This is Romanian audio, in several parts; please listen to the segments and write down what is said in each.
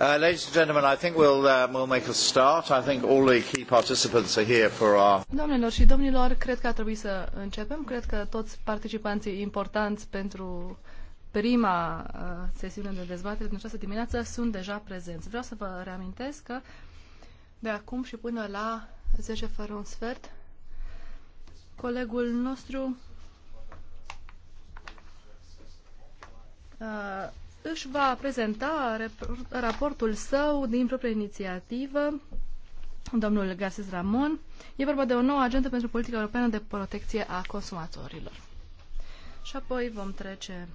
Uh, ladies and gentlemen, I think we'll, uh, we'll make a start. I think all the key participants are here for our... Doamnelor și domnilor, cred că ar trebui să începem. Cred că toți participanții importanți pentru prima uh, sesiune de dezbatere din această dimineață sunt deja prezenți. Vreau să vă reamintesc că de acum și până la 10 fără un sfert, colegul nostru uh, își va prezenta raportul său din proprie inițiativă, domnul Garces Ramon. E vorba de o nouă agentă pentru politica europeană de protecție a consumatorilor. Și apoi vom trece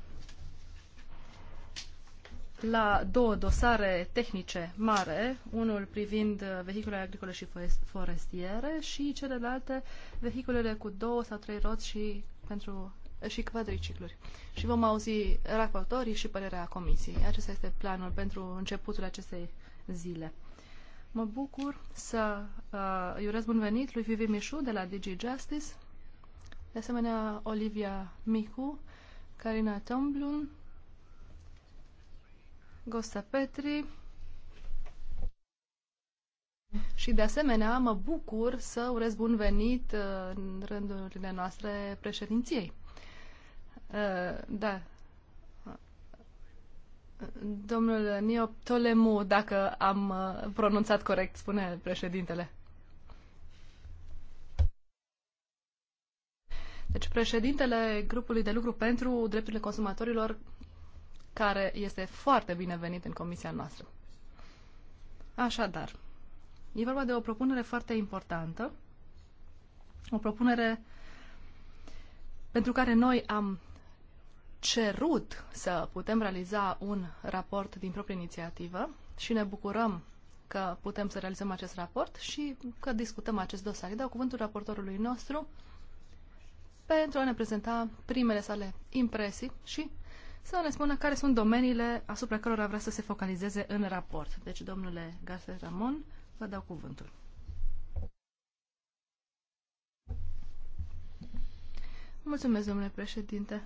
la două dosare tehnice mare, unul privind vehiculele agricole și forestiere și celelalte vehiculele cu două sau trei roți și pentru și quadricicluri. Și vom auzi raportorii și părerea comisiei. Acesta este planul pentru începutul acestei zile. Mă bucur să uh, îi urez bun venit lui Vivi Mișu de la Digi Justice, de asemenea Olivia Micu, Carina Tomblun, Gosta Petri, și de asemenea, mă bucur să urez bun venit uh, în rândurile noastre președinției. Uh, da. Domnul Nioptolemu, dacă am uh, pronunțat corect, spune președintele. Deci președintele grupului de lucru pentru drepturile consumatorilor, care este foarte binevenit în comisia noastră. Așadar, e vorba de o propunere foarte importantă, o propunere pentru care noi am cerut să putem realiza un raport din proprie inițiativă și ne bucurăm că putem să realizăm acest raport și că discutăm acest dosar. Îi dau cuvântul raportorului nostru pentru a ne prezenta primele sale impresii și să ne spună care sunt domeniile asupra cărora vrea să se focalizeze în raport. Deci, domnule Garce Ramon, vă dau cuvântul. Mulțumesc, domnule președinte.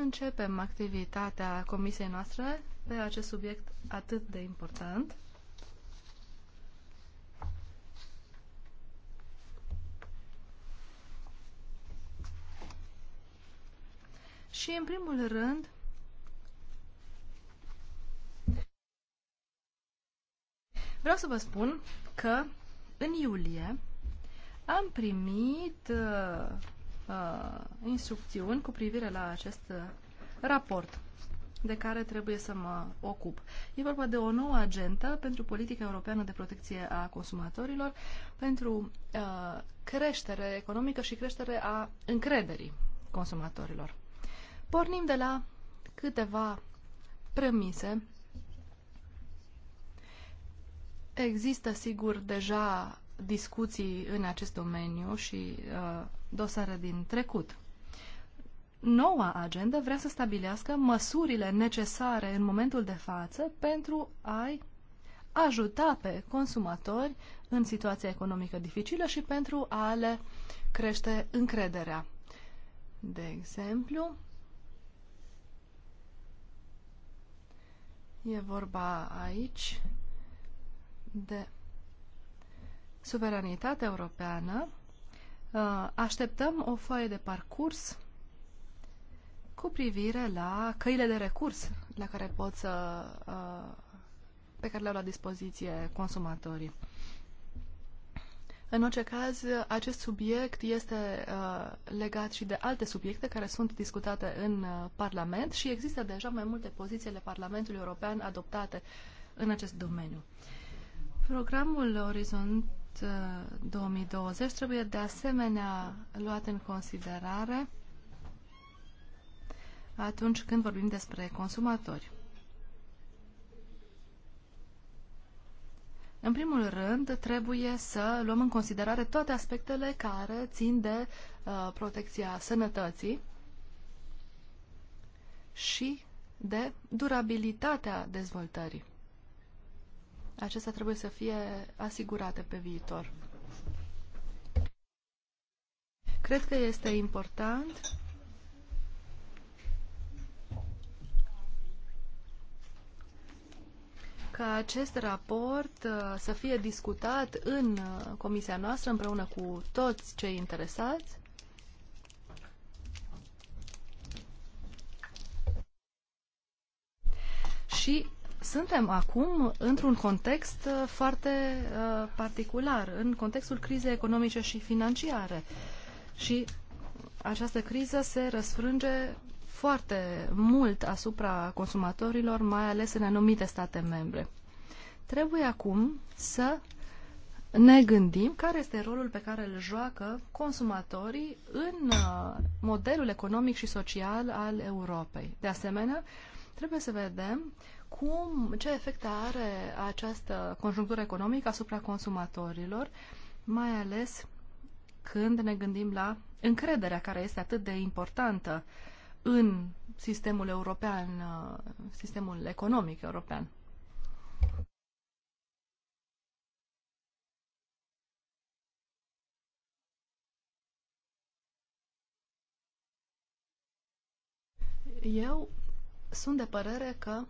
începem activitatea comisiei noastre pe acest subiect atât de important. Și, în primul rând, vreau să vă spun că, în iulie, am primit uh, uh, instrucțiuni cu privire la acest uh, raport de care trebuie să mă ocup. E vorba de o nouă agentă pentru politica europeană de protecție a consumatorilor, pentru uh, creștere economică și creștere a încrederii consumatorilor. Pornim de la câteva premise. Există, sigur, deja discuții în acest domeniu și uh, dosare din trecut. Noua agendă vrea să stabilească măsurile necesare în momentul de față pentru a-i ajuta pe consumatori în situația economică dificilă și pentru a le crește încrederea. De exemplu, e vorba aici de suveranitatea europeană, uh, așteptăm o foaie de parcurs cu privire la căile de recurs la care pot să, uh, pe care le au la dispoziție consumatorii. În orice caz, acest subiect este uh, legat și de alte subiecte care sunt discutate în uh, Parlament și există deja mai multe poziții ale Parlamentului European adoptate în acest domeniu. Programul Orizont 2020 uh, trebuie de asemenea luat în considerare atunci când vorbim despre consumatori. În primul rând, trebuie să luăm în considerare toate aspectele care țin de uh, protecția sănătății și de durabilitatea dezvoltării acestea trebuie să fie asigurate pe viitor. Cred că este important ca acest raport uh, să fie discutat în uh, comisia noastră împreună cu toți cei interesați. Și suntem acum într-un context uh, foarte uh, particular, în contextul crizei economice și financiare. Și această criză se răsfrânge foarte mult asupra consumatorilor, mai ales în anumite state membre. Trebuie acum să ne gândim care este rolul pe care îl joacă consumatorii în uh, modelul economic și social al Europei. De asemenea, trebuie să vedem cum, ce efect are această conjunctură economică asupra consumatorilor, mai ales când ne gândim la încrederea care este atât de importantă în sistemul european, uh, sistemul economic european. Eu sunt de părere că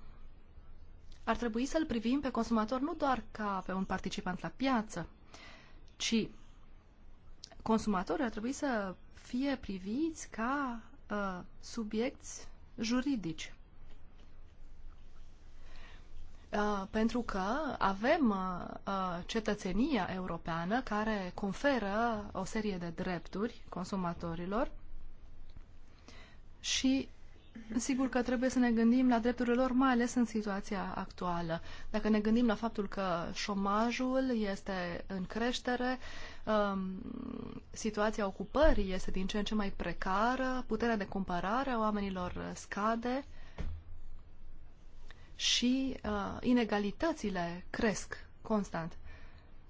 ar trebui să-l privim pe consumator nu doar ca pe un participant la piață, ci consumatorul ar trebui să fie priviți ca uh, subiecti juridici. Uh, pentru că avem uh, uh, cetățenia europeană care conferă o serie de drepturi consumatorilor și Sigur că trebuie să ne gândim la drepturile lor, mai ales în situația actuală. Dacă ne gândim la faptul că șomajul este în creștere, um, situația ocupării este din ce în ce mai precară, puterea de comparare a oamenilor scade și uh, inegalitățile cresc constant.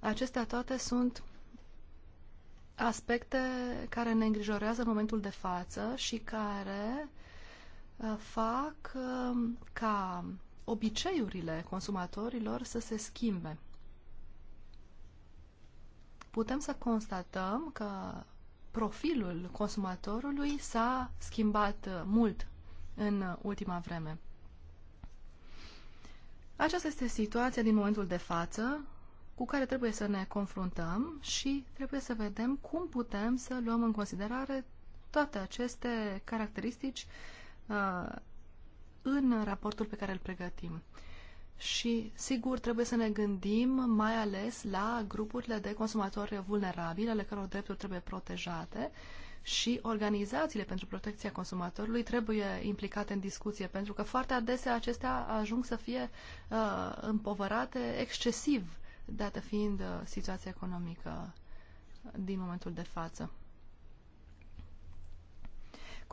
Acestea toate sunt aspecte care ne îngrijorează în momentul de față și care fac um, ca obiceiurile consumatorilor să se schimbe. Putem să constatăm că profilul consumatorului s-a schimbat uh, mult în ultima vreme. Aceasta este situația din momentul de față cu care trebuie să ne confruntăm și trebuie să vedem cum putem să luăm în considerare toate aceste caracteristici uh, Uh, în raportul pe care îl pregătim. Și, sigur, trebuie să ne gândim mai ales la grupurile de consumatori vulnerabile, ale căror drepturi trebuie protejate și organizațiile pentru protecția consumatorului trebuie implicate în discuție, pentru că foarte adesea acestea ajung să fie uh, împovărate excesiv, dată fiind uh, situația economică din momentul de față.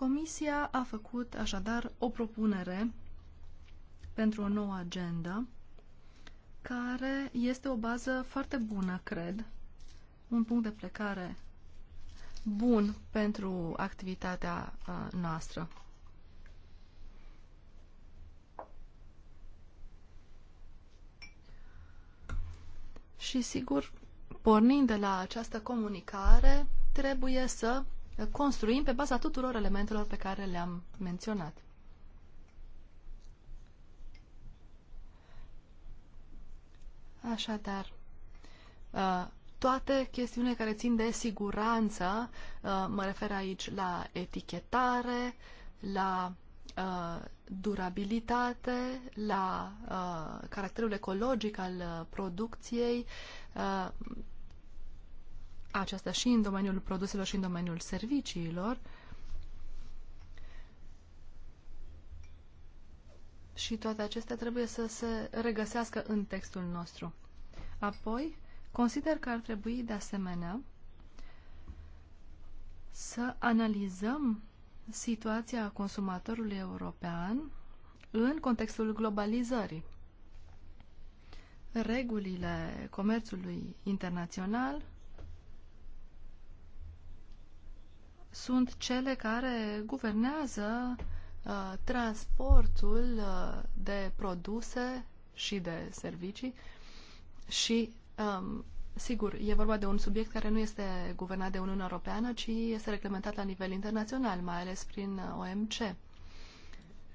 Comisia a făcut așadar o propunere pentru o nouă agendă care este o bază foarte bună, cred, un punct de plecare bun pentru activitatea noastră. Și sigur, pornind de la această comunicare, trebuie să construim pe baza tuturor elementelor pe care le-am menționat. Așadar, uh, toate chestiunile care țin de siguranță, uh, mă refer aici la etichetare, la uh, durabilitate, la caracterul ecologic al producției, aceasta și în domeniul produselor și în domeniul serviciilor. Și toate acestea trebuie să se regăsească în textul nostru. Apoi, consider că ar trebui de asemenea să analizăm situația consumatorului european în contextul globalizării. Regulile comerțului internațional sunt cele care guvernează uh, transportul uh, de produse și de servicii și um, Sigur, e vorba de un subiect care nu este guvernat de Uniunea Europeană, ci este reglementat la nivel internațional, mai ales prin uh, OMC.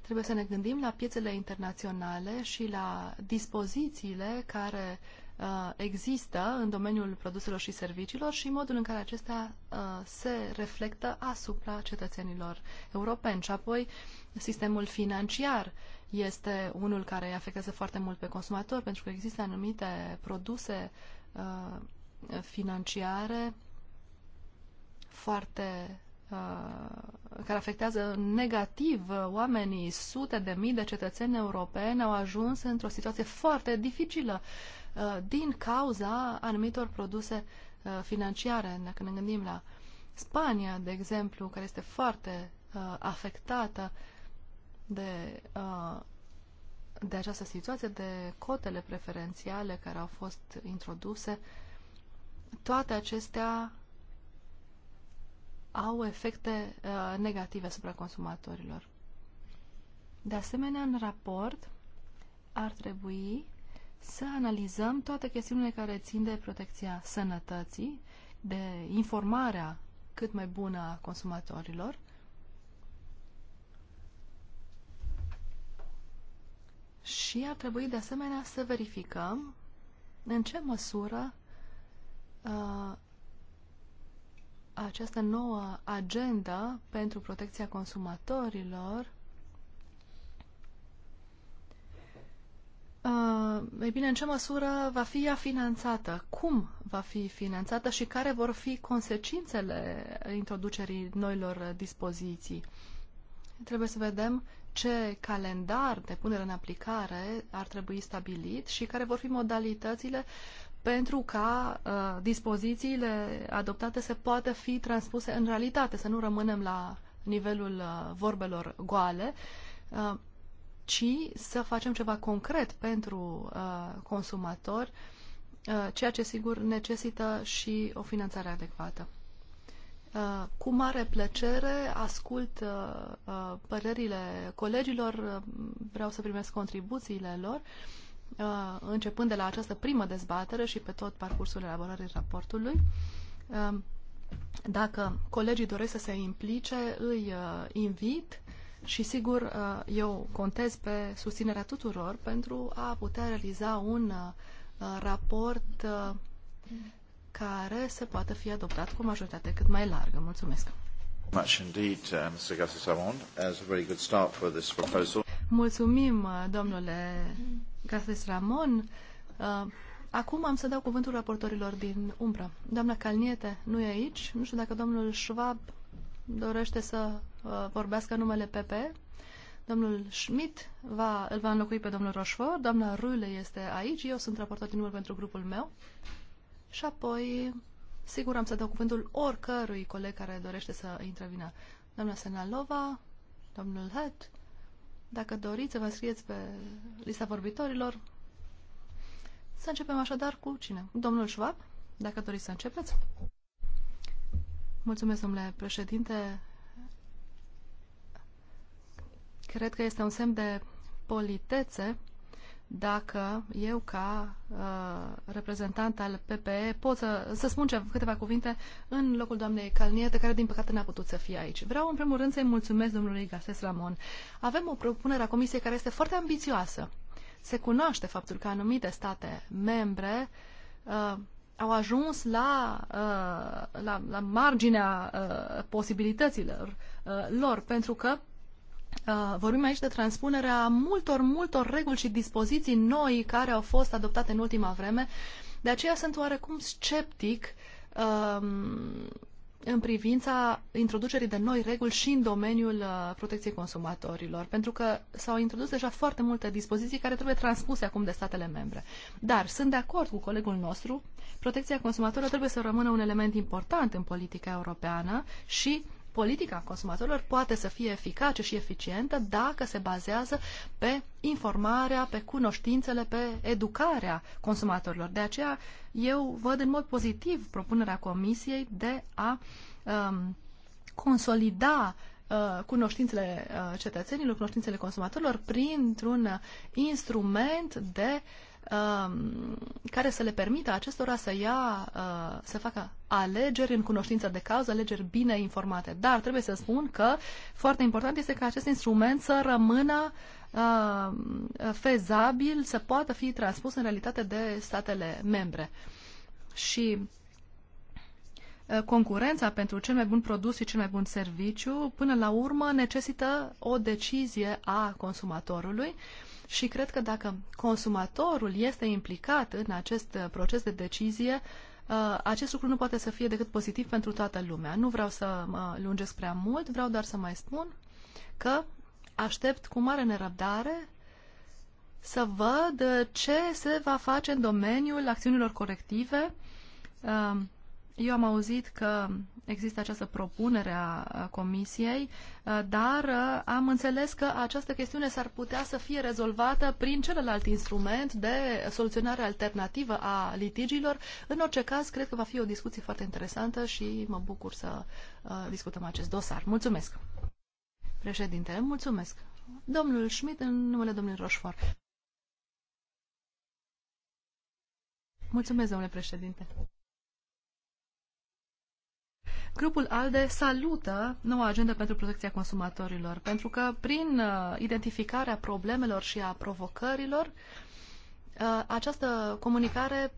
Trebuie să ne gândim la piețele internaționale și la dispozițiile care Uh, există în domeniul produselor și serviciilor și modul în care acestea uh, se reflectă asupra cetățenilor europeni. Și apoi sistemul financiar este unul care îi afectează foarte mult pe consumator pentru că există anumite produse uh, financiare foarte care afectează negativ oamenii, sute de mii de cetățeni europeni au ajuns într-o situație foarte dificilă Uh, din cauza anumitor produse uh, financiare. Dacă ne gândim la Spania, de exemplu, care este foarte uh, afectată de, de această situație, de cotele preferențiale care au fost introduse, toate acestea au efecte negative asupra consumatorilor. De asemenea, în raport ar trebui să analizăm toate chestiunile care țin de protecția sănătății, de informarea cât mai bună a consumatorilor și ar trebui de asemenea să verificăm în ce măsură uh, această nouă agenda pentru protecția consumatorilor Ah, ei bine, în ce măsură va fi ea finanțată, cum va fi finanțată și care vor fi consecințele introducerii noilor dispoziții. Trebuie să vedem ce calendar de punere în aplicare ar trebui stabilit și care vor fi modalitățile pentru ca uh, dispozițiile adoptate să poată fi transpuse în realitate, să nu rămânem la nivelul uh, vorbelor goale, uh, ci să facem ceva concret pentru uh, consumatori, uh, ceea ce sigur necesită și o finanțare adecvată. Uh, cu mare plăcere ascult uh, uh, părerile colegilor, uh, vreau să primesc contribuțiile lor, uh, începând de la această primă dezbatere și pe tot parcursul elaborării raportului. Uh, dacă colegii doresc să se implice, îi uh, invit și sigur, uh, eu contez pe susținerea tuturor pentru a putea realiza un uh, raport uh, care să poată fi adoptat cu o majoritate cât mai largă. Mulțumesc! Mulțumim, domnule Gases Ramon. Acum am să dau cuvântul raportorilor din umbră. Doamna Calniete nu e aici. Nu știu dacă domnul Schwab dorește să Uh, vorbească numele PP. Domnul Schmidt va, îl va înlocui pe domnul Roșfor, doamna Rule este aici, eu sunt raportat din urmă pentru grupul meu. Și apoi, sigur, am să dau cuvântul oricărui coleg care dorește să intervină. Doamna Senalova, domnul Het, dacă doriți să vă scrieți pe lista vorbitorilor. Să începem așadar cu cine? Domnul Schwab, dacă doriți să începeți. Mulțumesc, domnule președinte. Cred că este un semn de politețe dacă eu, ca uh, reprezentant al PPE, pot să, să spun ceva, câteva cuvinte în locul doamnei Calniete, care din păcate n-a putut să fie aici. Vreau, în primul rând, să-i mulțumesc domnului Gases Ramon. Avem o propunere a Comisiei care este foarte ambițioasă. Se cunoaște faptul că anumite state membre uh, au ajuns la, uh, la, la marginea uh, posibilităților uh, lor, pentru că Uh, vorbim aici de transpunerea multor, multor reguli și dispoziții noi care au fost adoptate în ultima vreme. De aceea sunt oarecum sceptic um, în privința introducerii de noi reguli și în domeniul uh, protecției consumatorilor, pentru că s-au introdus deja foarte multe dispoziții care trebuie transpuse acum de statele membre. Dar sunt de acord cu colegul nostru, protecția consumatorilor trebuie să rămână un element important în politica europeană și uh, politica consumatorilor poate să fie eficace și eficientă dacă se bazează pe informarea, pe cunoștințele, pe educarea consumatorilor. De aceea eu văd în mod pozitiv propunerea Comisiei de a um, consolida uh, cunoștințele uh, cetățenilor, cunoștințele consumatorilor printr-un instrument de Um, care să le permită acestora să ia, uh, să facă alegeri în cunoștință de cauză, alegeri bine informate. Dar trebuie să spun că foarte important este ca acest instrument să rămână uh, fezabil, să poată fi transpus în realitate de statele membre. Și uh, concurența pentru cel mai bun produs și cel mai bun serviciu, până la urmă, necesită o decizie a consumatorului și cred că dacă consumatorul este implicat în acest uh, proces de decizie, uh, acest lucru nu poate să fie decât pozitiv pentru toată lumea. Nu vreau să mă lungesc prea mult, vreau doar să mai spun că aștept cu mare nerăbdare să văd uh, ce se va face în domeniul acțiunilor corective. Eu am auzit că există această propunere a Comisiei, dar am înțeles că această chestiune s-ar putea să fie rezolvată prin celălalt instrument de soluționare alternativă a litigilor. În orice caz, cred că va fi o discuție foarte interesantă și mă bucur să discutăm acest dosar. Mulțumesc! Președinte, mulțumesc! Domnul Schmidt, în numele domnului Roșfort. Mulțumesc, domnule președinte! Grupul ALDE salută noua agenda pentru protecția consumatorilor, pentru că prin uh, identificarea problemelor și a provocărilor, uh, această comunicare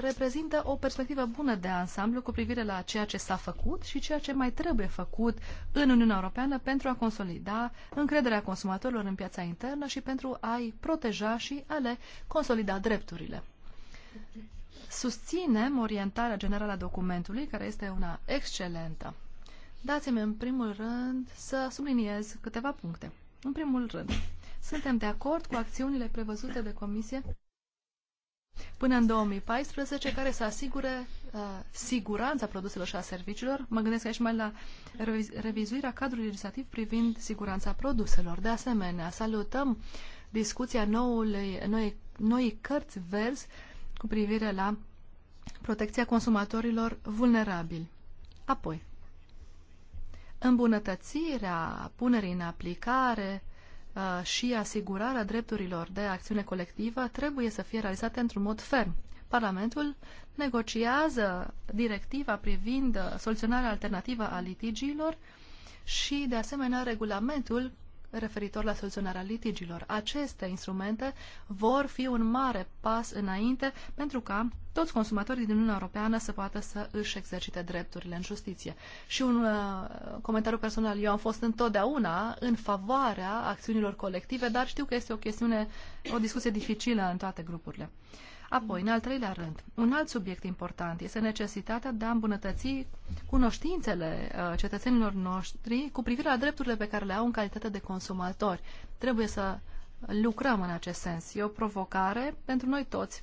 reprezintă o perspectivă bună de ansamblu cu privire la ceea ce s-a făcut și ceea ce mai trebuie făcut în Uniunea Europeană pentru a consolida încrederea consumatorilor în piața internă și pentru a-i proteja și a le consolida drepturile. Susținem orientarea generală a documentului, care este una excelentă. Dați-mi în primul rând să subliniez câteva puncte. În primul rând, suntem de acord cu acțiunile prevăzute de Comisie până în 2014, care să asigure uh, siguranța produselor și a serviciilor. Mă gândesc aici mai la revizuirea cadrului legislativ privind siguranța produselor. De asemenea, salutăm discuția noului, noi, noi cărți verzi cu privire la protecția consumatorilor vulnerabili. Apoi, îmbunătățirea punerii în aplicare uh, și asigurarea drepturilor de acțiune colectivă trebuie să fie realizate într-un mod ferm. Parlamentul negociază directiva privind soluționarea alternativă a litigiilor și, de asemenea, regulamentul referitor la soluționarea litigilor. Aceste instrumente vor fi un mare pas înainte pentru ca toți consumatorii din Uniunea Europeană să poată să își exercite drepturile în justiție. Și un uh, comentariu personal. Eu am fost întotdeauna în favoarea acțiunilor colective, dar știu că este o chestiune, o discuție dificilă în toate grupurile. Uh, Apoi, în al treilea rând, un alt subiect important este necesitatea de a îmbunătăți cunoștințele uh, cetățenilor noștri cu privire la drepturile pe care le au în calitate de consumatori. Trebuie să lucrăm în acest sens. E o provocare pentru noi toți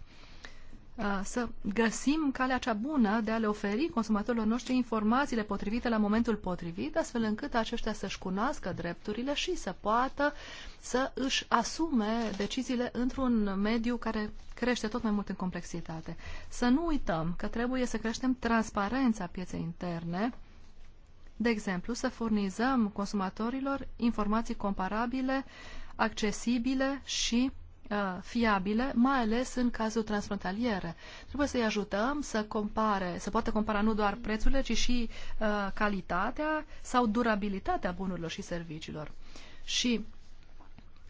să găsim calea cea bună de a le oferi consumatorilor noștri informațiile potrivite la momentul potrivit, astfel încât aceștia să-și cunoască drepturile și să poată să își asume deciziile într-un mediu care crește tot mai mult în complexitate. Să nu uităm că trebuie să creștem transparența pieței interne, de exemplu, să furnizăm consumatorilor informații comparabile, accesibile și fiabile, mai ales în cazul transfrontaliere. Trebuie să-i ajutăm să compare, să poată compara nu doar prețurile, ci și uh, calitatea sau durabilitatea bunurilor și serviciilor. Și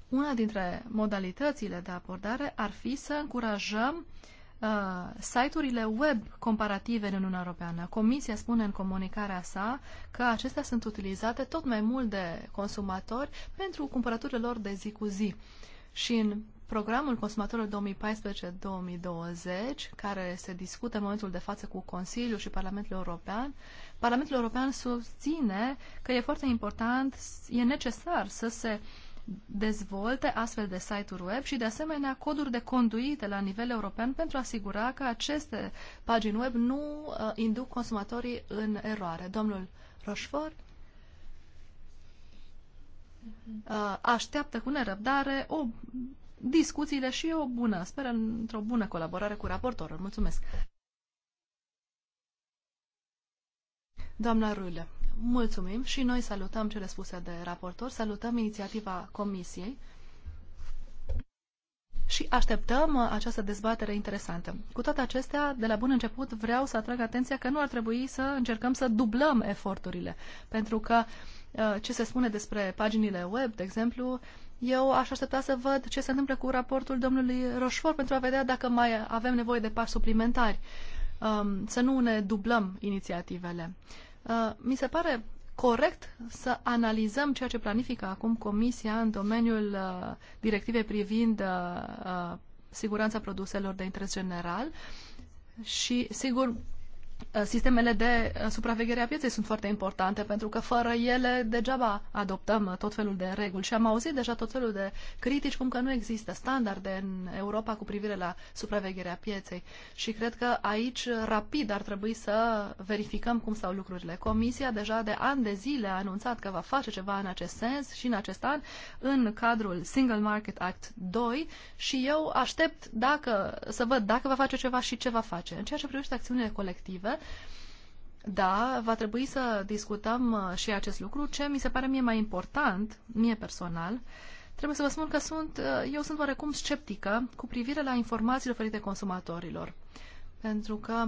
una dintre modalitățile de abordare ar fi să încurajăm uh, site-urile web comparative în Uniunea Europeană. Comisia spune în comunicarea sa că acestea sunt utilizate tot mai mult de consumatori pentru cumpărăturile lor de zi cu zi. Uh, și în programul consumatorilor 2014-2020, care se discută în momentul de față cu Consiliul și Parlamentul European, Parlamentul European susține că e foarte important, e necesar să se dezvolte astfel de site-uri web și, de asemenea, coduri de conduite la nivel european pentru a asigura că aceste pagini web nu uh, induc consumatorii în eroare. Domnul Rochefort Uh, așteaptă cu nerăbdare o, discuțiile și o bună, sper într-o bună colaborare cu raportorul. Mulțumesc! Doamna Rulă, mulțumim și noi salutăm cele spuse de raportor, salutăm inițiativa Comisiei și așteptăm uh, această dezbatere interesantă. Cu toate acestea, de la bun început vreau să atrag atenția că nu ar trebui să încercăm să dublăm eforturile, pentru că Uh, ce se spune despre paginile web, de exemplu, eu aș aștepta să văd ce se întâmplă cu raportul domnului Roșfort pentru a vedea dacă mai avem nevoie de pași suplimentari, um, să nu ne dublăm inițiativele. Uh, mi se pare corect să analizăm ceea ce planifică acum Comisia în domeniul uh, directivei privind siguranța produselor de interes general și, sigur, Uh, sistemele de uh, supraveghere a pieței sunt foarte importante, pentru că fără ele degeaba adoptăm uh, tot felul de reguli. Și am auzit deja tot felul de critici cum că nu există standarde în Europa cu privire la supravegherea pieței. Și cred că aici rapid ar trebui să verificăm cum stau lucrurile. Comisia deja de ani de zile a anunțat că va face ceva în acest sens și în acest an în cadrul Single Market Act 2 și eu aștept dacă, să văd dacă va face ceva și ce va face. În ceea ce privește acțiunile colective, respective. Da, va trebui să discutăm uh, și acest lucru. Ce mi se pare mie mai important, mie personal, trebuie să vă spun că sunt, uh, eu sunt oarecum sceptică cu privire la informațiile oferite consumatorilor. Pentru că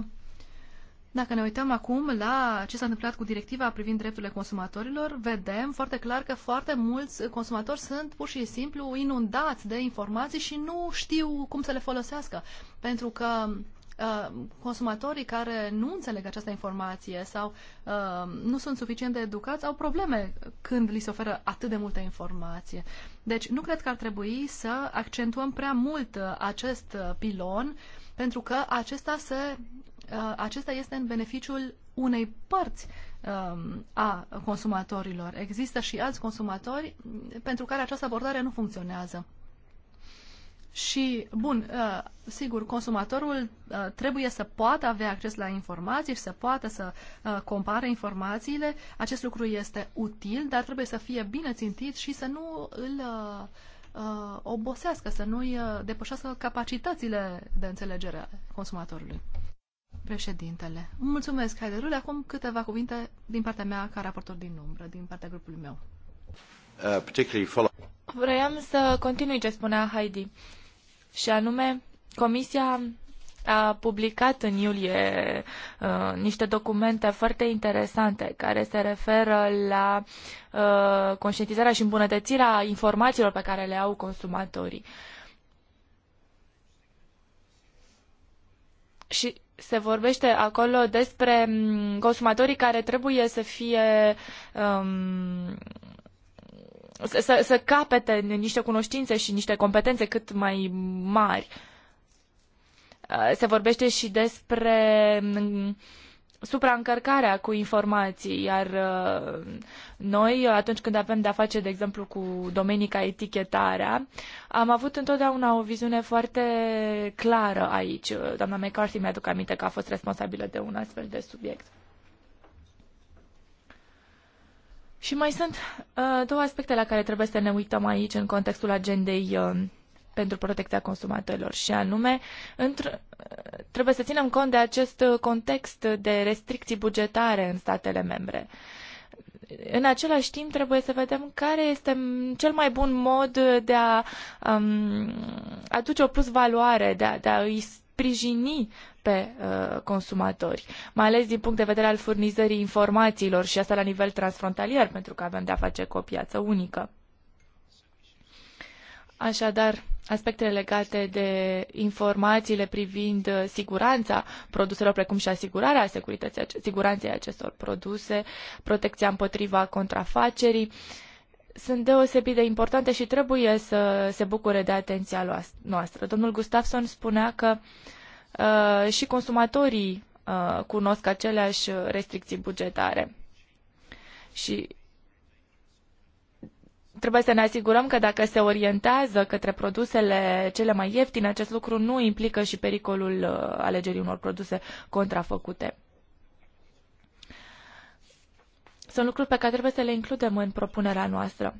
dacă ne uităm acum la ce s-a întâmplat cu directiva privind drepturile consumatorilor, vedem foarte clar că foarte mulți consumatori sunt pur și simplu inundați de informații și nu știu cum să le folosească. Pentru că Uh, consumatorii care nu înțeleg această informație sau uh, nu sunt suficient de educați au probleme când li se oferă atât de multă informație. Deci nu cred că ar trebui să accentuăm prea mult uh, acest uh, pilon pentru că acesta, se, uh, acesta este în beneficiul unei părți um, a consumatorilor. Există și alți consumatori pentru care această abordare nu funcționează. Și, bun, uh, sigur, consumatorul uh, trebuie să poată avea acces la informații și să poată să uh, compare informațiile. Acest lucru este util, dar trebuie să fie bine țintit și să nu îl obosească, să nu-i depășească capacitățile de înțelegere a consumatorului. Președintele, mulțumesc, Haiderule. Acum câteva cuvinte din partea mea ca raportor din umbră, din partea grupului meu. Uh, Vreau să continui ce spunea Heidi și anume Comisia a publicat în iulie uh, niște documente foarte interesante care se referă la uh, conștientizarea și îmbunătățirea informațiilor pe care le au consumatorii. Și se vorbește acolo despre mm, consumatorii care trebuie să fie um, să, să capete niște cunoștințe și niște competențe cât mai mari. Uh, se vorbește și despre mm, supraîncărcarea cu informații, iar uh, noi, atunci când avem de-a face, de exemplu, cu domenii ca etichetarea, am avut întotdeauna o viziune foarte clară aici. Doamna McCarthy mi-aduc aminte că a fost responsabilă de un astfel de subiect. Și mai sunt uh, două aspecte la care trebuie să ne uităm aici în contextul agendei uh, pentru protecția consumatorilor și anume într- uh, trebuie să ținem cont de acest context de restricții bugetare în statele membre. În același timp trebuie să vedem care este cel mai bun mod de a um, aduce o plus valoare, de a, de a îi sprijini pe uh, consumatori, mai ales din punct de vedere al furnizării informațiilor și asta la nivel transfrontalier, pentru că avem de-a face cu o piață unică. Așadar, aspectele legate de informațiile privind uh, siguranța produselor, precum și asigurarea securității, siguranței acestor produse, protecția împotriva contrafacerii, sunt deosebit de importante și trebuie să se bucure de atenția noastră. Domnul Gustafsson spunea că uh, Uh, și consumatorii uh, cunosc aceleași restricții bugetare. Și trebuie să ne asigurăm că dacă se orientează către produsele cele mai ieftine, acest lucru nu implică și pericolul uh, alegerii unor produse contrafăcute. Sunt lucruri pe care trebuie să le includem în propunerea noastră.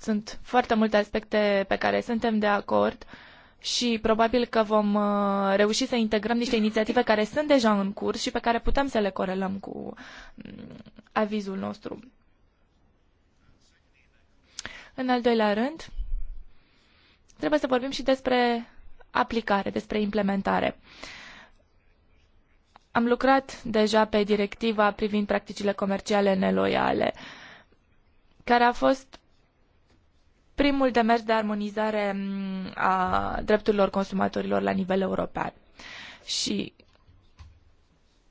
Sunt foarte multe aspecte pe care suntem de acord uh, și probabil că vom uh, reuși să integrăm niște inițiative care sunt deja în curs și pe care putem să le corelăm cu mm, avizul nostru. În al doilea rând, trebuie să vorbim și despre aplicare, despre implementare. Am lucrat deja pe directiva privind practicile comerciale neloiale, care a fost primul demers de armonizare a drepturilor consumatorilor la nivel european. Și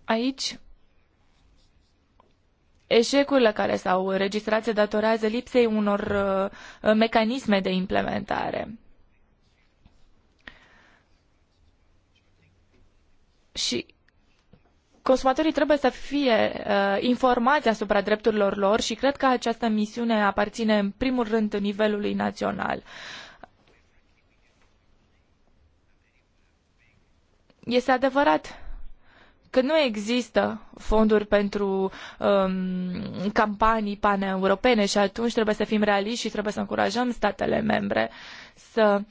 aici Eșecurile care s-au înregistrat se datorează lipsei unor uh, mecanisme de implementare. Și consumatorii trebuie să fie uh, informați asupra drepturilor lor și cred că această misiune aparține în primul rând nivelului național. Este adevărat că nu există fonduri pentru um, campanii paneuropene și atunci trebuie să fim realiști și trebuie să încurajăm statele membre să uh,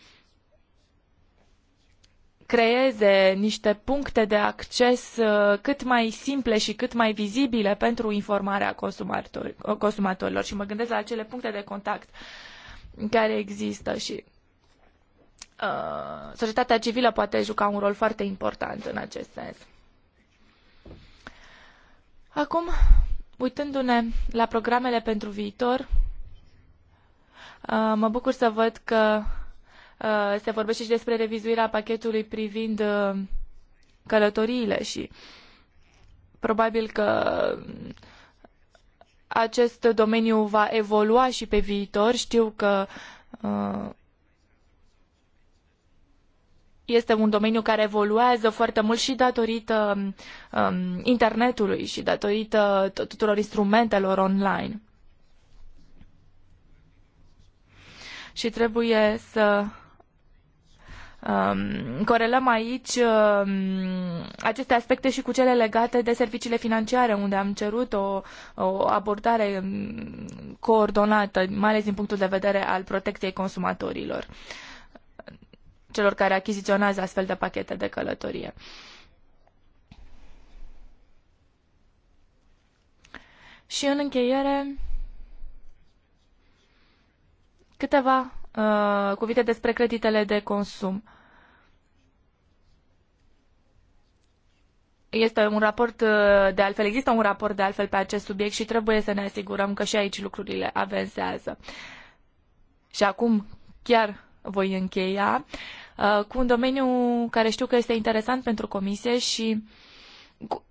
creeze niște puncte de acces uh, cât mai simple și cât mai vizibile pentru informarea consumatorilor. Și mă gândesc la acele puncte de contact care există și uh, societatea civilă poate juca un rol foarte important în acest sens. Acum, uitându-ne la programele pentru viitor, uh, mă bucur să văd că Uh, se vorbește și despre revizuirea pachetului privind uh, călătoriile și probabil că acest domeniu va evolua și pe viitor. Știu că uh, este un domeniu care evoluează foarte mult și datorită um, internetului și datorită tuturor instrumentelor online. Și trebuie să Um, corelăm aici um, aceste aspecte și cu cele legate de serviciile financiare, unde am cerut o, o abordare um, coordonată, mai ales din punctul de vedere al protecției consumatorilor, celor care achiziționează astfel de pachete de călătorie. Și în încheiere, câteva uh, cuvinte despre creditele de consum. Este un raport uh, de altfel, există un raport de altfel pe acest subiect și trebuie să ne asigurăm că și aici lucrurile avansează. Și acum chiar voi încheia uh, cu un domeniu care știu că este interesant pentru comisie și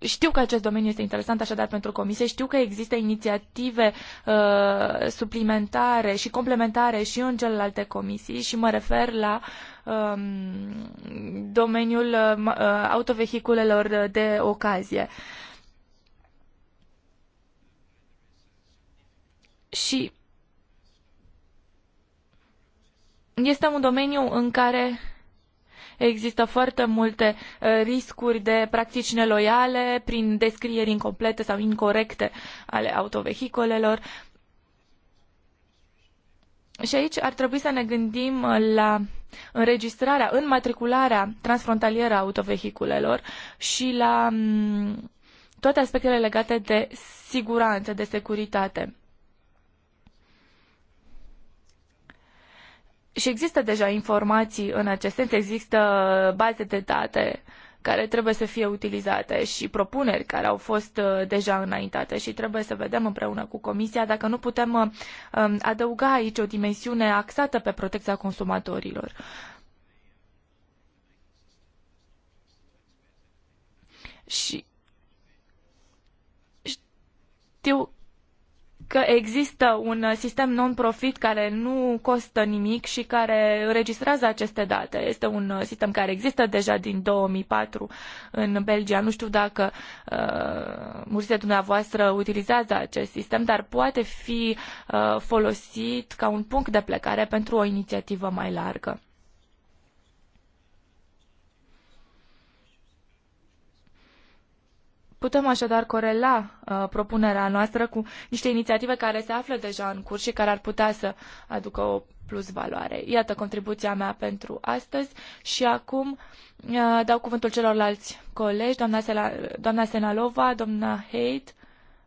știu că acest domeniu este interesant așadar pentru comisie, știu că există inițiative uh, suplimentare și complementare și în celelalte comisii și mă refer la uh, Um, domeniul uh, uh, autovehiculelor de ocazie. Și este un domeniu în care există foarte multe uh, riscuri de practici neloiale prin descrieri incomplete sau incorrecte ale autovehiculelor și aici ar trebui să ne gândim uh, la înregistrarea, înmatricularea transfrontalieră a autovehiculelor și la mm, toate aspectele legate de siguranță, de securitate. Și există deja informații în acest sens, există baze de date uh, care trebuie să fie utilizate și propuneri care au fost uh, deja înaintate și trebuie să vedem împreună cu Comisia dacă nu putem uh, um, adăuga aici o dimensiune axată pe protecția consumatorilor. Și știu că există un uh, sistem non-profit care nu costă nimic și care înregistrează aceste date. Este un uh, sistem care există deja din 2004 în Belgia. Nu știu dacă uh, mursele dumneavoastră utilizează acest sistem, dar poate fi uh, folosit ca un punct de plecare pentru o inițiativă mai largă. Putem așadar corela uh, propunerea noastră cu niște inițiative care se află deja în curs și care ar putea să aducă o plus valoare. Iată contribuția mea pentru astăzi și acum uh, dau cuvântul celorlalți colegi, doamna, Sela, doamna Senalova, doamna Haidt.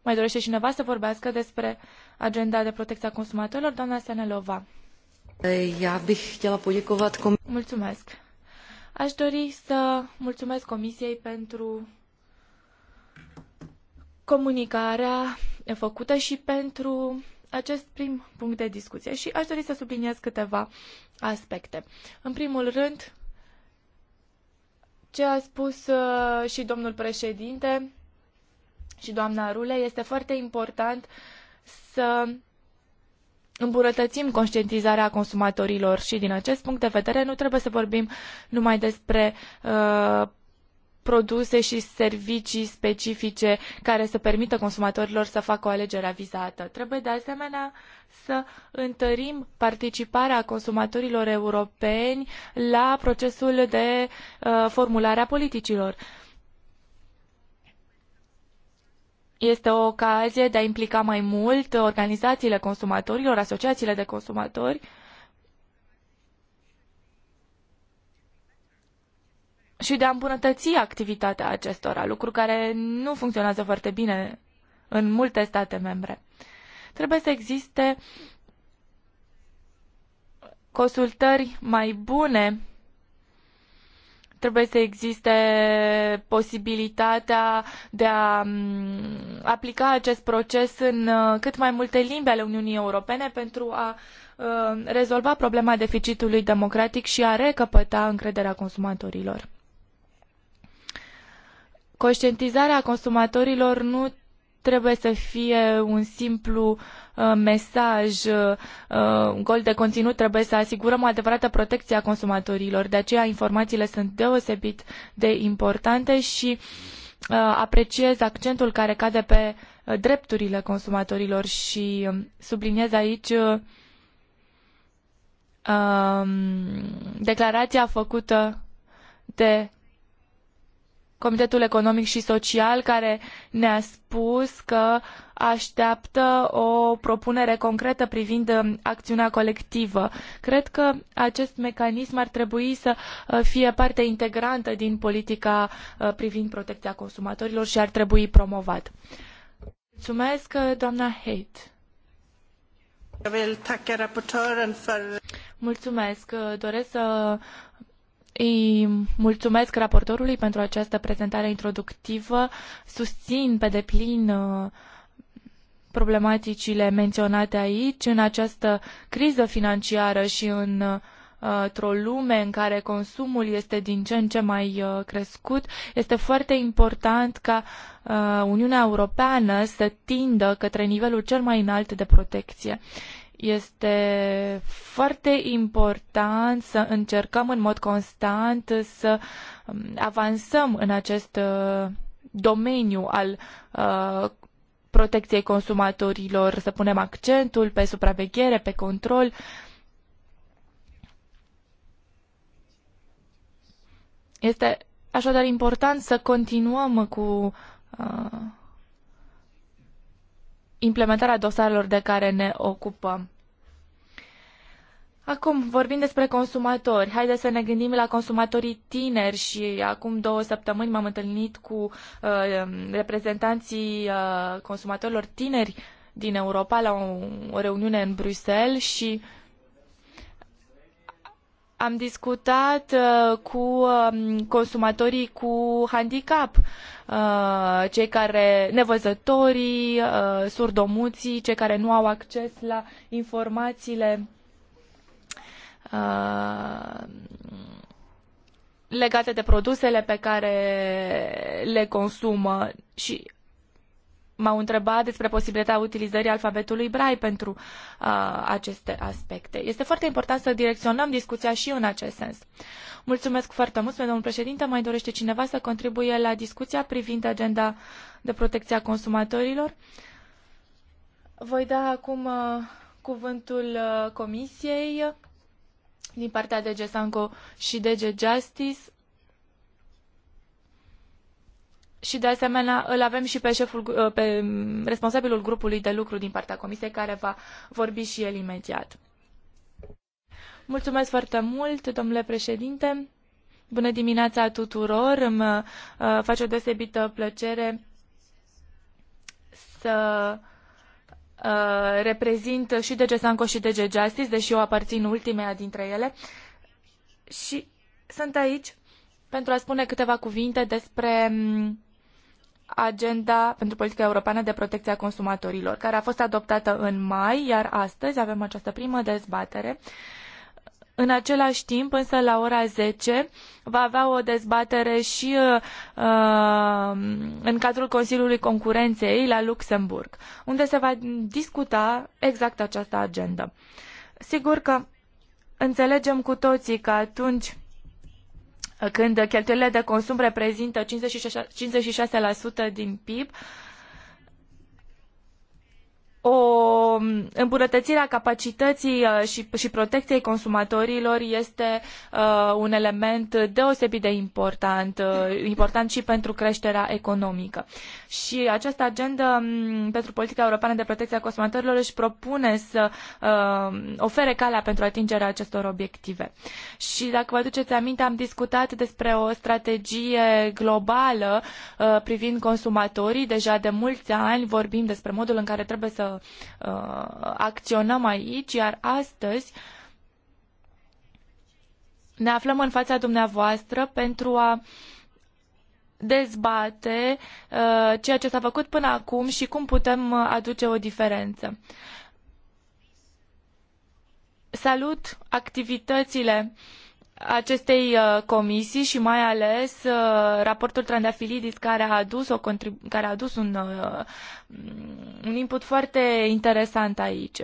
Mai dorește cineva să vorbească despre agenda de protecția a consumatorilor? Doamna Senalova. Ja bych chtěla poděkovat kom- Mulțumesc. Aș dori să mulțumesc Comisiei pentru comunicarea e făcută și pentru acest prim punct de discuție și aș dori să subliniez câteva aspecte. În primul rând, ce a spus uh, și domnul președinte și doamna Rule, este foarte important să îmbunătățim conștientizarea consumatorilor și din acest punct de vedere nu trebuie să vorbim numai despre uh, produse și servicii specifice care să permită consumatorilor să facă o alegere avizată. Trebuie de asemenea să întărim participarea consumatorilor europeni la procesul de uh, formulare a politicilor. Este o ocazie de a implica mai mult organizațiile consumatorilor, asociațiile de consumatori uh, și de a îmbunătăți activitatea acestora, lucru care nu funcționează foarte bine în multe state membre. Trebuie să existe consultări mai bune, trebuie să existe posibilitatea de a aplica acest proces în uh, cât mai multe limbi ale Uniunii Europene pentru a uh, rezolva problema deficitului democratic și a recăpăta încrederea consumatorilor. Conștientizarea consumatorilor nu trebuie să fie un simplu uh, mesaj, uh, uh, un gol de conținut, trebuie să asigurăm o adevărată protecție a consumatorilor. De aceea informațiile sunt deosebit de importante și apreciez accentul care cade pe drepturile consumatorilor și um, subliniez aici um, declarația făcută de Comitetul Economic și Social care ne-a spus că așteaptă o propunere concretă privind um, acțiunea colectivă. Cred că acest mecanism ar trebui să uh, fie parte integrantă din politica uh, privind protecția consumatorilor și ar trebui promovat. Mulțumesc, uh, doamna Haidt. Mulțumesc. Doresc să îi mulțumesc raportorului pentru această prezentare introductivă. Susțin pe deplin uh, problematicile menționate aici în această criză financiară și în uh, într-o lume în care consumul este din ce în ce mai uh, crescut, este foarte important ca Uniunea Europeană să tindă către nivelul cel mai înalt de protecție. Este foarte important să încercăm în mod constant să um, avansăm în acest uh, domeniu al uh, protecției consumatorilor, să punem accentul pe supraveghere, pe control. Este așadar important să continuăm cu uh, implementarea dosarelor de care ne ocupăm. Acum, vorbim despre consumatori. Haideți să ne gândim la consumatorii tineri și acum două săptămâni m-am întâlnit cu uh, reprezentanții uh, consumatorilor tineri din Europa la o, o reuniune în Bruxelles și uh, am discutat uh, cu um, consumatorii cu handicap, uh, cei care nevăzătorii, uh, surdomuții, cei care nu au acces la informațiile legate de produsele pe care le consumă și m-au întrebat despre posibilitatea utilizării alfabetului Braille pentru uh, aceste aspecte. Este foarte important să direcționăm discuția și în acest sens. Mulțumesc foarte mult, domnul președinte. Mai dorește cineva să contribuie la discuția privind agenda de protecție a consumatorilor? Voi da acum uh, cuvântul uh, comisiei uh, din partea DG Sanco și DG Justice. și de asemenea îl avem și pe șeful, pe responsabilul grupului de lucru din partea comisiei care va vorbi și el imediat. Mulțumesc foarte mult, domnule președinte. Bună dimineața tuturor. Îmi uh, face o deosebită plăcere să uh, reprezint și DG Sanco și DG Justice, deși eu aparțin ultimea dintre ele. Și sunt aici pentru a spune câteva cuvinte despre mm, agenda pentru politica europeană de protecție a consumatorilor, care a fost adoptată în mai, iar astăzi avem această primă dezbatere. În același timp, însă, la ora zece va avea o dezbatere și uh, în cadrul Consiliului Concurenței la Luxemburg, unde se va discuta exact această agendă. Sigur că înțelegem cu toții că atunci când cheltuielile de consum reprezintă 56% din PIB, o mm, îmbunătățire a capacității uh, și, și protecției consumatorilor este uh, un element deosebit de important, uh, important și pentru creșterea economică. Și această agendă um, pentru politica europeană de protecție a consumatorilor își propune să uh, ofere calea pentru atingerea acestor obiective. Și dacă vă aduceți aminte, am discutat despre o strategie globală uh, privind consumatorii. Deja de mulți ani vorbim despre modul în care trebuie să să uh, acționăm aici, iar astăzi ne aflăm în fața dumneavoastră pentru a dezbate uh, ceea ce s-a făcut până acum și cum putem uh, aduce o diferență. Salut activitățile uh, acestei uh, comisii și mai ales uh, raportul Trandafilidis care a adus, o contribu- care a adus un, uh, un input foarte interesant aici.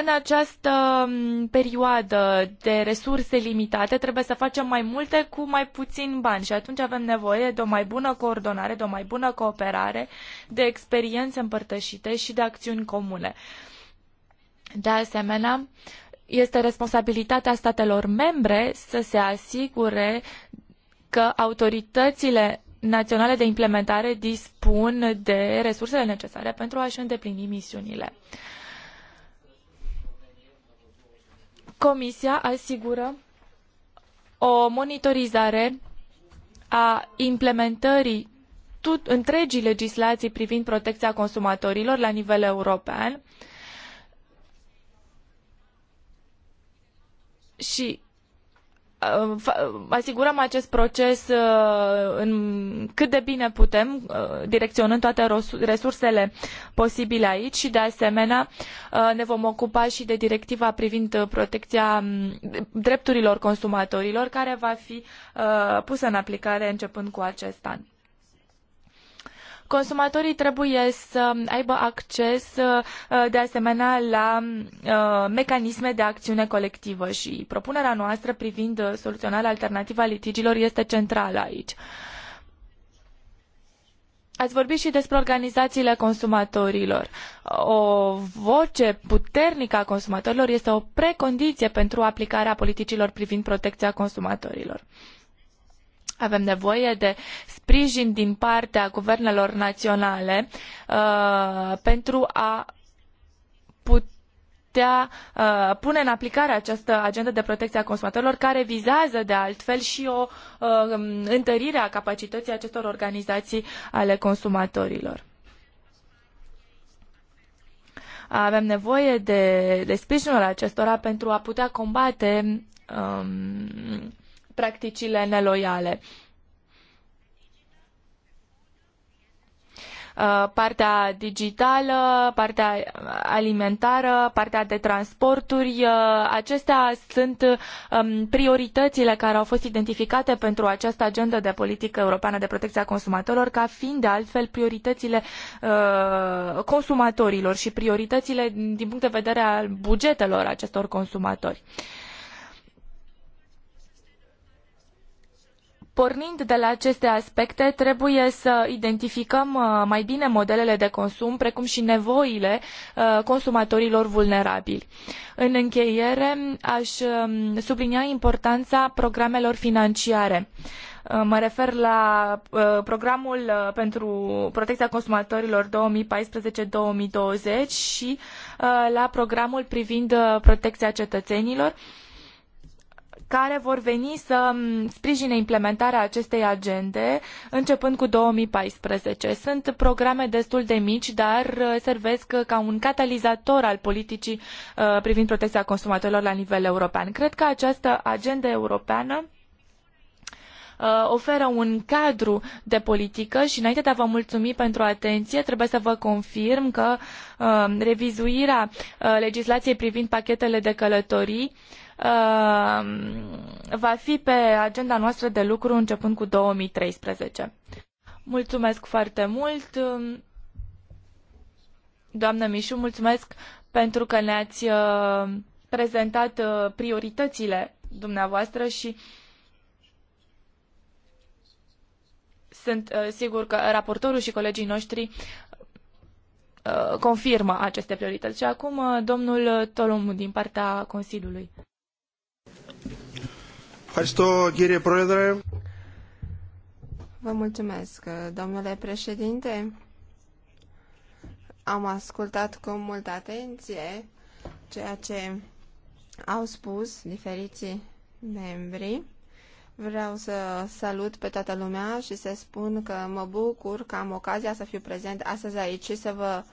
În această um, perioadă de resurse limitate trebuie să facem mai multe cu mai puțin bani și atunci avem nevoie de o mai bună coordonare, de o mai bună cooperare, de experiențe împărtășite și de acțiuni comune. De asemenea, uh, este responsabilitatea statelor membre să se asigure că autoritățile naționale de implementare dispun de resursele necesare pentru a-și îndeplini misiunile. Comisia asigură o monitorizare a implementării întregii legislații privind protecția consumatorilor la nivel european uh, și uh, asigurăm acest proces uh, în cât de bine putem, uh, direcționând toate resursele posibile aici și de asemenea ne vom ocupa și de directiva privind protecția mm, drepturilor consumatorilor care va fi pusă în aplicare începând cu acest an. Consumatorii trebuie să aibă acces uh, uh, de asemenea la uh, mecanisme de acțiune colectivă și propunerea noastră privind soluționarea alternativă a litigiilor este centrală aici. Ați vorbit și despre organizațiile consumatorilor. O voce puternică a consumatorilor este o precondiție pentru aplicarea politicilor privind protecția consumatorilor. Avem nevoie de sprijin din partea guvernelor naționale uh, pentru a putea uh, pune în aplicare această agendă de protecție a consumatorilor care vizează de altfel și o uh, întărire a capacității acestor organizații ale consumatorilor avem nevoie de, de sprijinul acestora pentru a putea combate um, practicile neloiale. Uh, partea digitală, partea alimentară, partea de transporturi. Uh, acestea sunt um, prioritățile care au fost identificate pentru această agendă de politică europeană de protecție a consumatorilor, ca fiind de altfel prioritățile uh, consumatorilor și prioritățile din punct de vedere al bugetelor acestor consumatori. Pornind de la aceste aspecte, trebuie să identificăm uh, mai bine modelele de consum, precum și nevoile uh, consumatorilor vulnerabili. În încheiere, aș um, sublinia importanța programelor financiare. Uh, mă refer la programul pentru protecția consumatorilor 2014-2020 și la programul privind protecția cetățenilor, care vor veni să sprijine implementarea acestei agende începând cu 2014. Sunt programe destul de mici, dar uh, servesc ca un catalizator al politicii uh, privind protecția consumatorilor la nivel european. Cred că această agendă europeană uh, oferă un cadru de politică și înainte de a vă mulțumi pentru atenție, trebuie să vă confirm că uh, revizuirea uh, legislației privind pachetele de călătorii uh, Uh, va fi pe agenda noastră de lucru începând cu 2013. Mulțumesc foarte mult! Doamnă Mișu, mulțumesc pentru că ne-ați uh, prezentat uh, prioritățile dumneavoastră și sunt sigur că raportorul și colegii noștri confirmă aceste priorități. Și acum domnul Tolomu din partea Consiliului. Vă mulțumesc, domnule președinte. Am ascultat cu multă atenție ceea ce au spus diferiții membri. Vreau să salut pe toată lumea și să spun că mă bucur că am ocazia să fiu prezent astăzi aici și să vă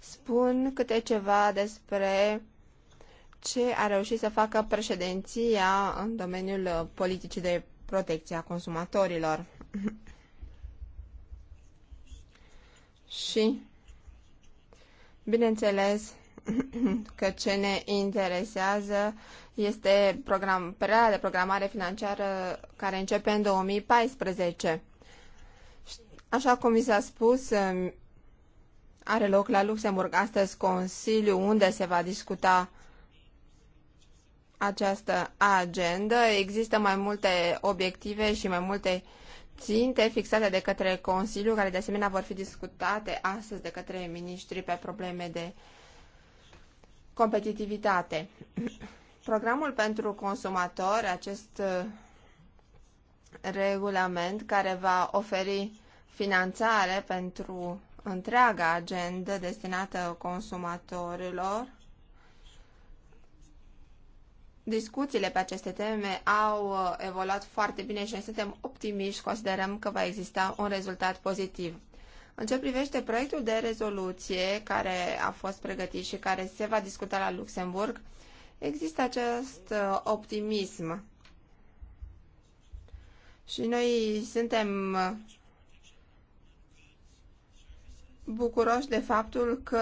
spun câte ceva despre ce a reușit să facă președinția în domeniul uh, politicii de protecție a consumatorilor. Și, bineînțeles, că ce ne interesează este program, perioada de programare financiară care începe în 2014. Așa cum vi s-a spus, um, are loc la Luxemburg astăzi Consiliu, unde se va discuta această agendă. Există mai multe obiective și mai multe ținte fixate de către Consiliu, care de asemenea vor fi discutate astăzi de către ministrii pe probleme de competitivitate. Programul pentru consumator, acest uh, regulament care va oferi finanțare pentru întreaga agendă destinată consumatorilor, Discuțiile pe aceste teme au uh, evoluat foarte bine și noi suntem optimiști, considerăm că va exista un rezultat pozitiv. În ce privește proiectul de rezoluție care a fost pregătit și care se va discuta la Luxemburg, există acest uh, optimism. Și noi suntem uh, bucuroși de faptul că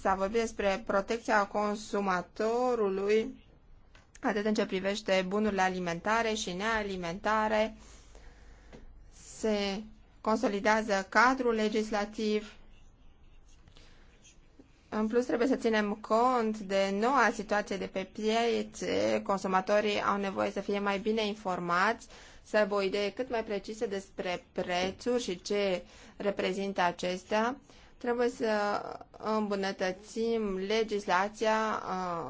s-a vorbit despre protecția consumatorului atât în ce privește bunurile alimentare și nealimentare, se consolidează cadrul legislativ. În plus, trebuie să ținem cont de noua situație de pe piețe. Consumatorii au nevoie să fie mai bine informați, să aibă o idee cât mai precisă despre prețuri și ce reprezintă acestea Trebuie să îmbunătățim legislația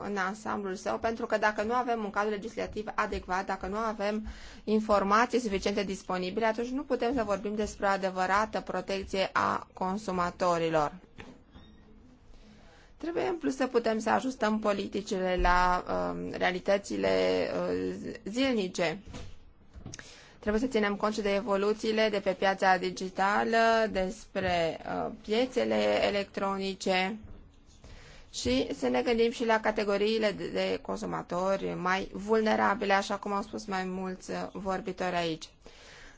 în ansamblul său, pentru că dacă nu avem un cadru legislativ adecvat, dacă nu avem informații suficiente disponibile, atunci nu putem să vorbim despre o adevărată protecție a consumatorilor. Trebuie în plus să putem să ajustăm politicile la uh, realitățile uh, zilnice. Trebuie să ținem cont și de evoluțiile de pe piața digitală, despre uh, piețele electronice și să ne gândim și la categoriile de, de consumatori mai vulnerabile, așa cum au spus mai mulți uh, vorbitori aici.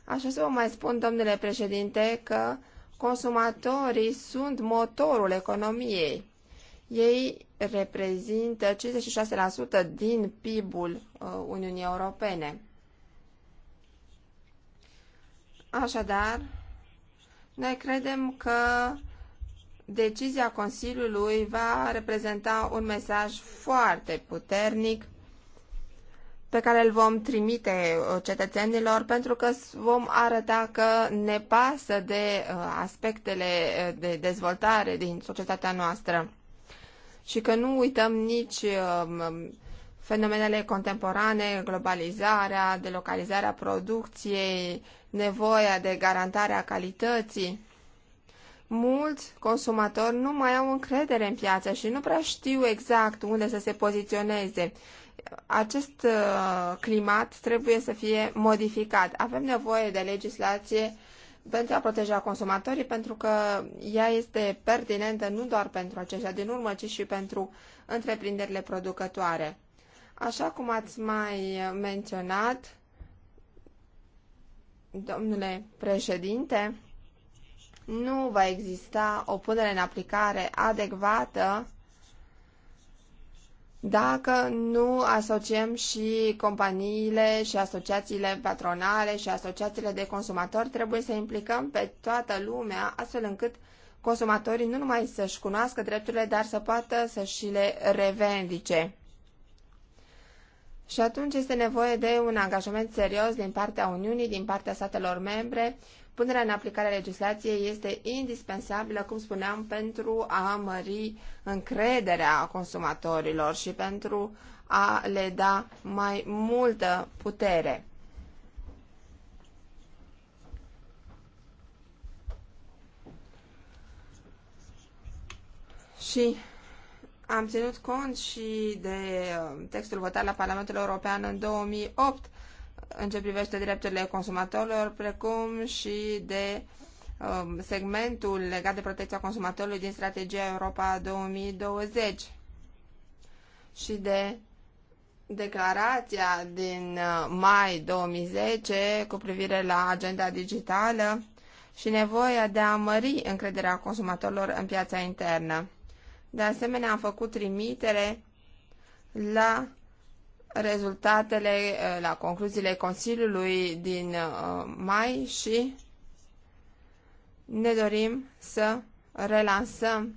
Așa să vă mai spun, domnule președinte, că consumatorii sunt motorul economiei. Ei reprezintă 56% din PIB-ul uh, Uniunii Europene. Așadar, noi credem că decizia Consiliului va reprezenta un mesaj foarte puternic pe care îl vom trimite uh, cetățenilor pentru că vom arăta că ne pasă de uh, aspectele uh, de dezvoltare din societatea noastră și că nu uităm nici fenomenele contemporane, globalizarea, delocalizarea producției, nevoia de garantare a calității. Mulți consumatori nu mai au încredere în piață și nu prea știu exact unde să se poziționeze. Acest uh, climat trebuie să fie modificat. Avem nevoie de legislație pentru a proteja consumatorii, pentru că ea este pertinentă nu doar pentru aceștia din urmă, ci și pentru întreprinderile producătoare. Așa cum ați mai menționat, domnule președinte, nu va exista o punere în aplicare adecvată dacă nu asociem și companiile și asociațiile patronale și asociațiile de consumatori, trebuie să implicăm pe toată lumea astfel încât consumatorii nu numai să-și cunoască drepturile, dar să poată să și le revendice. Și atunci este nevoie de un angajament serios din partea Uniunii, din partea statelor membre. Punerea în aplicare a legislației este indispensabilă, cum spuneam, pentru a mări încrederea consumatorilor și pentru a le da mai multă putere. Și am ținut cont și de uh, textul votat la Parlamentul European în 2008 în ce privește drepturile consumatorilor, precum și de um, segmentul legat de protecția consumatorului din strategia Europa 2020 și de declarația din uh, mai 2010 cu privire la agenda digitală și nevoia de a mări încrederea consumatorilor în piața internă. De asemenea, am făcut trimitere la rezultatele, eh, la concluziile Consiliului din eh, mai și ne dorim să relansăm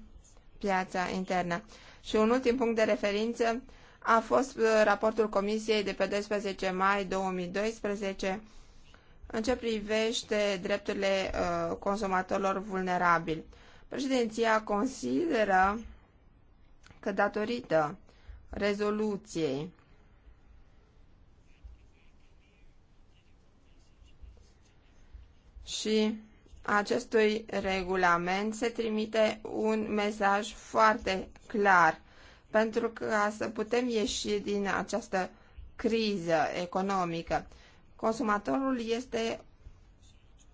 piața internă. Și un ultim punct de referință a fost eh, raportul Comisiei de pe 12 mai 2012 în ce privește drepturile consumatorilor vulnerabili. Președinția consideră că datorită rezoluției și acestui regulament se trimite un mesaj foarte clar pentru ca să putem ieși din această criză economică. Consumatorul este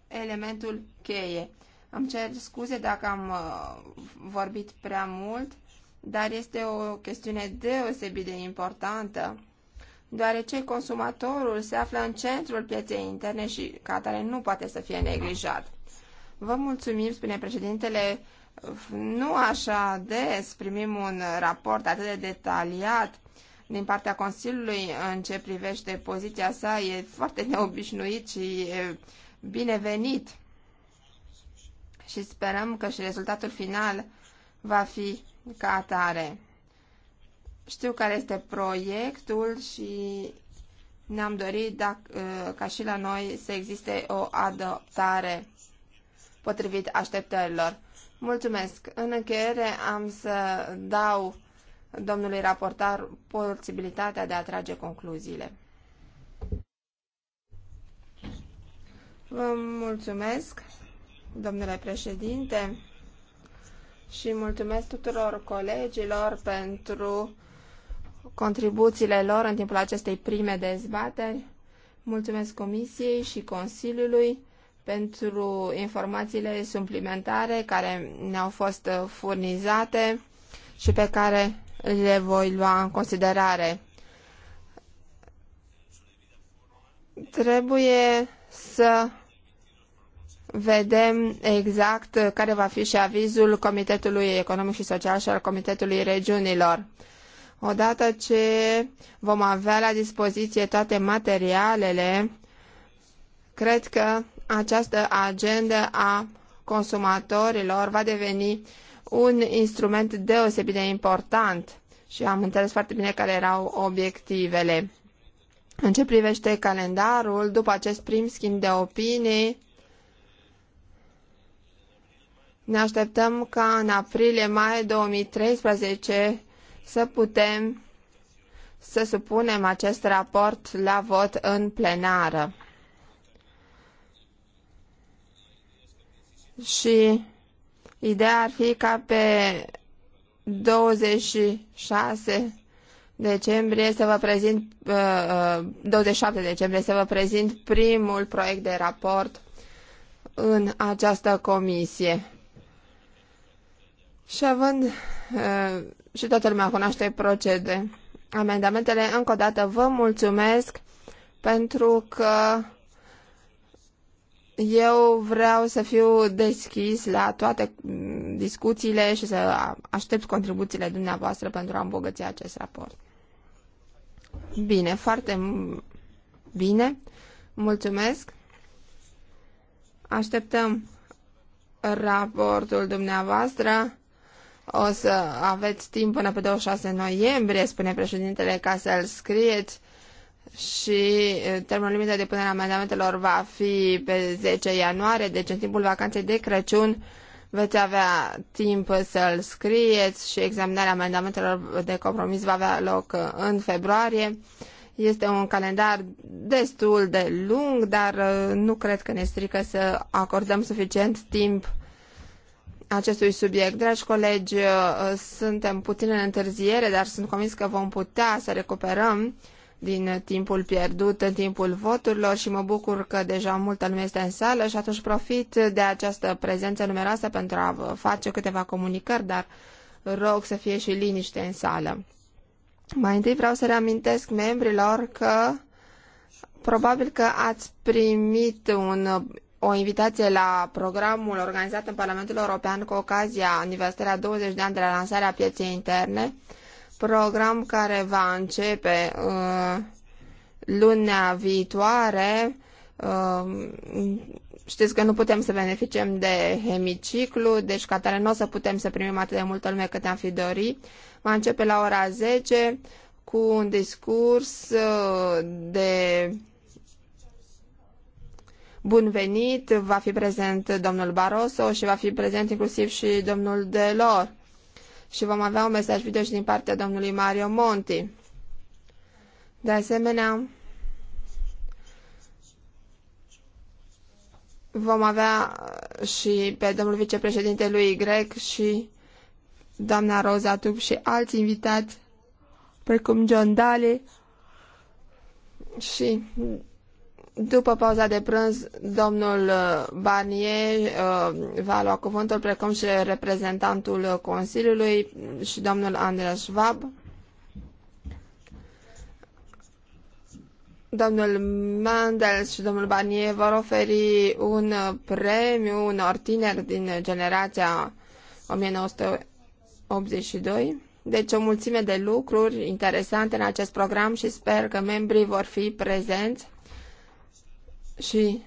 elementul cheie. Am cer scuze dacă am uh, vorbit prea mult dar este o chestiune deosebit de importantă, deoarece consumatorul se află în centrul pieței interne și ca atare nu poate să fie neglijat. Vă mulțumim, spune președintele, nu așa des primim un raport atât de detaliat din partea Consiliului în ce privește poziția sa, e foarte neobișnuit și e binevenit. Și sperăm că și rezultatul final va fi ca atare. Știu care este proiectul și ne-am dorit dacă, ă, ca și la noi să existe o adoptare potrivit așteptărilor. Mulțumesc. În încheiere am să dau domnului raportar posibilitatea de a trage concluziile. Vă mulțumesc, domnule președinte și mulțumesc tuturor colegilor pentru contribuțiile lor în timpul acestei prime dezbateri. Mulțumesc Comisiei și Consiliului pentru informațiile suplimentare care ne-au fost furnizate și pe care le voi lua în considerare. Trebuie să vedem exact care va fi și avizul Comitetului Economic și Social și al Comitetului Regiunilor. Odată ce vom avea la dispoziție toate materialele, cred că această agendă a consumatorilor va deveni un instrument deosebit de important și am înțeles foarte bine care erau obiectivele. În ce privește calendarul, după acest prim schimb de opinii, ne așteptăm ca în aprilie-mai 2013 să putem să supunem acest raport la vot în plenară. Și ideea ar fi ca pe 26 decembrie să vă prezint 27 uh, uh, decembrie să vă prezint primul proiect de raport în această comisie. Și având uh, și toată lumea cunoaște procede, amendamentele, încă o dată vă mulțumesc pentru că eu vreau să fiu deschis la toate discuțiile și să aștept contribuțiile dumneavoastră pentru a îmbogăți acest raport. Bine, foarte bine. Mulțumesc. Așteptăm raportul dumneavoastră o să aveți timp până pe 26 noiembrie, spune președintele, ca să-l scrieți și eh, termenul limită de punere amendamentelor va fi pe 10 ianuarie, deci în timpul vacanței de Crăciun veți avea timp să-l scrieți și examinarea amendamentelor de compromis va avea loc eh, în februarie. Este un calendar destul de lung, dar eh, nu cred că ne strică să acordăm suficient timp acestui subiect. Dragi colegi, uh, suntem puțin în întârziere, dar sunt convins că vom putea să recuperăm din timpul pierdut în timpul voturilor și mă bucur că deja multă lume este în sală și atunci profit de această prezență numeroasă pentru a vă face câteva comunicări, dar rog să fie și liniște în sală. Mai întâi vreau să reamintesc membrilor că probabil că ați primit un o invitație la programul organizat în Parlamentul European cu ocazia aniversării a 20 de ani de la lansarea pieței interne, program care va începe uh, luna viitoare. Uh, știți că nu putem să beneficiem de hemiciclu, deci ca tare nu o să putem să primim atât de multă lume cât am fi dori. Va începe la ora 10 cu un discurs uh, de bun venit, va fi prezent domnul Barroso și va fi prezent inclusiv și domnul Delor. Și vom avea un mesaj video și din partea domnului Mario Monti. De asemenea, vom avea și pe domnul vicepreședinte lui Grec și doamna Rosa Tub și alți invitați, precum John Daly și după pauza de prânz, domnul uh, Barnier uh, va lua cuvântul, precum și reprezentantul Consiliului și domnul Andreas Schwab. Domnul Mandels și domnul Barnier vor oferi un premiu unor tineri din generația 1982. Deci o mulțime de lucruri interesante în acest program și sper că membrii vor fi prezenți și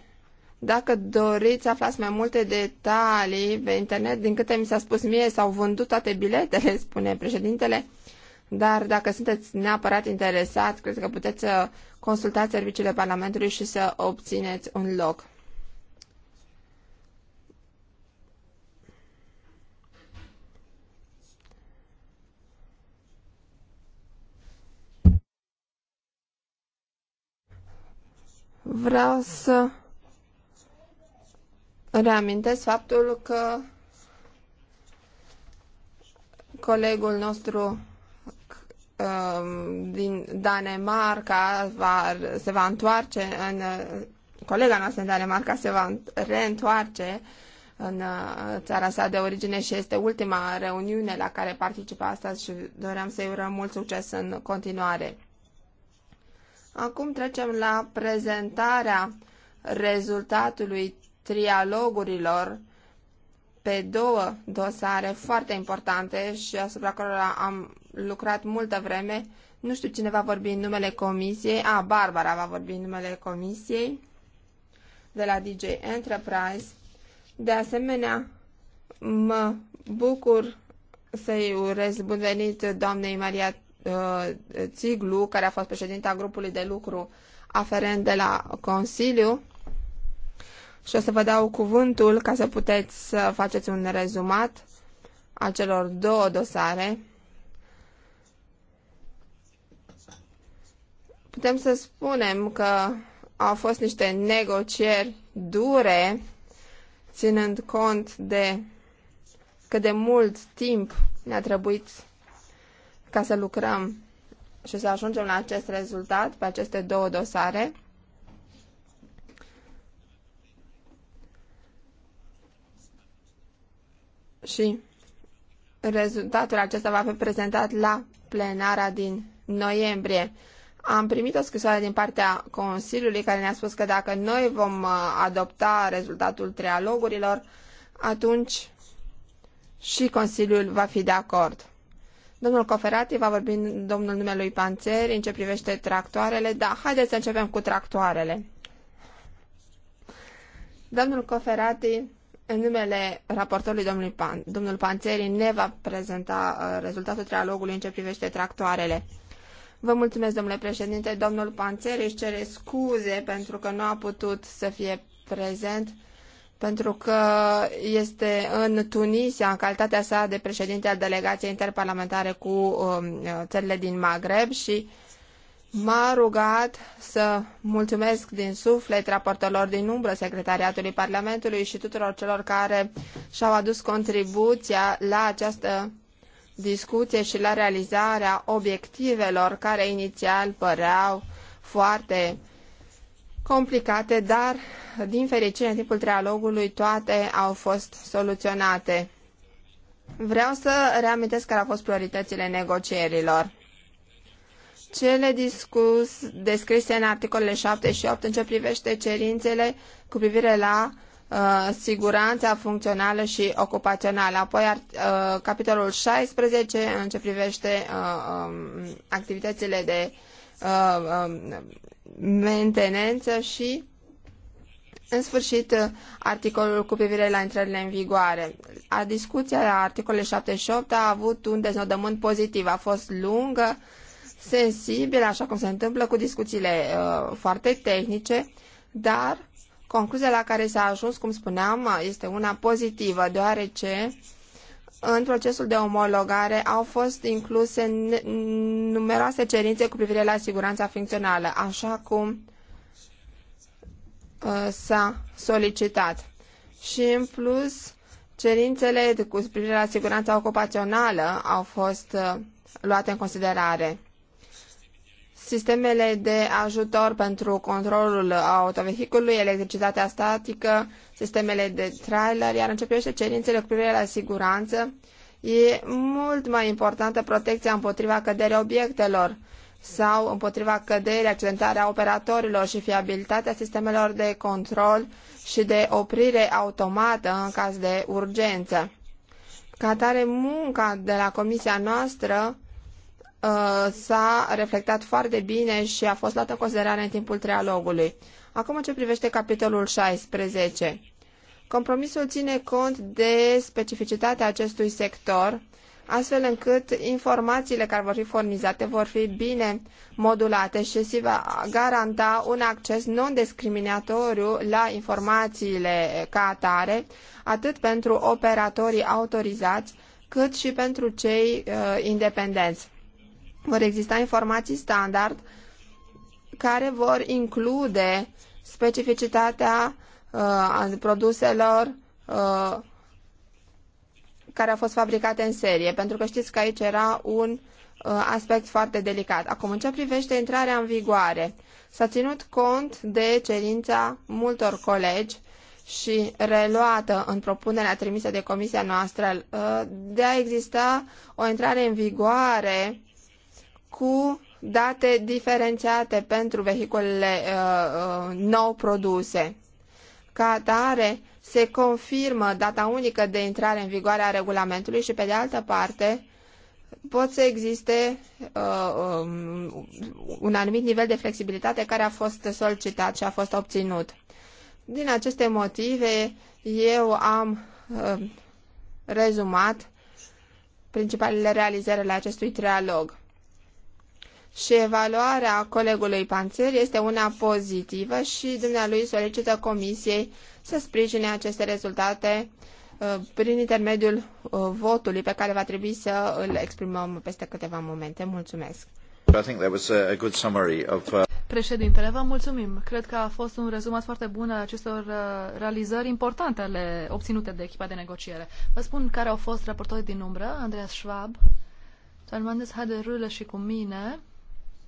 dacă doriți să aflați mai multe detalii pe internet, din câte mi s-a spus mie, s-au vândut toate biletele, spune președintele, dar dacă sunteți neapărat interesat, cred că puteți să consultați serviciile Parlamentului și să obțineți un loc. Vreau să reamintesc faptul că colegul nostru um, din Danemarca va, se va întoarce în colega noastră în Danemarca se va reîntoarce în uh, țara sa de origine și este ultima reuniune la care participă astăzi și doream să-i urăm mult succes în continuare. Acum trecem la prezentarea rezultatului trialogurilor pe două dosare foarte importante și asupra cărora am lucrat multă vreme. Nu știu cine va vorbi în numele comisiei. A, Barbara va vorbi în numele comisiei de la DJ Enterprise. De asemenea, mă bucur să-i urez bun venit doamnei Maria Uh, Țiglu, care a fost președinta grupului de lucru aferent de la Consiliu. Și o să vă dau cuvântul ca să puteți să faceți un rezumat a celor două dosare. Putem să spunem că au fost niște negocieri dure, ținând cont de cât de mult timp ne-a trebuit ca să lucrăm și să ajungem la acest rezultat pe aceste două dosare. Și rezultatul acesta va fi prezentat la plenara din noiembrie. Am primit o scrisoare din partea Consiliului care ne-a spus că dacă noi vom uh, adopta rezultatul trialogurilor, atunci și Consiliul va fi de acord. Domnul Coferati va vorbi în domnul numelui Panțeri în ce privește tractoarele. Da, haideți să începem cu tractoarele. Domnul Coferati, în numele raportorului domnului Pan, domnul Panțeri, ne va prezenta uh, rezultatul trialogului în ce privește tractoarele. Vă mulțumesc, domnule președinte. Domnul Panțeri își cere scuze pentru că nu a putut să fie prezent pentru că este în Tunisia, în calitatea sa de președinte al delegației interparlamentare cu um, țările din Maghreb și m-a rugat să mulțumesc din suflet raportorilor din umbră, secretariatului Parlamentului și tuturor celor care și-au adus contribuția la această discuție și la realizarea obiectivelor care inițial păreau foarte complicate, dar din fericire în timpul trialogului toate au fost soluționate. Vreau să reamintesc care au fost prioritățile negocierilor. Cele discus, descrise în articolele 7 și 8 în ce privește cerințele cu privire la uh, siguranța funcțională și ocupațională. Apoi uh, capitolul 16 în ce privește uh, um, activitățile de uh, um, mentenență și, în sfârșit, articolul cu privire la intrările în vigoare. A discuția articolele 78 a avut un deznodământ pozitiv. A fost lungă, sensibilă, așa cum se întâmplă cu discuțiile uh, foarte tehnice, dar concluzia la care s-a ajuns, cum spuneam, este una pozitivă, deoarece în procesul de omologare au fost incluse numeroase cerințe cu privire la siguranța funcțională, așa cum uh, s-a solicitat. Și în plus, cerințele cu privire la siguranța ocupațională au fost uh, luate în considerare sistemele de ajutor pentru controlul autovehiculului electricitatea statică, sistemele de trailer, iar începe și cerințele cu privire la siguranță, e mult mai importantă protecția împotriva căderii obiectelor sau împotriva căderii, accidentarea operatorilor și fiabilitatea sistemelor de control și de oprire automată în caz de urgență. Ca tare, munca de la comisia noastră Uh, s-a reflectat foarte bine și a fost luată în considerare în timpul trialogului. Acum, în ce privește capitolul 16, compromisul ține cont de specificitatea acestui sector, astfel încât informațiile care vor fi furnizate vor fi bine modulate și se va garanta un acces non-discriminatoriu la informațiile ca atare, atât pentru operatorii autorizați, cât și pentru cei uh, independenți vor exista informații standard care vor include specificitatea uh, a produselor uh, care au fost fabricate în serie, pentru că știți că aici era un uh, aspect foarte delicat. Acum, în ce privește intrarea în vigoare, s-a ținut cont de cerința multor colegi și reluată în propunerea trimisă de comisia noastră uh, de a exista o intrare în vigoare cu date diferențiate pentru vehiculele uh, uh, nou produse. Ca atare, se confirmă data unică de intrare în vigoare a regulamentului și, pe de altă parte, pot să existe uh, um, un anumit nivel de flexibilitate care a fost solicitat și a fost obținut. Din aceste motive, eu am uh, rezumat principalele realizări ale acestui trialog și evaluarea colegului Panțer este una pozitivă și dumnealui solicită comisiei să sprijine aceste rezultate uh, prin intermediul uh, votului pe care va trebui să îl exprimăm peste câteva momente. Mulțumesc! Uh, Președintele, vă mulțumim. Cred că a fost un rezumat foarte bun al acestor realizări importante ale obținute de echipa de negociere. Vă spun care au fost raportorii din umbră, Andreas Schwab, Salmandes Haderulă și cu mine.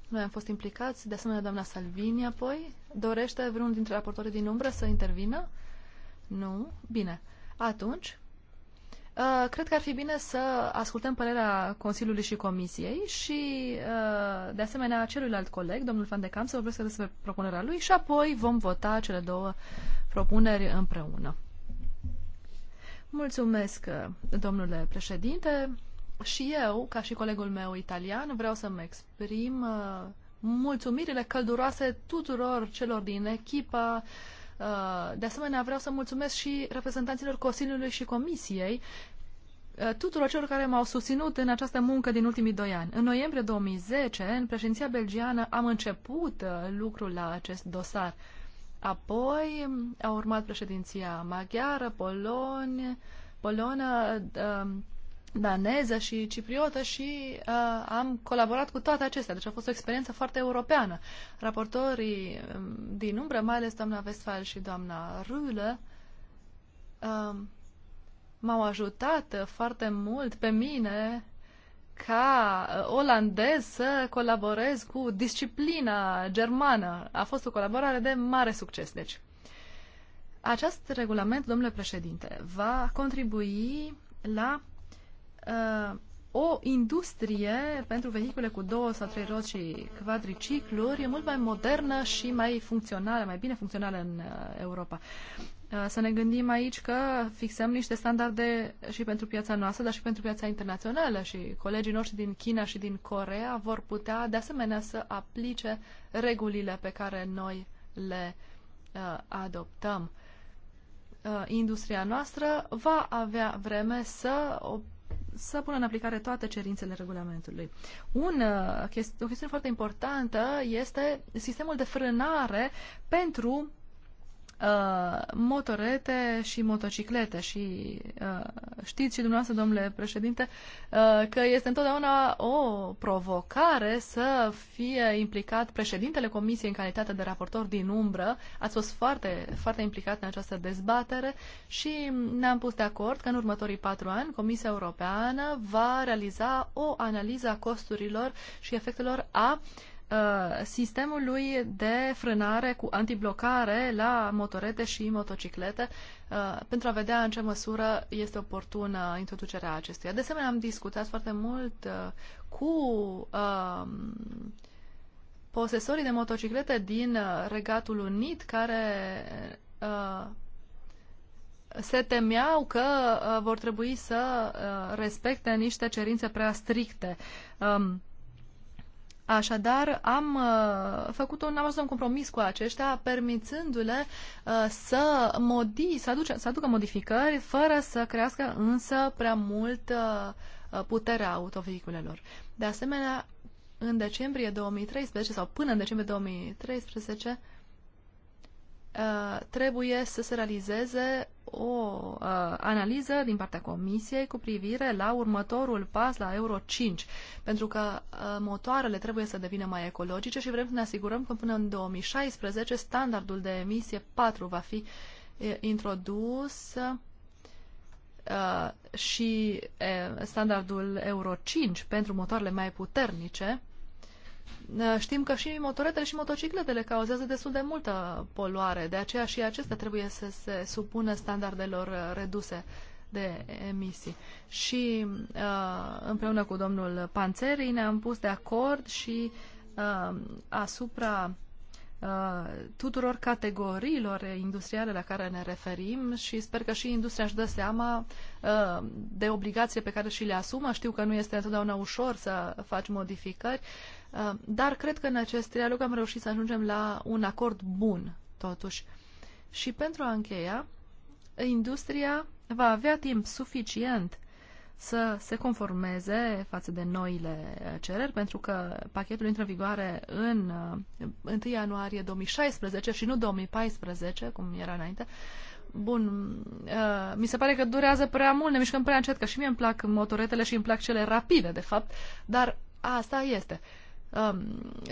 Noi am fost implicați, de asemenea doamna Salvini apoi. Dorește vreunul dintre raportorii din umbră să intervină? Nu? Bine. Atunci, uh, cred că ar fi bine să ascultăm părerea Consiliului și Comisiei și, uh, de asemenea, celuilalt coleg, domnul Van de Cam, să vorbesc despre propunerea lui și apoi vom vota cele două propuneri împreună. Mulțumesc, uh, domnule președinte și eu, ca și colegul meu italian, vreau să-mi exprim uh, mulțumirile călduroase tuturor celor din echipa. Uh, de asemenea, vreau să mulțumesc și reprezentanților Consiliului și Comisiei, uh, tuturor celor care m-au susținut în această muncă din ultimii doi ani. În noiembrie 2010, în președinția belgiană, am început lucrul la acest dosar. Apoi a urmat președinția maghiară, Polonia, polonă, daneză și cipriotă și uh, am colaborat cu toate acestea. Deci a fost o experiență foarte europeană. Raportorii um, din umbră, mai ales doamna Westphal și doamna Rulă, uh, um, m-au ajutat foarte mult pe mine ca uh, olandez să colaborez cu disciplina germană. A fost o colaborare de mare succes, deci. Acest regulament, domnule președinte, va contribui la uh, o industrie pentru vehicule cu două sau trei roți și quadricicluri e mult mai modernă și mai funcțională, mai bine funcțională în uh, Europa. Uh, să ne gândim aici că fixăm niște standarde și pentru piața noastră, dar și pentru piața internațională și colegii noștri din China și din Corea vor putea de asemenea să aplice regulile pe care noi le uh, adoptăm uh, industria noastră va avea vreme să să pună în aplicare toate cerințele regulamentului. Un, uh, o chestiune foarte importantă este sistemul de frânare pentru Uh, motorete și motociclete și uh, știți și dumneavoastră, domnule președinte, uh, că este întotdeauna o provocare să fie implicat președintele comisiei în calitate de raportor din umbră. Ați fost foarte, foarte implicat în această dezbatere și ne-am pus de acord că în următorii patru ani Comisia Europeană va realiza o analiză a costurilor și efectelor a uh, sistemul uh, sistemului de frânare cu antiblocare la motorete și motociclete uh, pentru a vedea în ce măsură este oportună introducerea acestuia. De asemenea, am discutat foarte mult uh, cu um, posesorii de motociclete din Regatul Unit care se temeau că vor trebui să respecte niște cerințe prea stricte. Um, Așadar, am uh, făcut un, am un compromis cu aceștia, permițându-le uh, să, modi, să, aduce, să aducă modificări, fără să crească însă prea mult uh, puterea autovehiculelor. De asemenea, în decembrie 2013 sau până în decembrie 2013, Uh, trebuie să se realizeze o uh, analiză din partea Comisiei cu privire la următorul pas, la Euro 5, pentru că uh, motoarele trebuie să devină mai ecologice și vrem să ne asigurăm că până în 2016 standardul de emisie 4 va fi uh, introdus uh, și uh, standardul Euro 5 pentru motoarele mai puternice Eh, știm că și motoretele și motocicletele cauzează destul de multă poluare, de aceea și acestea trebuie să se supună standardelor eh, reduse de emisii. Și eh, împreună cu domnul Panțeri ne-am pus de acord și asupra tuturor categoriilor industriale la care ne referim și sper că și industria își dă seama de obligație pe care și le asumă. Știu că nu este întotdeauna ușor să faci modificări, Uh, dar cred că în acest trialog am reușit să ajungem la un acord bun, totuși. Și pentru a încheia, industria va avea timp suficient să se conformeze față de noile uh, cereri, pentru că pachetul intră în vigoare în 1 uh, ianuarie 2016 și nu 2014, cum era înainte. Bun, mi se pare că durează prea mult, ne mișcăm prea încet, că și mie îmi plac motoretele și îmi plac cele rapide, de fapt, dar asta este. Um,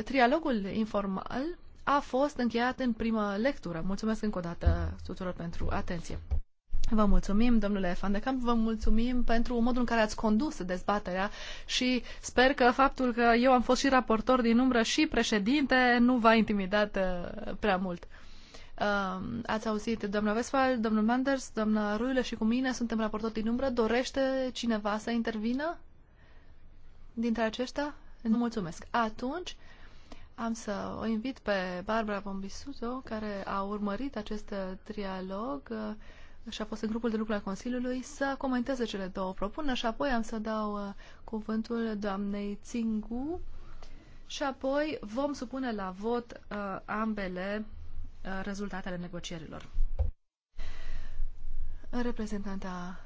trialogul informal a fost încheiat în primă lectură. Mulțumesc încă o dată tuturor pentru atenție. Vă mulțumim, domnule Van de Camp, vă mulțumim pentru modul în care ați condus dezbaterea și sper că faptul că eu am fost și raportor din umbră și președinte nu v-a intimidat uh, prea mult. Um, ați auzit doamna Vesfal, domnul Manders, doamna Ruile și cu mine suntem raportori din umbră. Dorește cineva să intervină dintre aceștia? Nu mulțumesc. Atunci am să o invit pe Barbara Bombisuto, care a urmărit acest uh, trialog uh, și a fost în grupul de lucru al Consiliului, să comenteze cele două propuneri și apoi am să dau uh, cuvântul doamnei Tsingu și apoi vom supune la vot ambele rezultatele negocierilor. Reprezentanta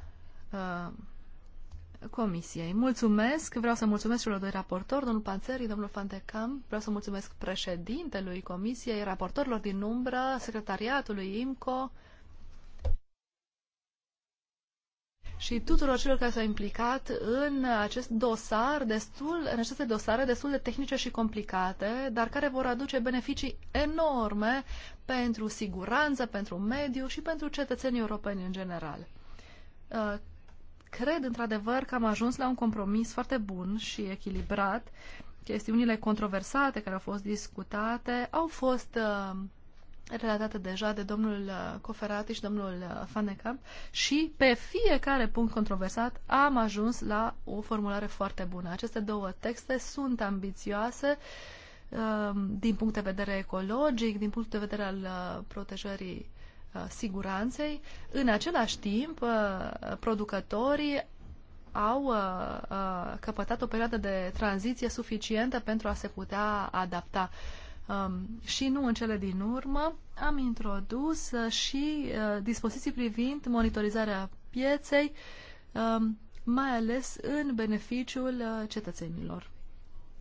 Comisiei. Mulțumesc, vreau să mulțumesc celor doi raportori, domnul Panțeri, domnul Fantecam, vreau să mulțumesc președintelui Comisiei, raportorilor din umbră, secretariatului IMCO și tuturor celor care s-au implicat în acest dosar destul, în aceste dosare destul de tehnice și complicate, dar care vor aduce beneficii enorme pentru siguranță, pentru mediu și pentru cetățenii europeni în general uh, cred într-adevăr că am ajuns la un compromis foarte bun și echilibrat. Chestiunile controversate care au fost discutate au fost uh, relatate deja de domnul uh, Coferati și domnul Fanecamp uh, și pe fiecare punct controversat am ajuns la o formulare foarte bună. Aceste două texte sunt ambițioase din punct de vedere ecologic, din punct de vedere al protejării Uh, siguranței. În același timp, uh, producătorii au uh, căpătat o perioadă de tranziție suficientă pentru a se putea adapta. Um, și nu în cele din urmă, am introdus și dispoziții privind monitorizarea pieței, um, mai ales în beneficiul cetățenilor.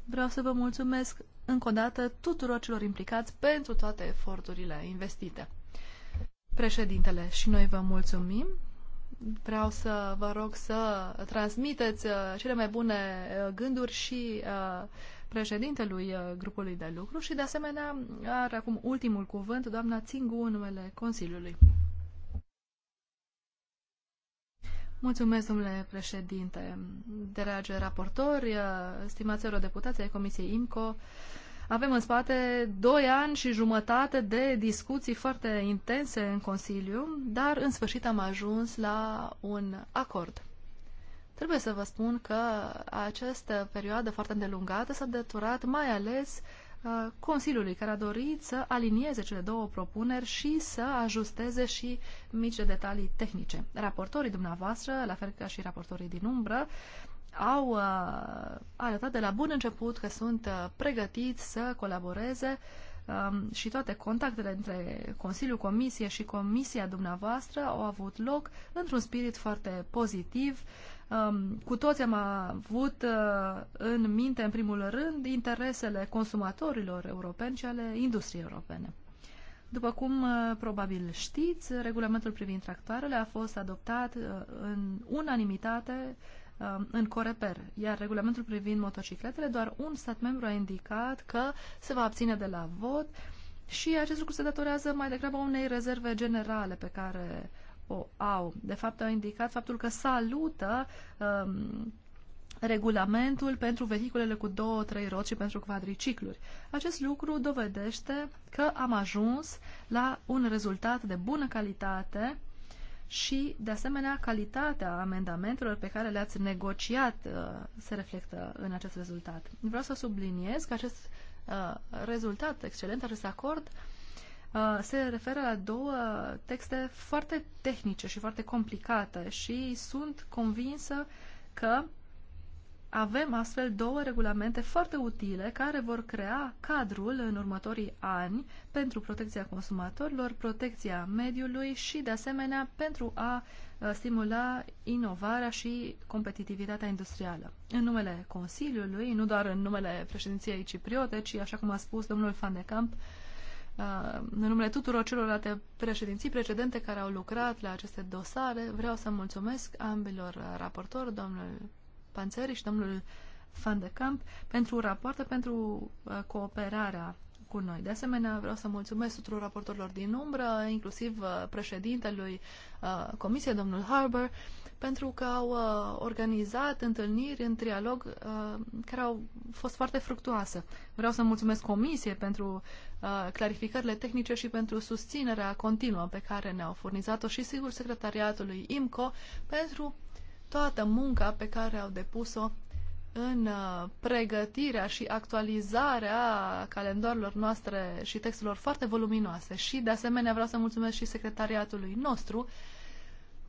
Vreau să vă mulțumesc încă o dată tuturor celor implicați pentru toate eforturile investite. Președintele, și noi vă mulțumim. Vreau să vă rog să transmiteți uh, cele mai bune uh, gânduri și uh, președintelui grupului de lucru și, de asemenea, are acum ultimul cuvânt doamna Țingu în numele Consiliului. Mulțumesc, domnule președinte, dragi raportori, stimați deputații ai Comisiei IMCO, avem în spate doi ani și jumătate de discuții foarte intense în Consiliu, dar în sfârșit am ajuns la un acord. Trebuie să vă spun că această perioadă foarte îndelungată s-a deturat mai ales uh, Consiliului, care a dorit să alinieze cele două propuneri și să ajusteze și mici detalii tehnice. Raportorii dumneavoastră, la fel ca și raportorii din umbră, au uh, arătat de la bun început că sunt uh, pregătiți să colaboreze um, și toate contactele între Consiliul Comisie și Comisia dumneavoastră au avut loc într-un spirit foarte pozitiv. Um, cu toți am avut uh, în minte, în primul rând, interesele consumatorilor europeni și ale industriei europene. După cum probabil știți, regulamentul privind tractoarele a fost adoptat în unanimitate Um, în Coreper, iar regulamentul privind motocicletele, doar un stat membru a indicat că se va abține de la vot și acest lucru se datorează mai degrabă unei rezerve generale pe care o au. De fapt, au indicat faptul că salută um, regulamentul pentru vehiculele cu două, trei roți și pentru quadricicluri. Acest lucru dovedește că am ajuns la un rezultat de bună calitate și, de asemenea, calitatea amendamentelor pe care le-ați negociat uh, se reflectă în acest rezultat. Vreau să subliniez că acest uh, rezultat excelent, acest acord, uh, se referă la două texte foarte tehnice și foarte complicate și sunt convinsă că avem astfel două regulamente foarte utile care vor crea cadrul în următorii ani pentru protecția consumatorilor, protecția mediului și, de asemenea, pentru a stimula inovarea și competitivitatea industrială. În numele Consiliului, nu doar în numele președinției cipriote, ci, așa cum a spus domnul Van de Camp, în numele tuturor celorlalte președinții precedente care au lucrat la aceste dosare, vreau să mulțumesc ambilor raportori, domnul Panțări și domnul Van de Camp pentru rapoarte, pentru uh, cooperarea cu noi. De asemenea, vreau să mulțumesc tuturor raportorilor din umbră, inclusiv uh, președintelui uh, Comisiei, domnul Harbour, pentru că au organizat întâlniri în trialog care au fost foarte fructuoase. Vreau să mulțumesc Comisiei pentru clarificările tehnice și pentru susținerea continuă pe care ne-au furnizat-o și, sigur, secretariatului IMCO pentru toată munca pe care au depus-o în uh, pregătirea și actualizarea calendarilor noastre și textelor foarte voluminoase. Și, de asemenea, vreau să mulțumesc și secretariatului nostru,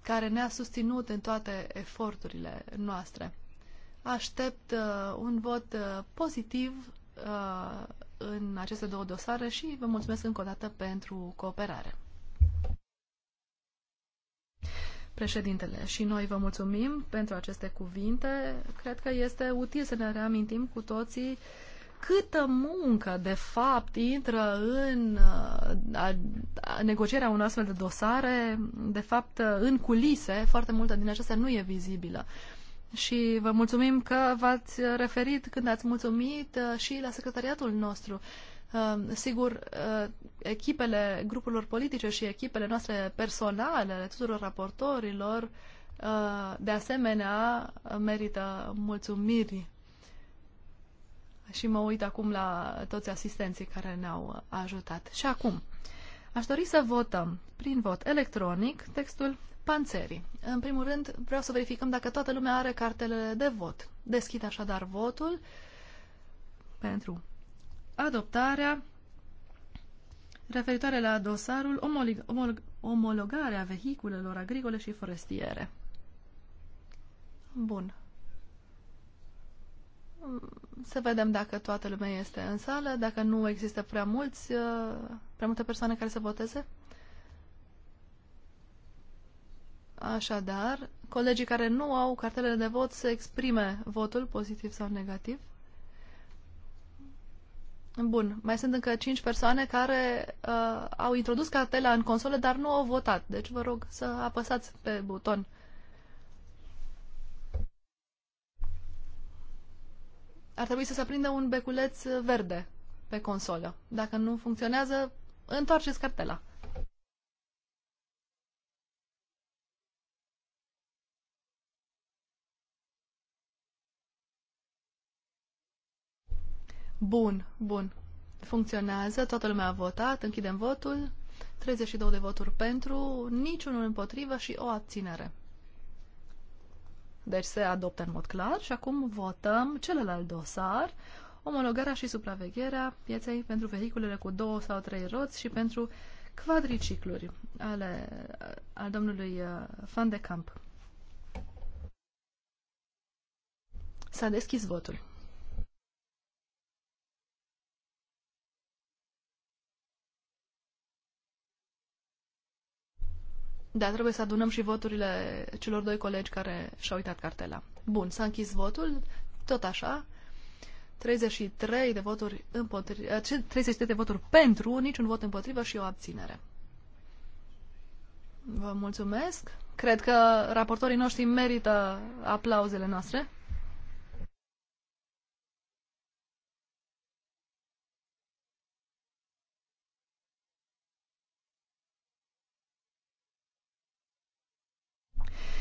care ne-a susținut în toate eforturile noastre. Aștept uh, un vot uh, pozitiv uh, în aceste două dosare și vă mulțumesc încă o dată pentru cooperare. Președintele, și noi vă mulțumim pentru aceste cuvinte. Cred că este util să ne reamintim cu toții câtă muncă, de fapt, intră în uh, a, a, negocierea unui astfel de dosare, de fapt, uh, în culise, foarte multă din acestea nu e vizibilă. Și vă mulțumim că v-ați referit când ați mulțumit uh, și la secretariatul nostru. Ehm, sigur, eh, echipele grupurilor politice și echipele noastre personale, ale tuturor raportorilor, eh, de asemenea, merită mulțumiri. Și mă uit acum la toți asistenții care ne-au ajutat. Și acum, aș dori să votăm prin vot electronic textul panțerii. În primul rând, vreau să verificăm dacă toată lumea are cartele de vot. Deschid așadar votul pentru adoptarea referitoare la dosarul omolog omolog omologarea vehiculelor agricole și forestiere. Bun. Să vedem dacă toată lumea este în sală, dacă nu există prea mulți, uh, prea multe persoane care să voteze. Așadar, colegii care nu au cartele de vot să exprime votul pozitiv sau negativ. Bun, mai sunt încă 5 persoane care uh, au introdus cartela în consolă, dar nu au votat. Deci vă rog să apăsați pe buton. Ar trebui să se aprindă un beculeț verde pe consolă. Dacă nu funcționează, întoarceți cartela. Bun, bun. Funcționează, toată lumea a votat, închidem votul. 32 de voturi pentru, niciunul împotrivă și o abținere. Deci se adoptă în mod clar și acum votăm celălalt dosar, omologarea și supravegherea pieței pentru vehiculele cu două sau trei roți și pentru quadricicluri ale, al domnului uh, Van de Camp. S-a deschis votul. Da, trebuie să adunăm și voturile celor doi colegi care și-au uitat cartela. Bun, s-a închis votul, tot așa. 33 de voturi împotriva, 33 eh, de voturi pentru, niciun vot împotrivă și o abținere. Vă mulțumesc. Cred că raportorii noștri merită aplauzele noastre.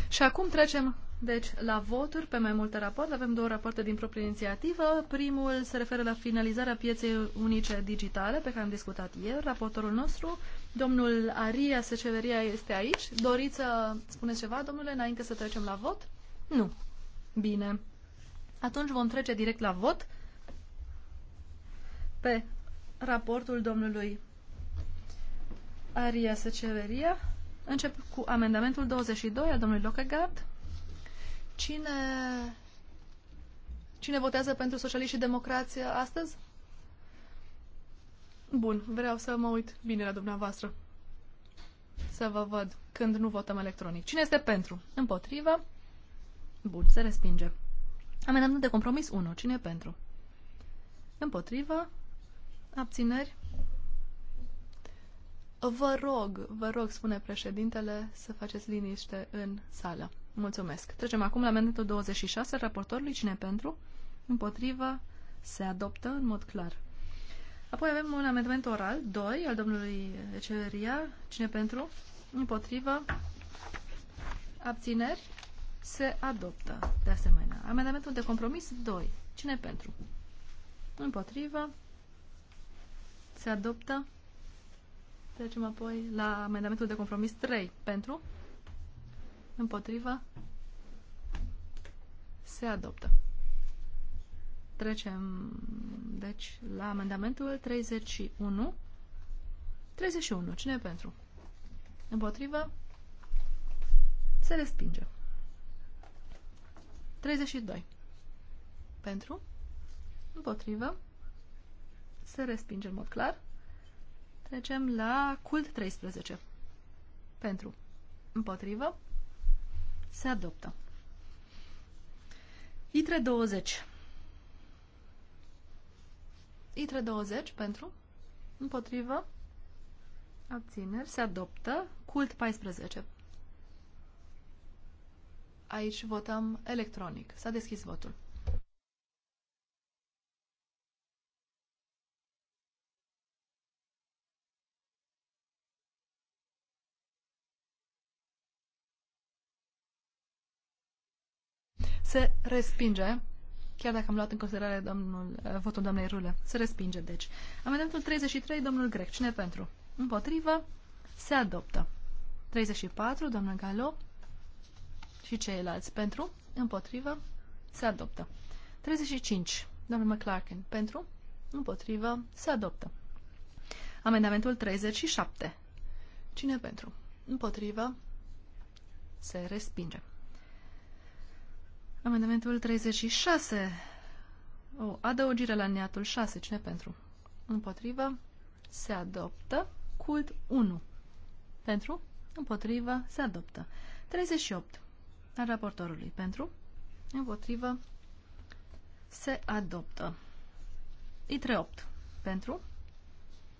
Și acum trecem deci, la voturi, pe mai multe rapoarte, avem două rapoarte din proprie inițiativă. Primul se referă la finalizarea pieței unice digitale, pe care am discutat ieri, raportorul nostru. Domnul Aria Seceveria este aici. Doriți să spuneți ceva, domnule, înainte să trecem la vot? Nu. Bine. Atunci vom trece direct la vot pe raportul domnului Aria Seceveria. Încep cu amendamentul 22 al domnului Lockegaard. Cine, cine votează pentru socialiști și democrație astăzi? Bun, vreau să mă uit bine la dumneavoastră. Să vă văd când nu votăm electronic. Cine este pentru? Împotrivă? Bun, se respinge. Amendament de compromis 1. Cine e pentru? Împotrivă? Abțineri? Vă rog, vă rog, spune președintele, să faceți liniște în sală. Mulțumesc. Trecem acum la amendamentul 26 raportorului. Cine pentru? Împotrivă? Se adoptă în mod clar. Apoi avem un amendament oral, 2, al domnului Eceveria. Cine pentru? Împotrivă? Abțineri? Se adoptă, de asemenea. Amendamentul de compromis, 2. Cine pentru? Împotrivă? Se adoptă Trecem apoi la amendamentul de compromis 3. Pentru? Împotrivă? Se adoptă. Trecem, deci, la amendamentul 31. 31. Cine e pentru? Împotrivă? Se respinge. 32. Pentru? Împotrivă? Se respinge în mod clar. Trecem la cult 13. Pentru. Împotrivă. Se adoptă. Itre 20. Itre 20 pentru. Împotrivă. Abțineri. Se adoptă. Cult 14. Aici votăm electronic. S-a deschis votul. Se respinge, chiar dacă am luat în considerare domnul, uh, votul doamnei Rule. Se respinge, deci. Amendamentul 33, domnul Grec. Cine pentru? Împotrivă. Se adoptă. 34, domnul Galo. Și ceilalți pentru? Împotrivă. Se adoptă. 35, domnul McClarkin. Pentru? Împotrivă. Se adoptă. Amendamentul 37. Cine pentru? Împotrivă. Se respinge. Amendamentul 36. O adăugire la neatul 6. Cine pentru? Împotrivă. Se adoptă. Cult 1. Pentru? Împotrivă. Se adoptă. 38. Al raportorului. Pentru? Împotrivă. Se adoptă. I 38, Pentru?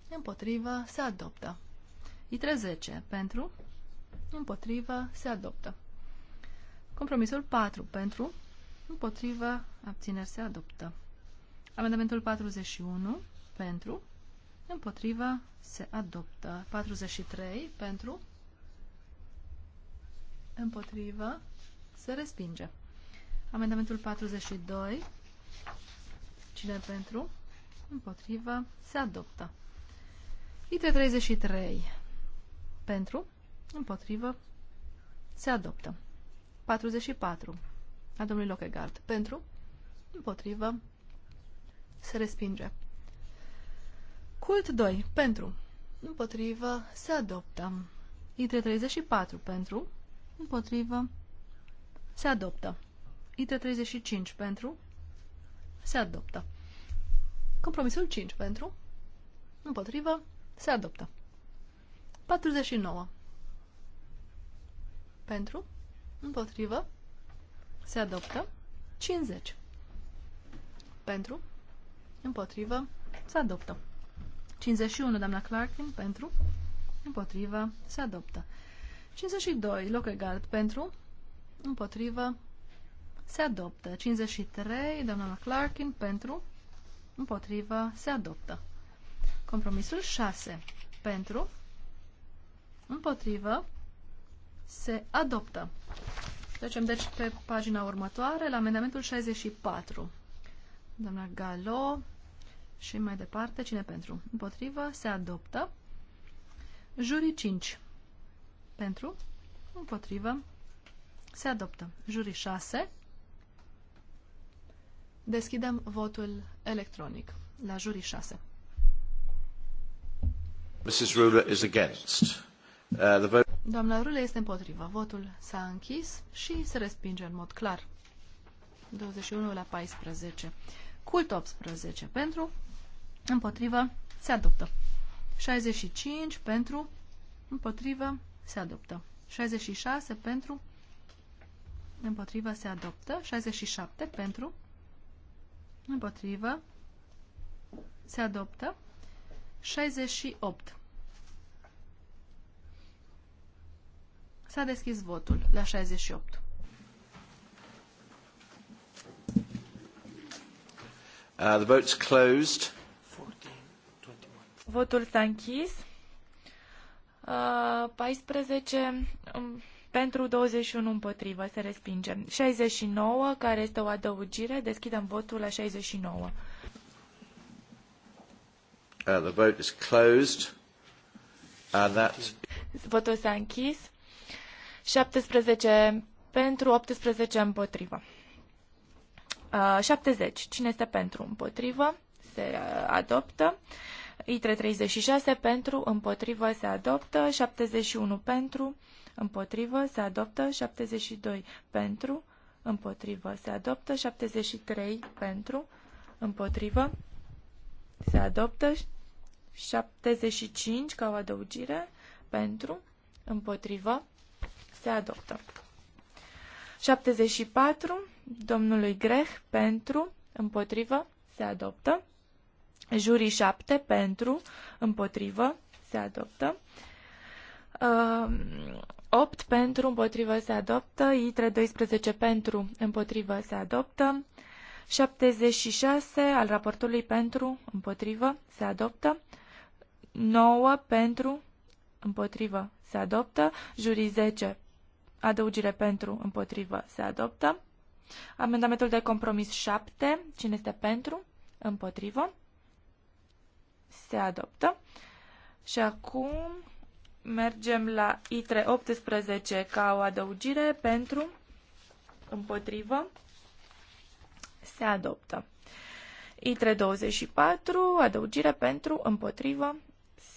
Împotrivă. Se adoptă. I 30 Pentru? Împotrivă. Se adoptă. Compromisul 4 pentru, împotrivă, abțineri se adoptă. Amendamentul 41 pentru, împotrivă, se adoptă. 43 pentru, împotrivă, se respinge. Amendamentul 42, cine pentru, împotrivă, se adoptă. ITRE 33, pentru, împotrivă, se adoptă. 44 a domnului Lockegaard. Pentru, împotrivă, se respinge. Cult 2. Pentru, împotrivă, se adoptă. Itre 34 pentru, împotrivă, se adoptă. Itre 35 pentru, se adoptă. Compromisul 5 pentru, împotrivă, se adoptă. 49 pentru, Împotrivă. Se adoptă. 50. Pentru. Împotrivă. Se adoptă. 51, doamna Clarkin, pentru. Împotrivă. Se adoptă. 52, loc egal, pentru. Împotrivă. Se adoptă. 53, doamna Clarkin, pentru. Împotrivă. Se adoptă. Compromisul 6. Pentru. Împotrivă se adoptă. Trecem deci pe pagina următoare, la amendamentul 64. Doamna Galo și mai departe, cine pentru? Împotrivă, se adoptă. Jurii 5. Pentru, împotrivă, se adoptă. Jurii 6. Deschidem votul electronic la jurii 6. Mrs. Ruler is against. Uh, the vote Doamna Rule este împotrivă. Votul s-a închis și se respinge în mod clar. 21 la 14. Cult 18 pentru, împotrivă, se adoptă. 65 pentru, împotrivă, se adoptă. 66 pentru, împotrivă, se adoptă. 67 pentru, împotrivă, se adoptă. 68 S-a deschis votul la 68. Uh, the vote's closed. 14, Votul s-a închis. Uh, 14 um, pentru 21 împotrivă se respinge. 69, care este o adăugire, deschidem votul la 69. Uh, the vote is closed. And uh, that... Votul s-a închis. 17 pentru, 18 împotrivă. Uh, 70. Cine este pentru? Împotrivă. Se uh, adoptă. ITRE 36 pentru, împotrivă se adoptă, 71 pentru, împotrivă se adoptă, 72 pentru, împotrivă se adoptă, 73 pentru, împotrivă se adoptă, 75 ca o adăugire pentru, împotrivă se adoptă. 74, domnului Greh, pentru, împotrivă, se adoptă. Jurii 7, pentru, împotrivă, se adoptă. Uh, 8 pentru, împotrivă, se adoptă. ITRE 12 pentru, împotrivă, se adoptă. 76 al raportului pentru, împotrivă, se adoptă. 9 pentru, împotrivă, se adoptă. Jurii 10 Adăugire pentru, împotrivă, se adoptă. Amendamentul de compromis 7. Cine este pentru? Împotrivă. Se adoptă. Și acum mergem la ITRE 18 ca o adăugire pentru, împotrivă, se adoptă. ITRE 24, adăugire pentru, împotrivă,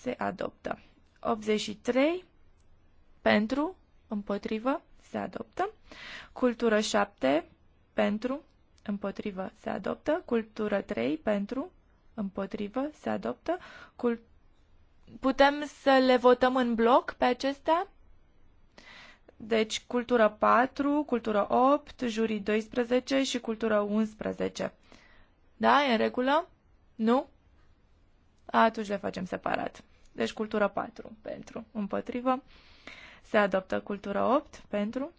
se adoptă. 83 pentru, împotrivă, se adoptă. Cultură 7, pentru, împotrivă, se adoptă. Cultură 3, pentru, împotrivă, se adoptă. Cul... Putem să le votăm în bloc pe acestea? Deci, cultură 4, cultură 8, jurii 12 și cultură 11. Da? E în regulă? Nu? Atunci le facem separat. Deci, cultură 4 pentru împotrivă se adoptă cultură 8 pentru,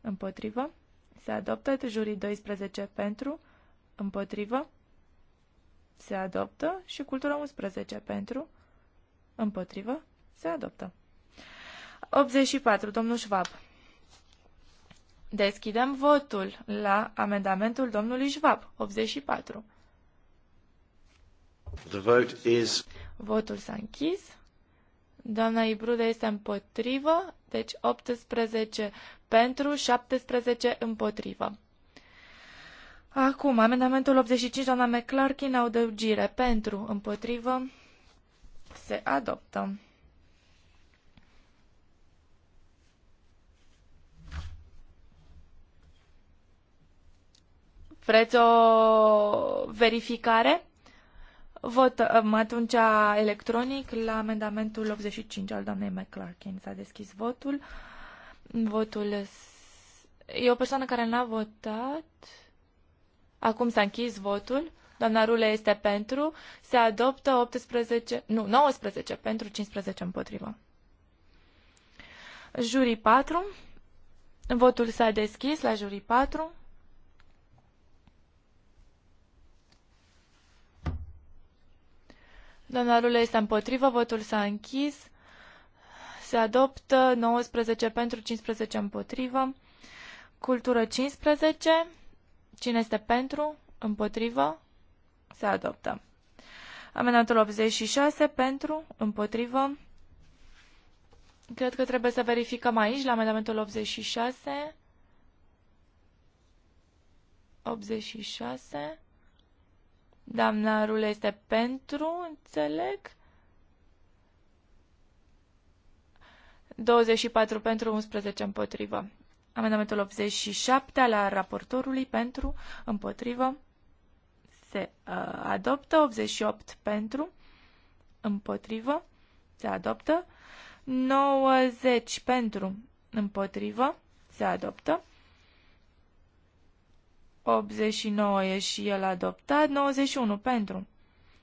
împotrivă. Se adoptă jurii 12 pentru, împotrivă. Se adoptă și Cultura 11 pentru, împotrivă. Se adoptă. 84. Domnul Schwab. Deschidem votul la amendamentul domnului Schwab. 84. The vote is... Votul s-a închis. Doamna Ibrude este împotrivă, deci 18 pentru, 17 împotrivă. Acum, amendamentul 85, doamna McClarkin, adăugire pentru, împotrivă, se adoptă. Vreți o verificare? Votăm atunci electronic la amendamentul 85 al doamnei McClarkin. S-a deschis votul. Votul E o persoană care n-a votat. Acum s-a închis votul. Doamna Rule este pentru. Se adoptă 18, nu, 19 pentru, 15 împotrivă. Jurii 4. Votul s-a deschis la jurii 4. Doamna Rulă este împotrivă, votul s-a închis. Se adoptă 19 pentru, 15 împotrivă. Cultură 15. Cine este pentru? Împotrivă? Se adoptă. Amendatul 86 pentru, împotrivă. Cred că trebuie să verificăm aici, la amendamentul 86. 86. Doamna Rule este pentru, înțeleg. 24 pentru, 11 împotrivă. Amendamentul 87 al raportorului pentru, împotrivă, se uh, adoptă. 88 pentru, împotrivă, se adoptă. 90 pentru, împotrivă, se adoptă. 89 e și el adoptat. 91 pentru.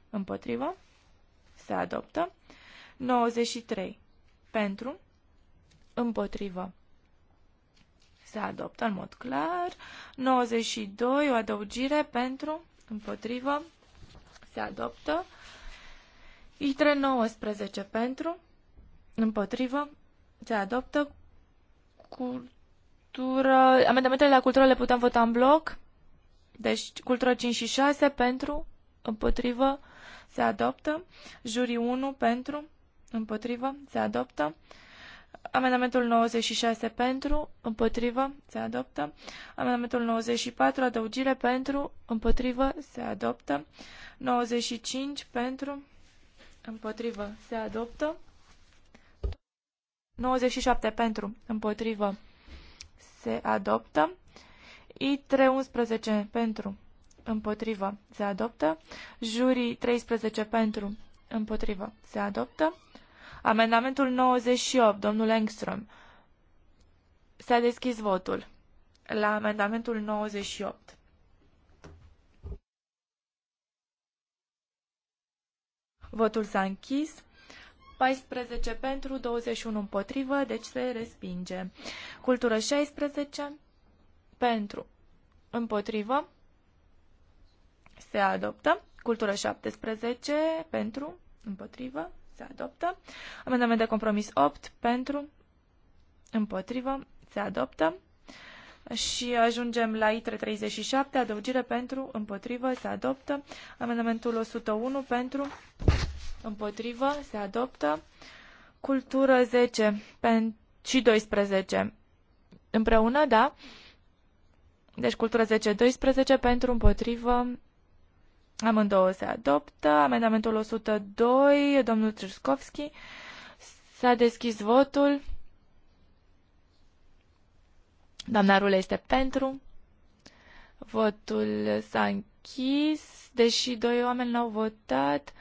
Împotrivă. Se adoptă. 93 pentru. Împotrivă. Se adoptă în mod clar. 92, o adăugire pentru. Împotrivă. Se adoptă. ITRE 19 pentru. Împotrivă. Se adoptă. Cultură. Amendamentele la cultură le putem vota în bloc. Deci, cultură 5 și 6 pentru, împotrivă, se adoptă. Jurii 1 pentru, împotrivă, se adoptă. Amendamentul 96 pentru, împotrivă, se adoptă. Amendamentul 94, adăugire pentru, împotrivă, se adoptă. 95 pentru, împotrivă, se adoptă. 97 pentru, împotrivă, se adoptă. I311 pentru, împotrivă, se adoptă. Jurii 13 pentru, împotrivă, se adoptă. Amendamentul 98, domnul Engström. S-a deschis votul la amendamentul 98. Votul s-a închis. 14 pentru, 21 împotrivă, deci se respinge. Cultură 16 pentru, împotrivă, se adoptă. Cultură 17 pentru, împotrivă, se adoptă. Amendament de compromis 8 pentru, împotrivă, se adoptă. Și ajungem la ITRE 37, adăugire pentru, împotrivă, se adoptă. Amendamentul 101 pentru, împotrivă, se adoptă. Cultură 10 pen, și 12 împreună, da? Deci cultură 10-12 pentru împotrivă. Amândouă se adoptă. Amendamentul 102, domnul Triskovski. S-a deschis votul. Doamna Rule este pentru. Votul s-a închis, deși doi oameni n-au votat.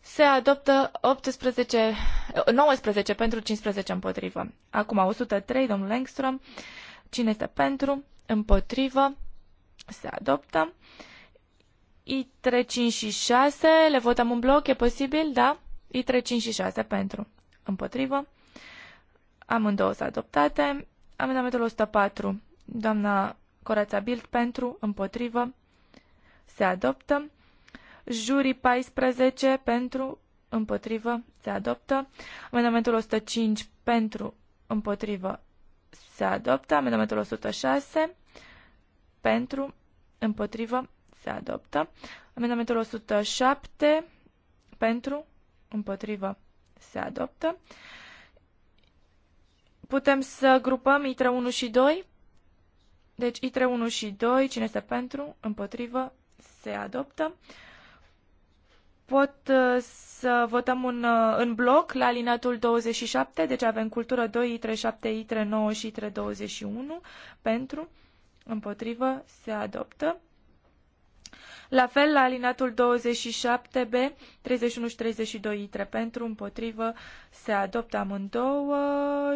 Se adoptă 18, 19 pentru 15 împotrivă. Acum 103, domnul Engström. Cine este pentru? împotrivă, se adoptă. I3, 5 și 6, le votăm în bloc, e posibil, da? I3, 5 și 6 pentru, împotrivă. Amândouă sunt adoptate. Amendamentul 104, doamna Corața Bild pentru, împotrivă, se adoptă. Jurii 14 pentru, împotrivă, se adoptă. Amendamentul 105 pentru, împotrivă, se adoptă. Amendamentul 106 pentru, împotrivă, se adoptă. Amendamentul 107 pentru, împotrivă, se adoptă. Putem să grupăm ITRE 1 și 2. Deci ITRE 1 și 2, cine este pentru, împotrivă, se adoptă pot uh, să votăm un, uh, în bloc la alinatul 27, deci avem cultură 2, ITRE 7, ITRE 9 și ITRE 21 pentru, împotrivă, se adoptă. La fel, la alinatul 27B, 31 și 32 ITRE pentru, împotrivă, se adoptă amândouă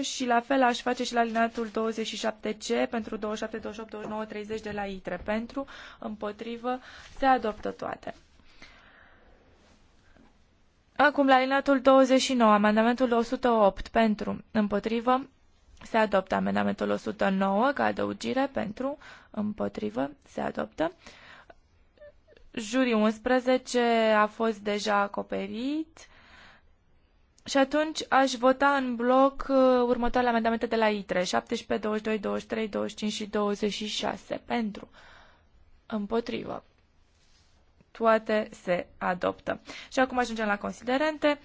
și la fel aș face și la alinatul 27C pentru 27, 28, 29, 30 de la ITRE pentru, împotrivă, se adoptă toate. Acum la alineatul 29, amendamentul 108 pentru, împotrivă, se adoptă. Amendamentul 109 ca adăugire pentru, împotrivă, se adoptă. Jurii 11 a fost deja acoperit. Și atunci aș vota în bloc uh, următoarele amendamente de la ITRE, 17, 22, 23, 25 și 26. Pentru. Împotrivă toate se adoptă. Și acum ajungem la considerente.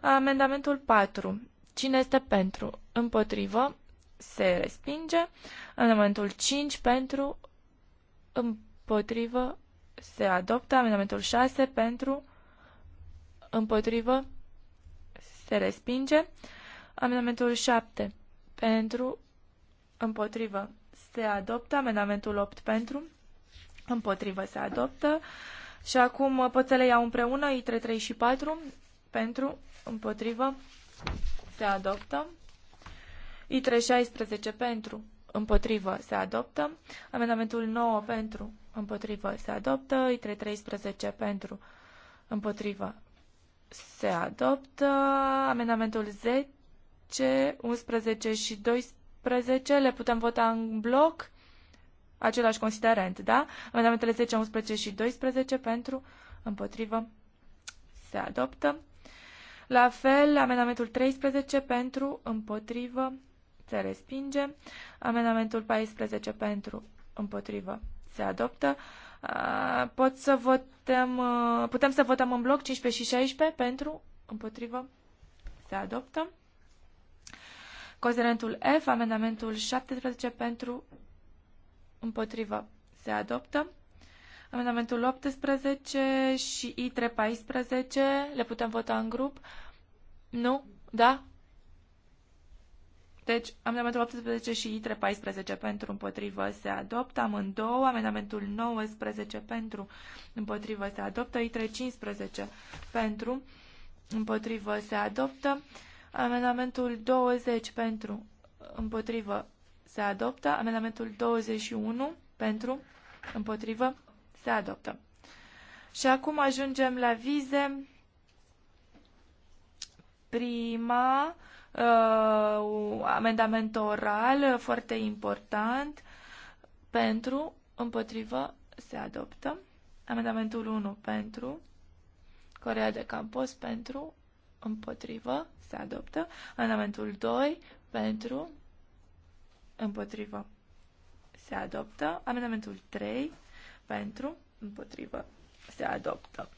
Amendamentul 4. Cine este pentru? Împotrivă. Se respinge. Amendamentul 5 pentru. Împotrivă. Se adoptă. Amendamentul 6 pentru. Împotrivă. Se respinge. Amendamentul 7 pentru. Împotrivă. Se adoptă. Amendamentul 8 pentru. Împotrivă. Se adoptă. Și acum uh, pot să le iau împreună, I3, 3 și 4, pentru, împotrivă, se adoptă. I3, 16 pentru, împotrivă, se adoptă. Amendamentul 9 pentru, împotrivă, se adoptă. I3, 13 pentru, împotrivă, se adoptă. Amendamentul 10, 11 și 12 le putem vota în bloc același considerent, da? Amendamentele 10, 11 și 12 pentru, împotrivă, se adoptă. La fel, amendamentul 13 pentru, împotrivă, se respinge. Amendamentul 14 pentru, împotrivă, se adoptă. Pot să votăm, putem să votăm în bloc 15 și 16 pentru, împotrivă, se adoptă. Considerentul F, amendamentul 17 pentru, împotrivă, se adoptă. Amendamentul 18 și i 314 le putem vota în grup? Nu? Da? Deci, amendamentul 18 și i 314 pentru împotrivă se adoptă, amândouă, amendamentul 19 pentru împotrivă se adoptă, i 315 pentru împotrivă se adoptă, amendamentul 20 pentru împotrivă se adoptă. Amendamentul 21 pentru, împotrivă, se adoptă. Și acum ajungem la vize. Prima, uh, amendament oral, foarte important, pentru, împotrivă, se adoptă. Amendamentul 1 pentru, Corea de Campos pentru, împotrivă, se adoptă. Amendamentul 2 pentru, împotrivă, se adoptă. Amendamentul 3, pentru, împotrivă, se adoptă.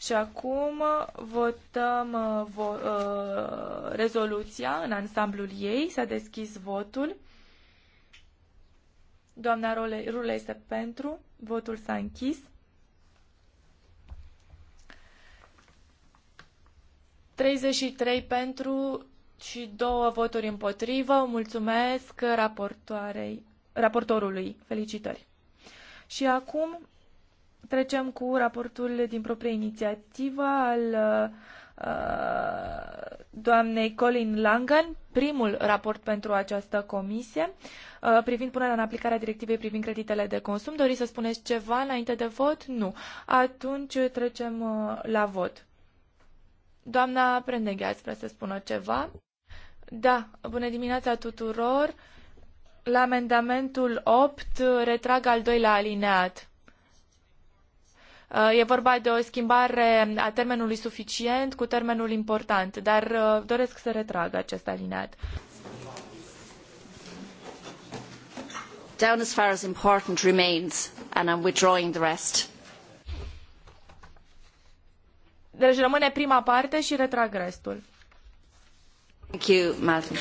Și acum votăm uh, vo, uh, rezoluția în ansamblul ei. S-a deschis votul. Doamna Rule, Rule este pentru. Votul s-a închis. 33 pentru, și două voturi împotrivă. Mulțumesc raportoarei, raportorului. Felicitări. Și acum trecem cu raportul din proprie inițiativă al uh, doamnei Colin Langan, primul raport pentru această comisie, uh, privind punerea în aplicare a directivei privind creditele de consum. Doriți să spuneți ceva înainte de vot? Nu. Atunci trecem uh, la vot. Doamna Prendeghe, ați vrea să spună ceva? Da, bună dimineața tuturor. La amendamentul 8 retrag al doilea alineat. Uh, e vorba de o schimbare a termenului suficient cu termenul important, dar uh, doresc să retrag acest alineat. Down as far as important remains and I'm withdrawing the rest. Deci rămâne prima parte și retrag restul. Thank you, Martin.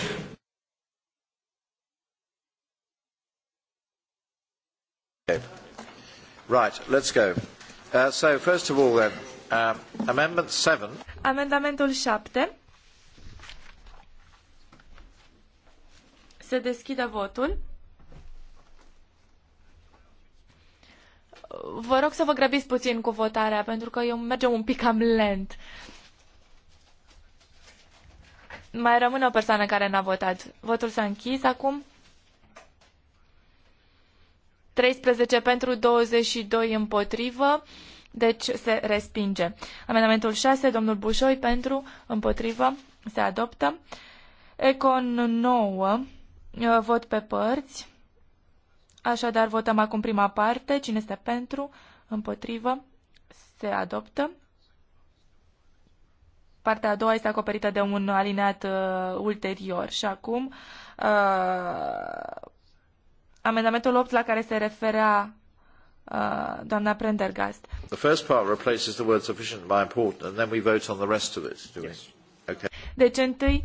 Right, let's go. Uh, so, first of all, then, uh, Amendment 7. Amendamentul 7. Se deschide votul. Vă rog să vă grăbiți puțin cu votarea, pentru că eu mergem un pic cam lent. Uh, mai rămâne o persoană care n-a votat. Votul s-a închis acum. 13 pentru 22 împotrivă, deci se respinge. Amendamentul 6, domnul Bușoi pentru împotrivă, se adoptă. Econ 9, uh, vot pe părți. Așadar, votăm acum prima parte. Cine este pentru? Împotrivă? Se adoptă. Partea a doua este acoperită de un alineat uh, ulterior. Și acum, uh, amendamentul 8 la care se referea uh, doamna Prendergast. The first part replaces the word sufficient by important and then we vote on the rest of it, do yes. we? Okay. Deci întâi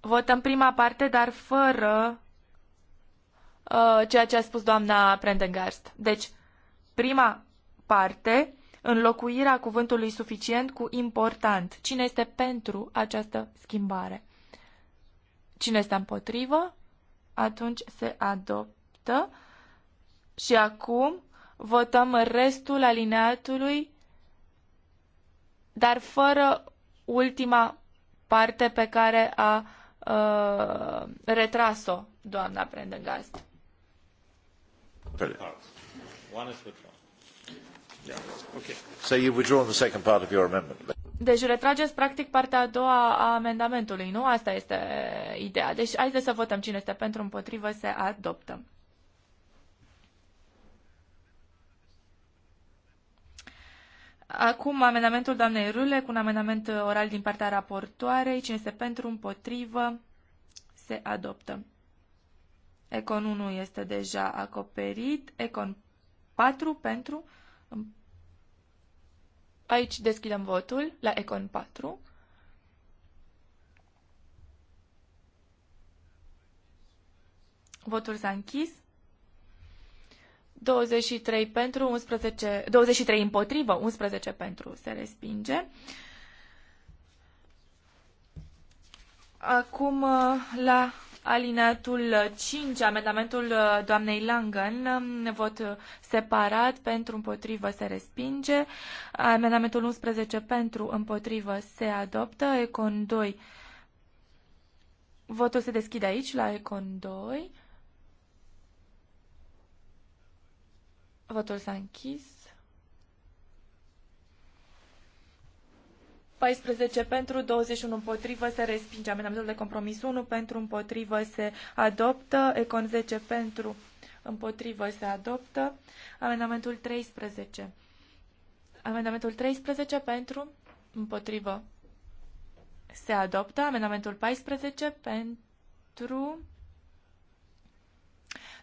votăm prima parte, dar fără uh, ceea ce a spus doamna Prendergast. Deci, prima parte înlocuirea cuvântului suficient cu important. Cine este pentru această schimbare? Cine este împotrivă? Atunci se adoptă. Și acum votăm restul alineatului, dar fără ultima parte pe care a uh, retras-o doamna Prendegast. One is withdrawn. Deci retrageți practic partea a doua a amendamentului, nu? Asta este ideea. Deci haideți să votăm cine este pentru, împotrivă, se adoptă. Acum amendamentul doamnei Rule cu un amendament oral din partea raportoarei. Cine este pentru, împotrivă, se adoptă. Econ 1 este deja acoperit. Econ 4 pentru, Aici deschidem votul la Econ 4. Votul s-a închis. 23 pentru, 11, 23 împotrivă, 11 pentru se respinge. Acum uh, la alineatul 5, amendamentul uh, doamnei Langen, um, vot separat, pentru împotrivă se respinge, amendamentul 11 pentru împotrivă se adoptă, Econ 2, votul se deschide aici la Econ 2, votul s-a închis. 14 pentru, 21 împotrivă, se respinge. Amendamentul de compromis 1 pentru, împotrivă, se adoptă. Econ 10 pentru, împotrivă, se adoptă. Amendamentul 13. Amendamentul 13 pentru, împotrivă, se adoptă. Amendamentul 14 pentru...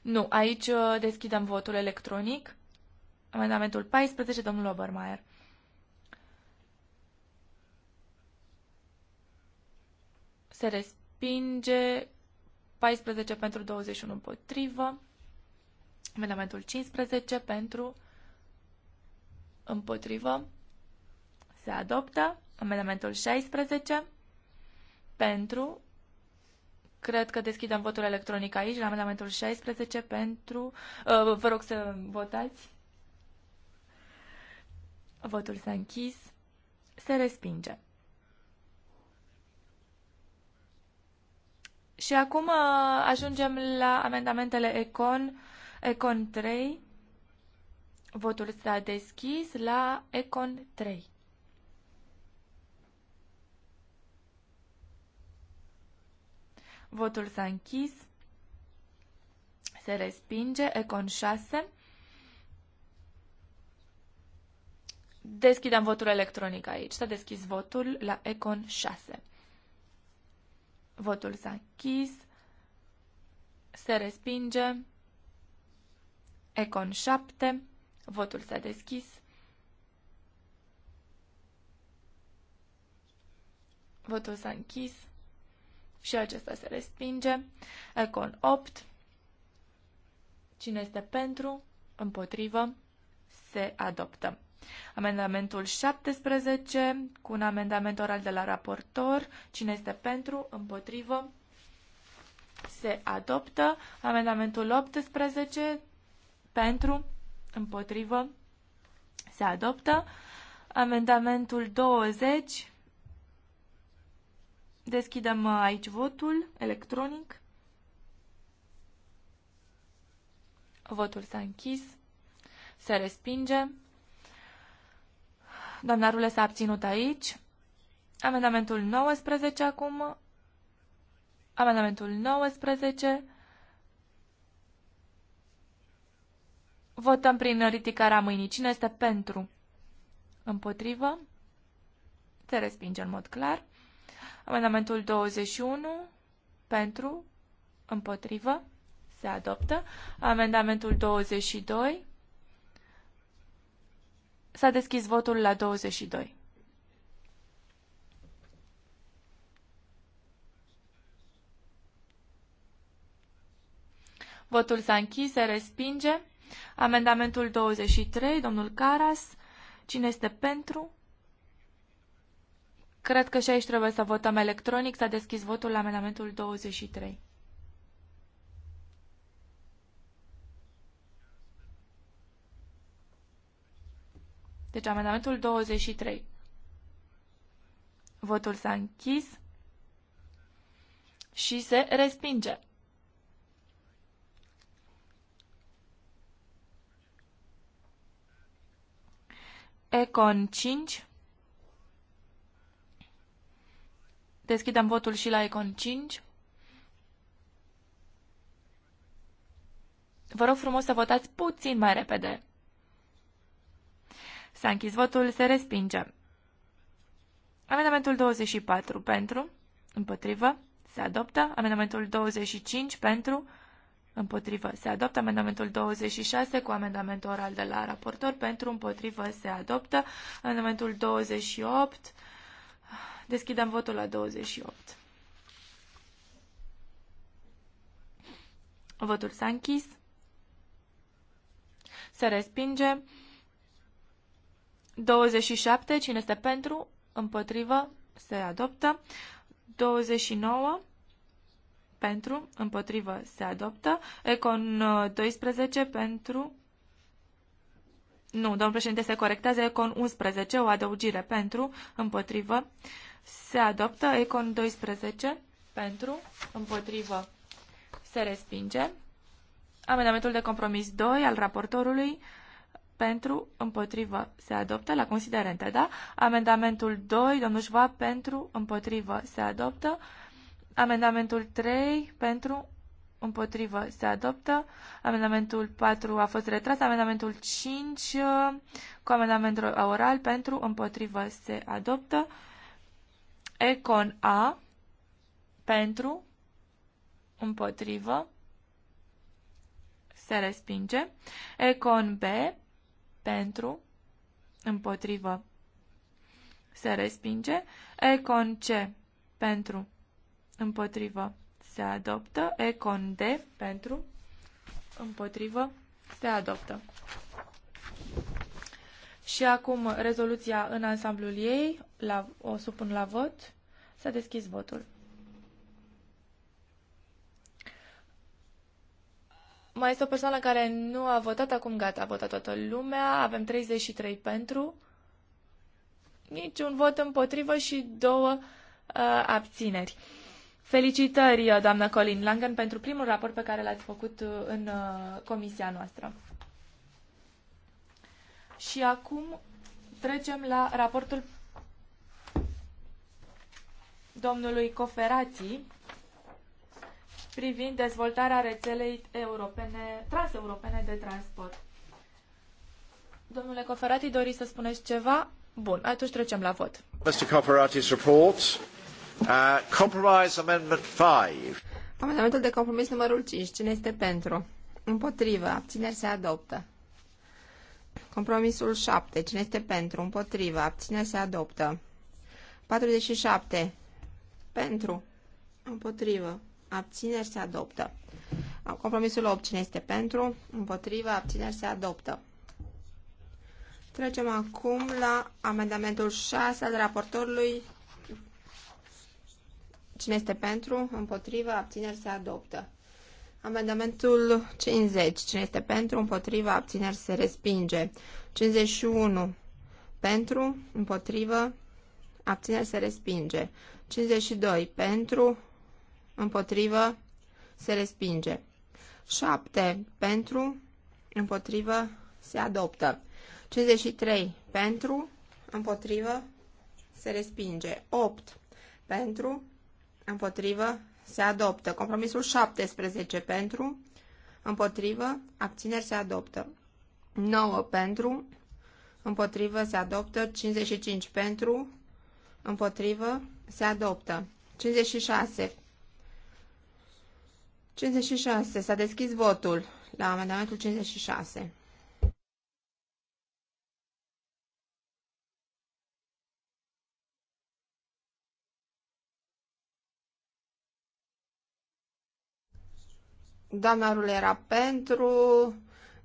Nu, aici uh, deschidem votul electronic. Amendamentul 14, domnul Obermeier. se respinge, 14 pentru 21 împotrivă, amendamentul 15 pentru împotrivă, se adoptă, amendamentul 16 pentru, cred că deschidem votul electronic aici, la amendamentul 16 pentru, uh, vă rog să votați, votul s-a închis, se respinge. Și acum uh, ajungem la amendamentele Econ, Econ 3. Votul s-a deschis la Econ 3. Votul s-a închis. Se respinge. Econ 6. Deschidem votul electronic aici. S-a deschis votul la Econ 6. Votul s-a închis. Se respinge. Econ 7. Votul s-a deschis. Votul s-a închis. Și acesta se respinge. Econ 8. Cine este pentru? Împotrivă? Se adoptă. Amendamentul 17 cu un amendament oral de la raportor. Cine este pentru? Împotrivă? Se adoptă. Amendamentul 18 pentru? Împotrivă? Se adoptă. Amendamentul 20. Deschidem uh, aici votul electronic. Votul s-a închis. Se respinge. Doamna Rule s-a abținut aici. Amendamentul 19 acum. Amendamentul 19. Votăm prin ridicarea mâinii. Cine este pentru? Împotrivă? Se respinge în mod clar. Amendamentul 21. Pentru? Împotrivă? Se adoptă. Amendamentul 22. S-a deschis votul la 22. Votul s-a închis, se respinge. Amendamentul 23, domnul Caras. Cine este pentru? Cred că și aici trebuie să votăm electronic. S-a deschis votul la amendamentul 23. Deci amendamentul 23. Votul s-a închis și se respinge. Econ 5. Deschidem votul și la Econ 5. Vă rog frumos să votați puțin mai repede. S-a închis votul, se respinge. Amendamentul 24 pentru, împotrivă, se adoptă. Amendamentul 25 pentru, împotrivă, se adoptă. Amendamentul 26 cu amendament oral de la raportor pentru, împotrivă, se adoptă. Amendamentul 28, deschidem votul la 28. Votul s-a închis. Se respinge. 27. Cine este pentru? Împotrivă? Se adoptă. 29. Pentru? Împotrivă? Se adoptă. Econ 12. Uh, pentru? Nu, domnul președinte, se corectează Econ 11, o adăugire pentru, împotrivă. Se adoptă Econ 12, pentru, împotrivă. Se respinge. Amendamentul de compromis 2 al raportorului pentru, împotrivă, se adoptă. La considerente, da? Amendamentul 2, domnul Șva, pentru, împotrivă, se adoptă. Amendamentul 3, pentru, împotrivă, se adoptă. Amendamentul 4 a fost retras. Amendamentul 5, cu amendament oral, pentru, împotrivă, se adoptă. Econ A, pentru, împotrivă, se respinge. Econ B, pentru, împotrivă, se respinge. e con C pentru, împotrivă, se adoptă. e con D pentru, împotrivă, se adoptă. Și acum rezoluția în ansamblul ei, la, o supun la vot, s-a deschis votul. Mai este o persoană care nu a votat, acum gata, a votat toată lumea, avem 33 pentru, niciun vot împotrivă și două uh, abțineri. Felicitări, uh, doamnă Colin Langen, pentru primul raport pe care l-ați făcut uh, în uh, comisia noastră. Și acum trecem la raportul domnului Coferații privind dezvoltarea rețelei europene, transeuropene de transport. Domnule Coferati, doriți să spuneți ceva? Bun, atunci trecem la vot. Mr. Coferati's report. Uh, compromise amendment 5. Amendamentul de compromis numărul 5. Cine este pentru? Împotrivă. Abțineri se adoptă. Compromisul 7. Cine este pentru? Împotrivă. Abțineri se adoptă. 47. Pentru. Împotrivă abțineri se adoptă. Compromisul 8, cine este pentru, împotrivă, abțineri se adoptă. Trecem acum la amendamentul 6 al raportorului. Cine este pentru, împotrivă, abțineri se adoptă. Amendamentul 50. Cine este pentru, împotrivă, abțineri se respinge. 51. Pentru, împotrivă, abțineri se respinge. 52. Pentru, împotrivă, se respinge. 7 pentru, împotrivă, se adoptă. 53 pentru, împotrivă, se respinge. 8 pentru, împotrivă, se adoptă. Compromisul 17 pentru, împotrivă, abțineri se adoptă. 9 pentru, împotrivă, se adoptă. 55 pentru, împotrivă, se adoptă. 56 56. S-a deschis votul la amendamentul 56. Doamna Rul era pentru,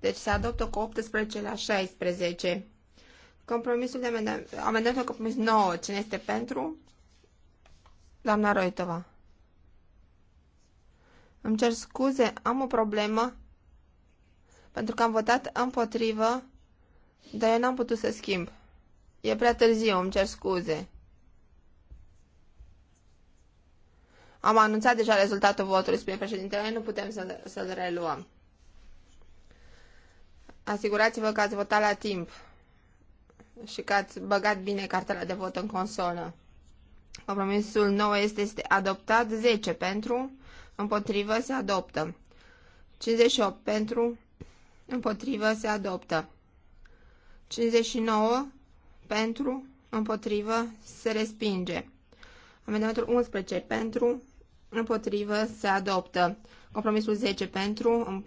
deci se adoptă cu 18 la 16. Compromisul de amendament, amendamentul compromis 9, cine este pentru? Doamna Roitova. Îmi cer scuze, am o problemă. Pentru că am votat împotrivă, dar eu n-am putut să schimb. E prea târziu, îmi cer scuze. Am anunțat deja rezultatul votului, spune președintele, nu putem să, să-l reluăm. Asigurați-vă că ați votat la timp și că ați băgat bine cartela de vot în consolă. Compromisul nou este, este adoptat, 10 pentru, împotrivă, se adoptă. 58 pentru, împotrivă, se adoptă. 59 pentru, împotrivă, se respinge. Amendamentul 11 pentru, împotrivă, se adoptă. Compromisul 10 pentru,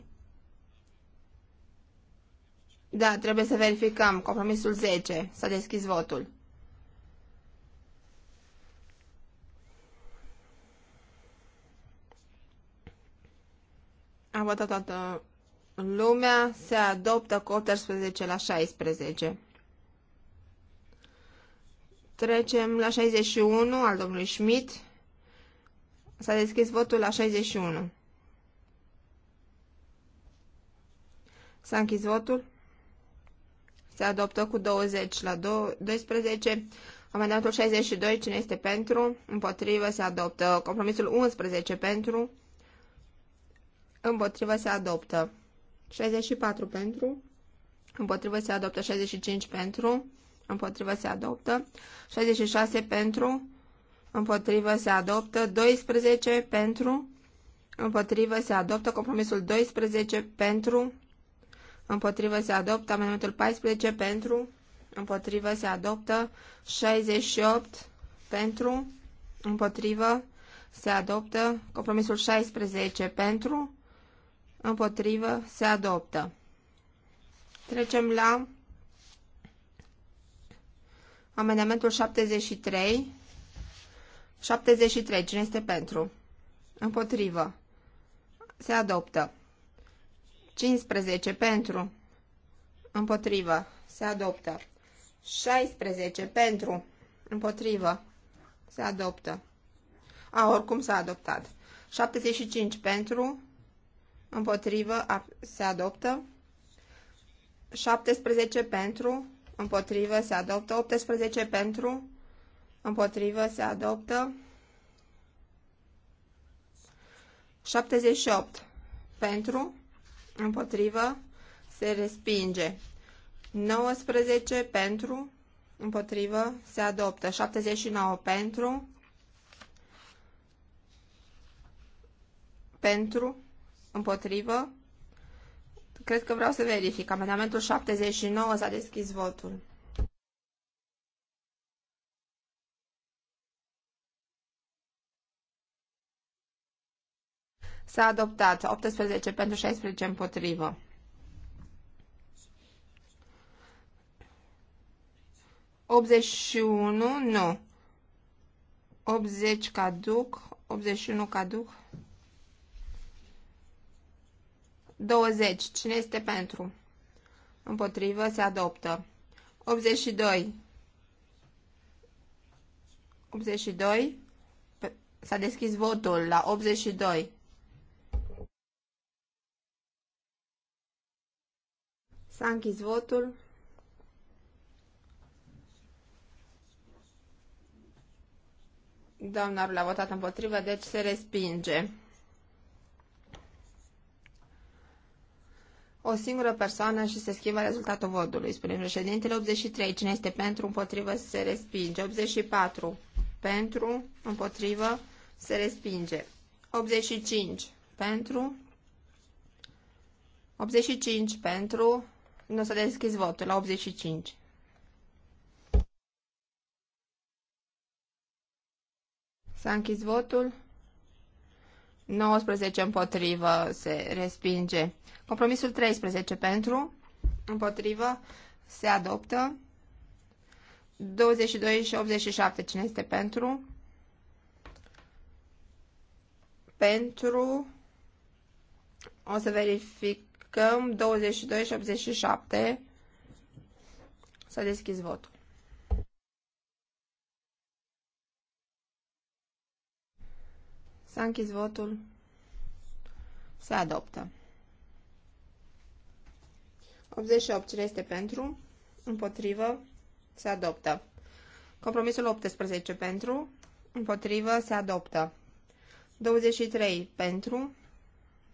da, trebuie să verificăm. Compromisul 10. S-a deschis votul. A votat toată lumea. Se adoptă cu 18 la 16. Trecem la 61 al domnului Schmidt. S-a deschis votul la 61. S-a închis votul. Se adoptă cu 20 la 12. Amendamentul 62, cine este pentru? Împotrivă, se adoptă. Compromisul 11 pentru împotrivă se adoptă. 64 pentru, împotrivă se adoptă. 65 pentru, împotrivă se adoptă. 66 pentru, împotrivă se adoptă. 12 pentru, împotrivă se adoptă. Compromisul 12 pentru, împotrivă se adoptă. Amendamentul 14 pentru, împotrivă se adoptă. 68 pentru, împotrivă se adoptă. Compromisul 16 pentru, Împotrivă. Se adoptă. Trecem la amendamentul 73. 73. Cine este pentru? Împotrivă. Se adoptă. 15. Pentru. Împotrivă. Se adoptă. 16. Pentru. Împotrivă. Se adoptă. A, oricum s-a adoptat. 75. Pentru împotrivă, se adoptă. 17 pentru, împotrivă, se adoptă. 18 pentru, împotrivă, se adoptă. 78 pentru, împotrivă, se respinge. 19 pentru, împotrivă, se adoptă. 79 pentru, pentru, Împotrivă? Cred că vreau să verific. Amendamentul 79 s-a deschis votul. S-a adoptat 18 pentru 16 împotrivă. unu nu. 80 caduc, 81 caduc. 20. Cine este pentru? Împotrivă se adoptă. 82. 82. S-a deschis votul la 82. S-a închis votul. Doamna a votat împotrivă, deci se respinge. o singură persoană și se schimbă rezultatul votului, spune președintele. 83. Cine este pentru, împotrivă, se respinge. 84. Pentru, împotrivă, se respinge. 85. Pentru. 85. Pentru. Nu o să deschizi votul la 85. S-a închis votul. 19 împotrivă se respinge. Compromisul 13 pentru, împotrivă, se adoptă. 22 și 87, cine este pentru? Pentru, o să verificăm, 22 și 87, să deschis votul. S-a închis votul. Se adoptă. 88. Cine este pentru? Împotrivă. Se adoptă. Compromisul 18 pentru. Împotrivă. Se adoptă. 23 pentru.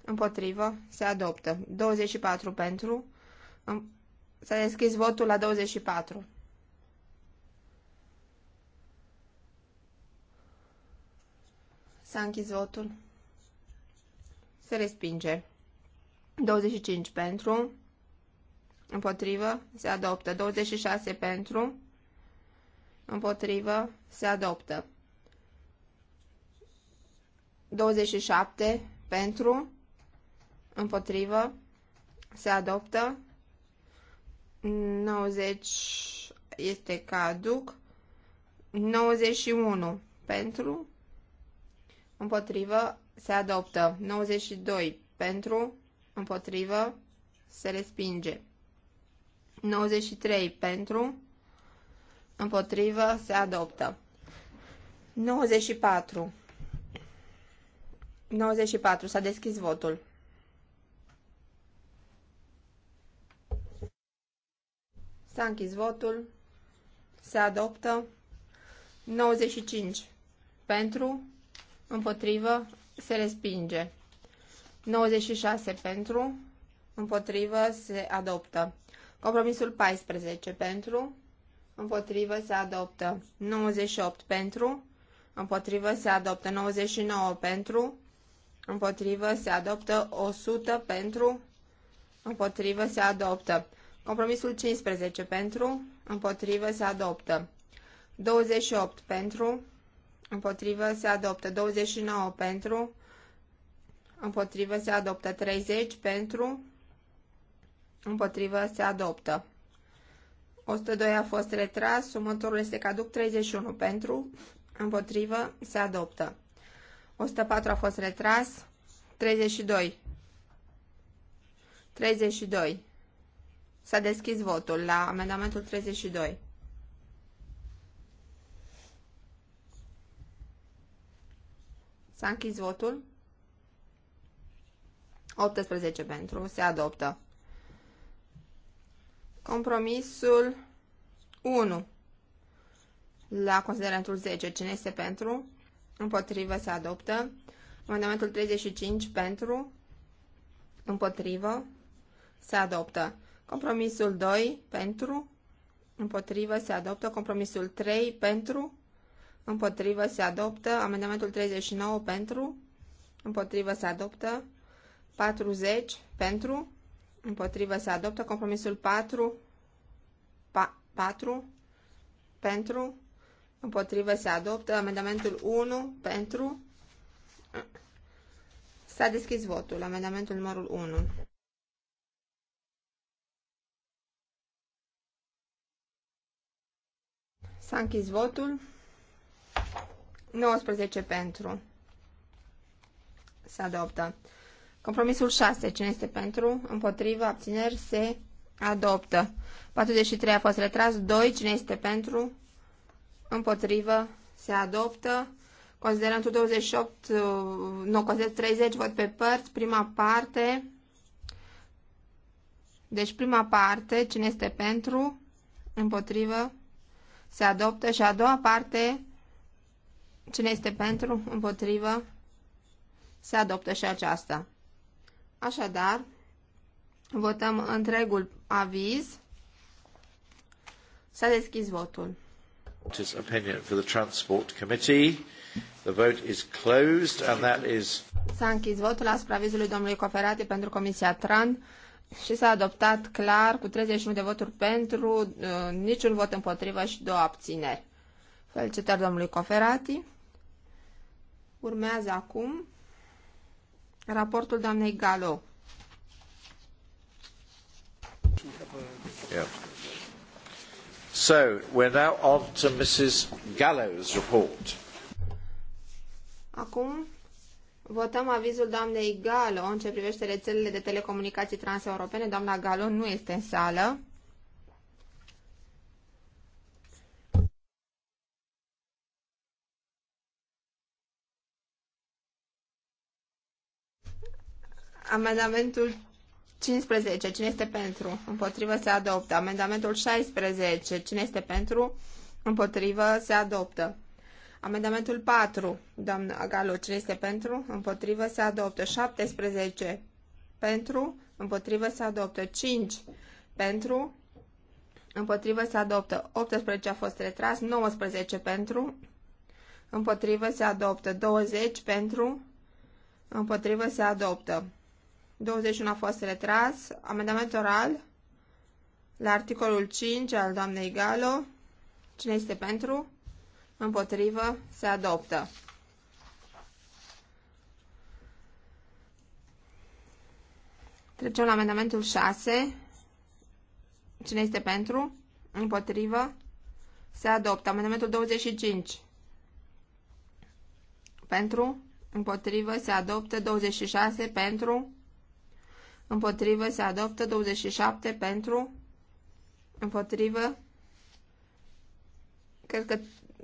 Împotrivă. Se adoptă. 24 pentru. S-a deschis votul la 24. S-a închis votul. Se respinge. 25 pentru. Împotrivă. Se adoptă. 26 pentru. Împotrivă. Se adoptă. 27 pentru. Împotrivă. Se adoptă. 90 este caduc. 91 pentru împotrivă, se adoptă. 92 pentru, împotrivă, se respinge. 93 pentru, împotrivă, se adoptă. 94 94. S-a deschis votul. S-a închis votul. Se adoptă. 95. Pentru împotrivă, se respinge. 96 pentru, împotrivă, se adoptă. Compromisul 14 pentru, împotrivă, se adoptă. 98 pentru, împotrivă, se adoptă. 99 pentru, împotrivă, se adoptă. 100 pentru, împotrivă, se adoptă. Compromisul 15 pentru, împotrivă, se adoptă. 28 pentru, împotrivă se adoptă 29 pentru, împotrivă se adoptă 30 pentru, împotrivă se adoptă. 102 a fost retras, următorul este caduc 31 pentru, împotrivă se adoptă. 104 a fost retras, 32. 32. S-a deschis votul la amendamentul 32. S-a închis votul. 18 pentru. Se adoptă. Compromisul 1. La considerentul 10. Cine este pentru? Împotrivă se adoptă. Amendamentul 35 pentru. Împotrivă se adoptă. Compromisul 2 pentru. Împotrivă se adoptă. Compromisul 3 pentru împotrivă, se adoptă. Amendamentul 39 pentru, împotrivă, se adoptă. 40 pentru, împotrivă, se adoptă. Compromisul 4, pa, 4 pentru, împotrivă, se adoptă. Amendamentul 1 pentru. S-a deschis votul. Amendamentul numărul 1. S-a închis votul. 19 pentru. Se adoptă. Compromisul 6. Cine este pentru? Împotrivă. Abțineri. Se adoptă. 43 a fost retras. 2. Cine este pentru? Împotrivă. Se adoptă. Considerăm 28, nu, considerăm 30, vot pe părți, prima parte. Deci prima parte, cine este pentru, împotrivă, se adoptă. Și a doua parte, Cine este pentru, împotrivă, se adoptă și aceasta. Așadar, votăm întregul aviz. S-a deschis votul. Transport S-a închis votul asupra avizului domnului Coferati pentru Comisia TRAN și s-a adoptat clar cu 31 de voturi pentru, uh, niciun vot împotrivă și două abțineri. Felicitări domnului Coferati. Urmează acum raportul doamnei Galo. Yeah. So, we're now on to Mrs. Gallo's report. Acum votăm avizul doamnei Galo în ce privește rețelele de telecomunicații transeuropene. Doamna Galo nu este în sală. Amendamentul 15. Cine este pentru? Împotrivă se adoptă. Amendamentul 16. Cine este pentru? Împotrivă se adoptă. Amendamentul 4. Doamna Agalo, cine este pentru? Împotrivă se adoptă. 17. Pentru? Împotrivă se adoptă. 5. Pentru? Împotrivă se adoptă. 18 a fost retras. 19 pentru. Împotrivă se adoptă. 20 pentru. Împotrivă se adoptă. 21 a fost retras. Amendament oral la articolul 5 al doamnei Galo. Cine este pentru? Împotrivă? Se adoptă. Trecem la amendamentul 6. Cine este pentru? Împotrivă? Se adoptă. Amendamentul 25. Pentru? Împotrivă? Se adoptă. 26. Pentru? împotrivă, se adoptă 27 pentru, împotrivă, cred că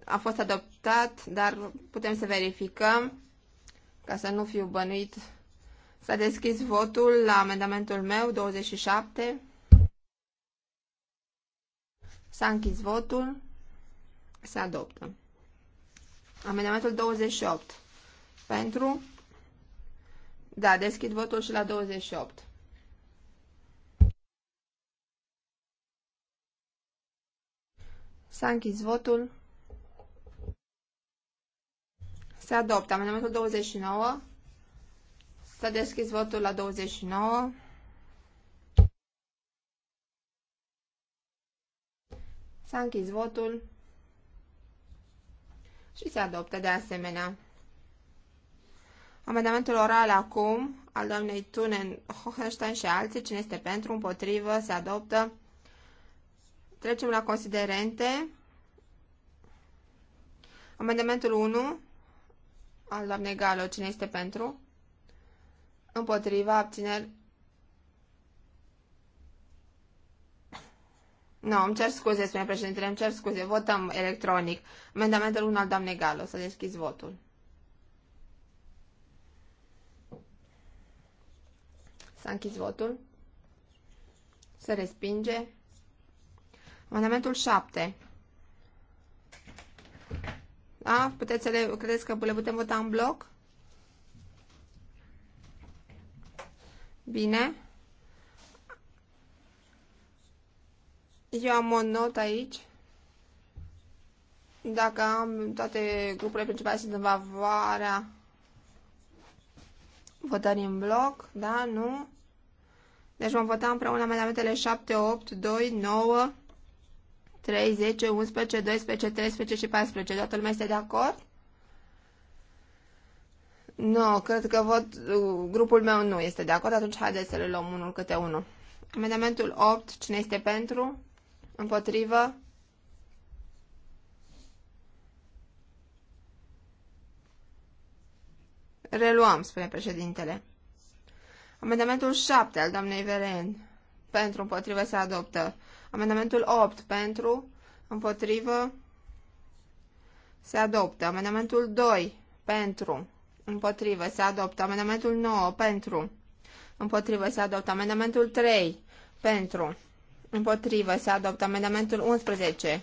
a fost adoptat, dar putem să verificăm, ca să nu fiu bănuit. S-a deschis votul la amendamentul meu, 27. S-a închis votul. Se adoptă. Amendamentul 28. Pentru. Da, deschid votul și la 28. S-a închis votul. Se adoptă. Amendamentul 29. S-a deschis votul la 29. S-a închis votul și se adoptă de asemenea. Amendamentul oral acum al doamnei Tunen Hohenstein și alții, cine este pentru, împotrivă, se adoptă. Trecem la considerente. Amendamentul 1 al doamnei Galo. Cine este pentru? Împotriva. Abțineri. Nu, no, îmi cer scuze, spune președintele, îmi cer scuze. Votăm electronic. Amendamentul 1 al doamnei Galo. Să deschizi votul. S-a închis votul. Se respinge. Mandamentul 7. Da? Puteți să le, credeți că le putem vota în bloc? Bine. Eu am o notă aici. Dacă am toate grupurile principale sunt în vavoarea votării în bloc, da, nu? Deci vom vota împreună amendamentele 7, 8, 2, 9, 3, 10, 11, 12, 13 și 14. Toată lumea este de acord? Nu, no, cred că vot, grupul meu nu este de acord, atunci haideți să le luăm unul câte unul. Amendamentul 8, cine este pentru? Împotrivă? Reluăm, spune președintele. Amendamentul 7 al doamnei Veren. Pentru împotrivă se adoptă. Amendamentul 8 pentru, împotrivă, se adoptă. Amendamentul 2 pentru, împotrivă, se adoptă. Amendamentul 9 pentru, împotrivă, se adoptă. Amendamentul 3 pentru, împotrivă, se adoptă. Amendamentul 11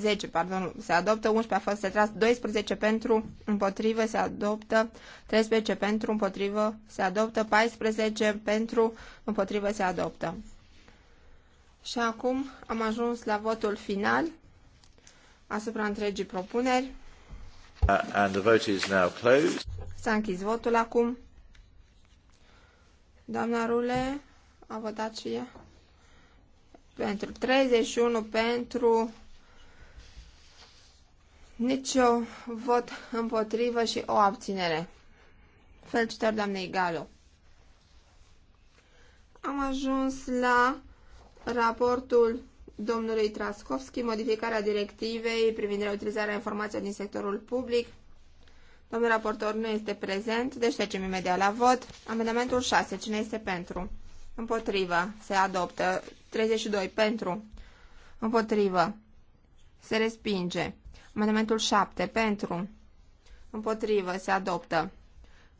10, pardon, se adoptă, 11 a fost retras, 12 pentru, împotrivă, se adoptă, 13 pentru, împotrivă, se adoptă, 14 pentru, împotrivă, se adoptă. Și acum am ajuns la votul final asupra întregii propuneri. Uh, and the vote is now closed. S-a închis votul acum. Doamna Rule a votat și ea. Pentru 31, pentru nici o vot împotrivă și o abținere. Felicitări doamnei Galo. Am ajuns la raportul domnului Traskovski, modificarea directivei privind reutilizarea informației din sectorul public. Domnul raportor nu este prezent, deci trecem imediat la vot. Amendamentul 6. Cine este pentru? Împotrivă. Se adoptă. 32. Pentru. Împotrivă. Se respinge. Amendamentul 7. Pentru. Împotrivă. Se adoptă.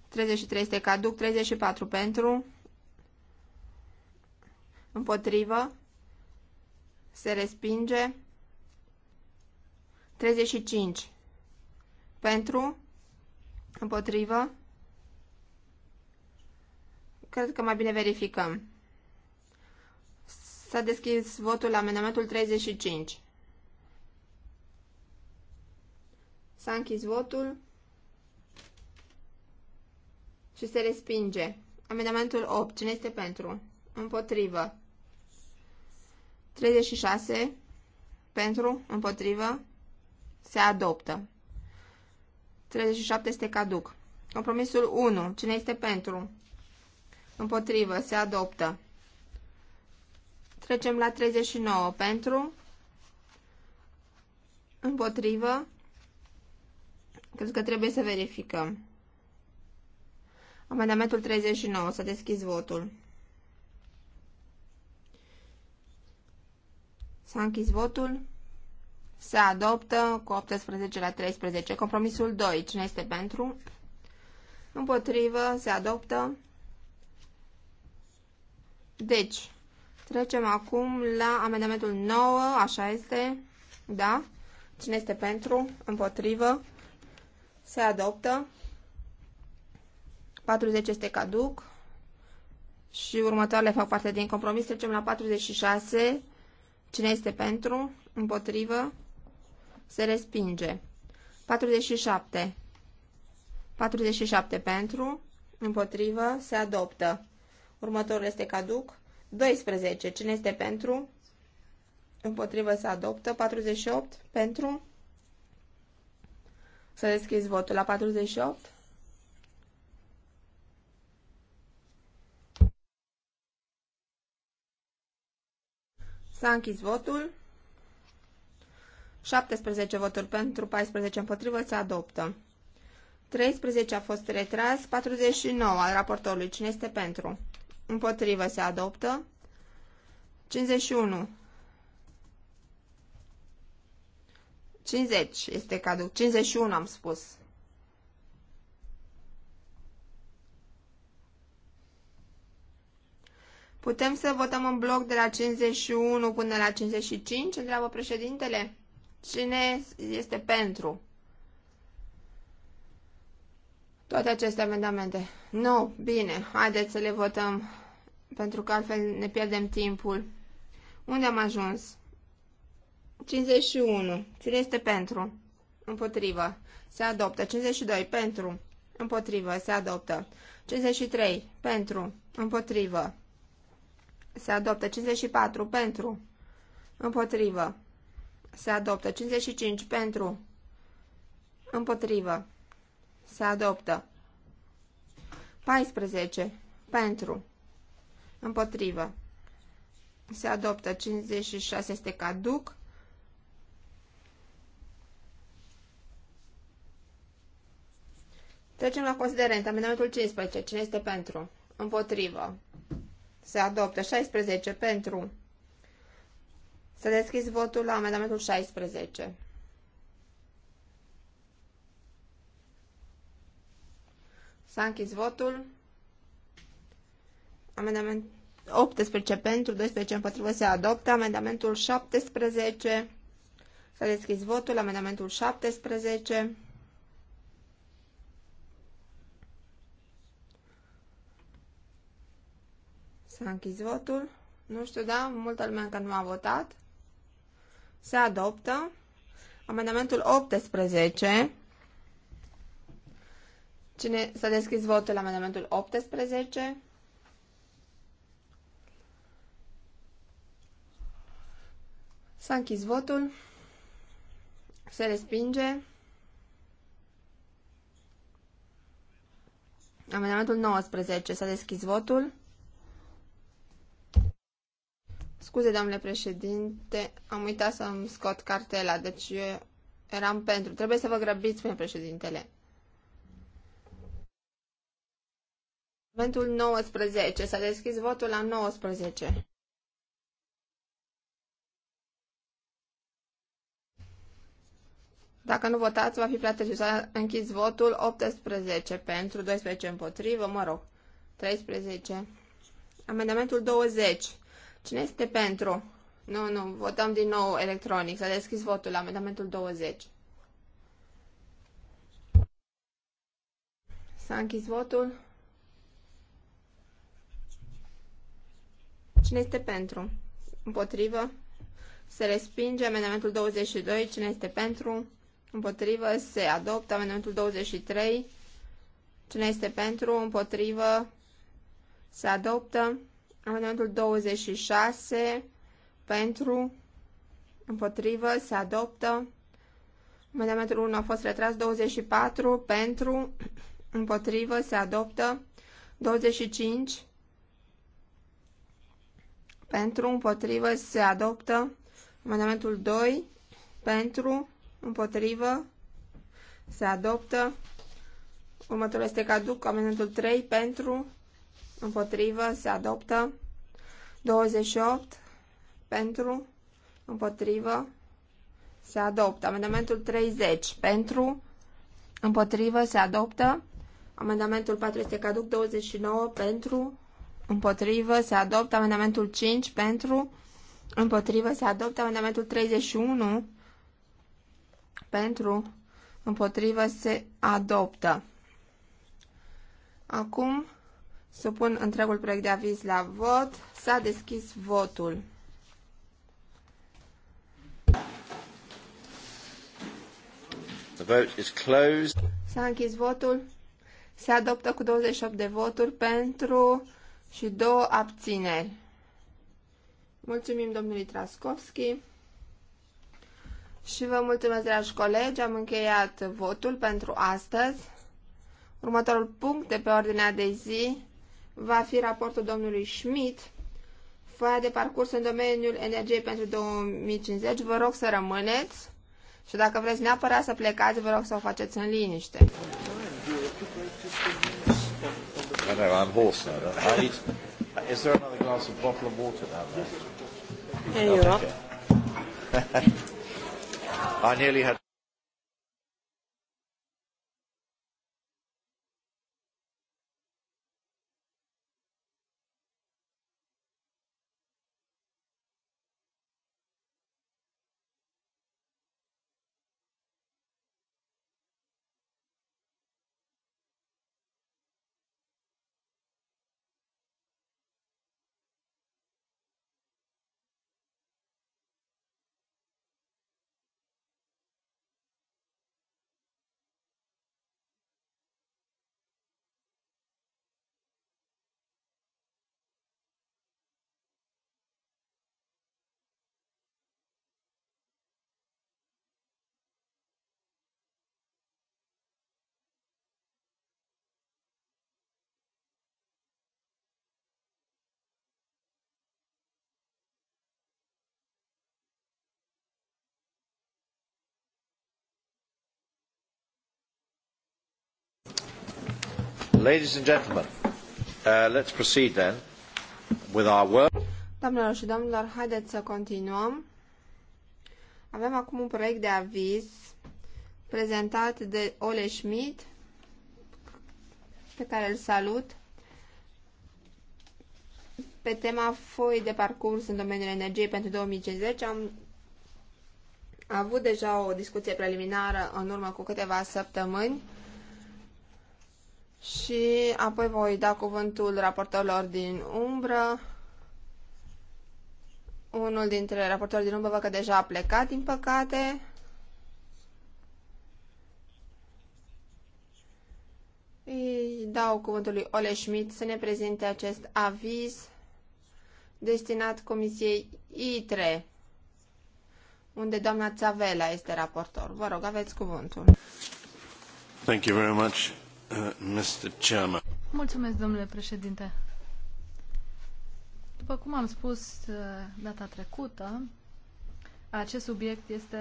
33 este caduc. 34 pentru. Împotrivă. Se respinge. 35. Pentru. Împotrivă. Cred că mai bine verificăm. S-a deschis votul la amendamentul 35. S-a închis votul și se respinge. Amendamentul 8. Cine este pentru? Împotrivă. 36 pentru, împotrivă, se adoptă. 37 este caduc. Compromisul 1. Cine este pentru? Împotrivă, se adoptă. Trecem la 39. Pentru, împotrivă, cred că trebuie să verificăm. Amendamentul 39. Să deschis votul. S-a închis votul. Se adoptă cu 18 la 13. Compromisul 2. Cine este pentru? Împotrivă. Se adoptă. Deci, trecem acum la amendamentul 9. Așa este. Da? Cine este pentru? Împotrivă. Se adoptă. 40 este caduc. Și următoarele fac parte din compromis. Trecem la 46. Cine este pentru? Împotrivă? Se respinge. 47. 47 pentru, împotrivă, se adoptă. Următorul este caduc. 12. Cine este pentru? Împotrivă se adoptă. 48. Pentru? Să deschizi votul la 48. S-a închis votul. 17 voturi pentru, 14 împotrivă, se adoptă. 13 a fost retras, 49 al raportorului. Cine este pentru? Împotrivă se adoptă. 51. 50 este caduc. 51 am spus. Putem să votăm în bloc de la 51 până la 55? Întreabă președintele. Cine este pentru? Toate aceste amendamente. Nu, bine, haideți să le votăm, pentru că altfel ne pierdem timpul. Unde am ajuns? 51. Cine este pentru? Împotrivă. Se adoptă. 52. Pentru. Împotrivă. Se adoptă. 53. Pentru. Împotrivă se adoptă 54 pentru, împotrivă, se adoptă 55 pentru, împotrivă, se adoptă 14 pentru, împotrivă, se adoptă 56 este caduc, Trecem la considerent. Amendamentul 15. Cine este pentru? Împotrivă. Se adoptă. 16 pentru. Să deschizi votul la amendamentul 16. S-a închis votul. Amendament 18 pentru, 12 împotrivă se adoptă. Amendamentul 17. S-a deschis votul. Amendamentul 17. S-a închis votul. Nu știu, da, multă lume încă nu a votat. Se adoptă. Amendamentul 18. Cine s-a deschis votul la amendamentul 18? S-a închis votul. Se respinge. Amendamentul 19. S-a deschis votul. Scuze, domnule președinte, am uitat să-mi scot cartela, deci eu eram pentru. Trebuie să vă grăbiți, domnule președintele. Momentul 19. S-a deschis votul la 19. Dacă nu votați, va fi prea târziu. S-a închis votul 18 pentru, 12 împotrivă, mă rog, 13. Amendamentul 20. Cine este pentru? Nu, nu, votăm din nou electronic. S-a deschis votul la amendamentul 20. S-a închis votul. Cine este pentru? Împotrivă? Se respinge amendamentul 22. Cine este pentru? Împotrivă? Se adoptă amendamentul 23. Cine este pentru? Împotrivă? Se adoptă. Amendamentul 26 pentru, împotrivă, se adoptă. Amendamentul 1 a fost retras. 24 pentru, împotrivă, se adoptă. 25 pentru, împotrivă, se adoptă. Amendamentul 2 pentru, împotrivă, se adoptă. Următorul este caduc. Amendamentul 3 pentru, împotrivă, se adoptă. 28 pentru, împotrivă, se adoptă. Amendamentul 30 pentru, împotrivă, se adoptă. Amendamentul 4 este caduc 29 pentru, împotrivă, se adoptă. Amendamentul 5 pentru, împotrivă, se adoptă. Amendamentul 31 pentru, împotrivă, se adoptă. Acum Supun întregul proiect de aviz la vot. S-a deschis votul. The vote is closed. S-a închis votul. Se adoptă cu 28 de voturi pentru și două abțineri. Mulțumim domnului Traskovski. Și vă mulțumesc, dragi colegi, am încheiat votul pentru astăzi. Următorul punct de pe ordinea de zi va fi raportul domnului Schmidt, foaia de parcurs în domeniul energiei pentru 2050. Vă rog să rămâneți și dacă vreți neapărat să plecați, vă rog să o faceți în liniște. I nearly had. Ladies and gentlemen, uh, let's proceed then with our work. Doamnelor și domnilor, haideți să continuăm. Avem acum un proiect de aviz prezentat de Ole Schmidt, pe care îl salut, pe tema foi de parcurs în domeniul energiei pentru 2050. Am avut deja o discuție preliminară în urmă cu câteva săptămâni și apoi voi da cuvântul raportorilor din umbră. Unul dintre raportori din umbră văd că deja a plecat, din păcate. Îi dau cuvântul lui Ole Schmidt să ne prezinte acest aviz destinat Comisiei ITRE, unde doamna Țavela este raportor. Vă rog, aveți cuvântul. Thank you very much. Uh, Mulțumesc, domnule președinte. După cum am spus uh, data trecută, acest subiect este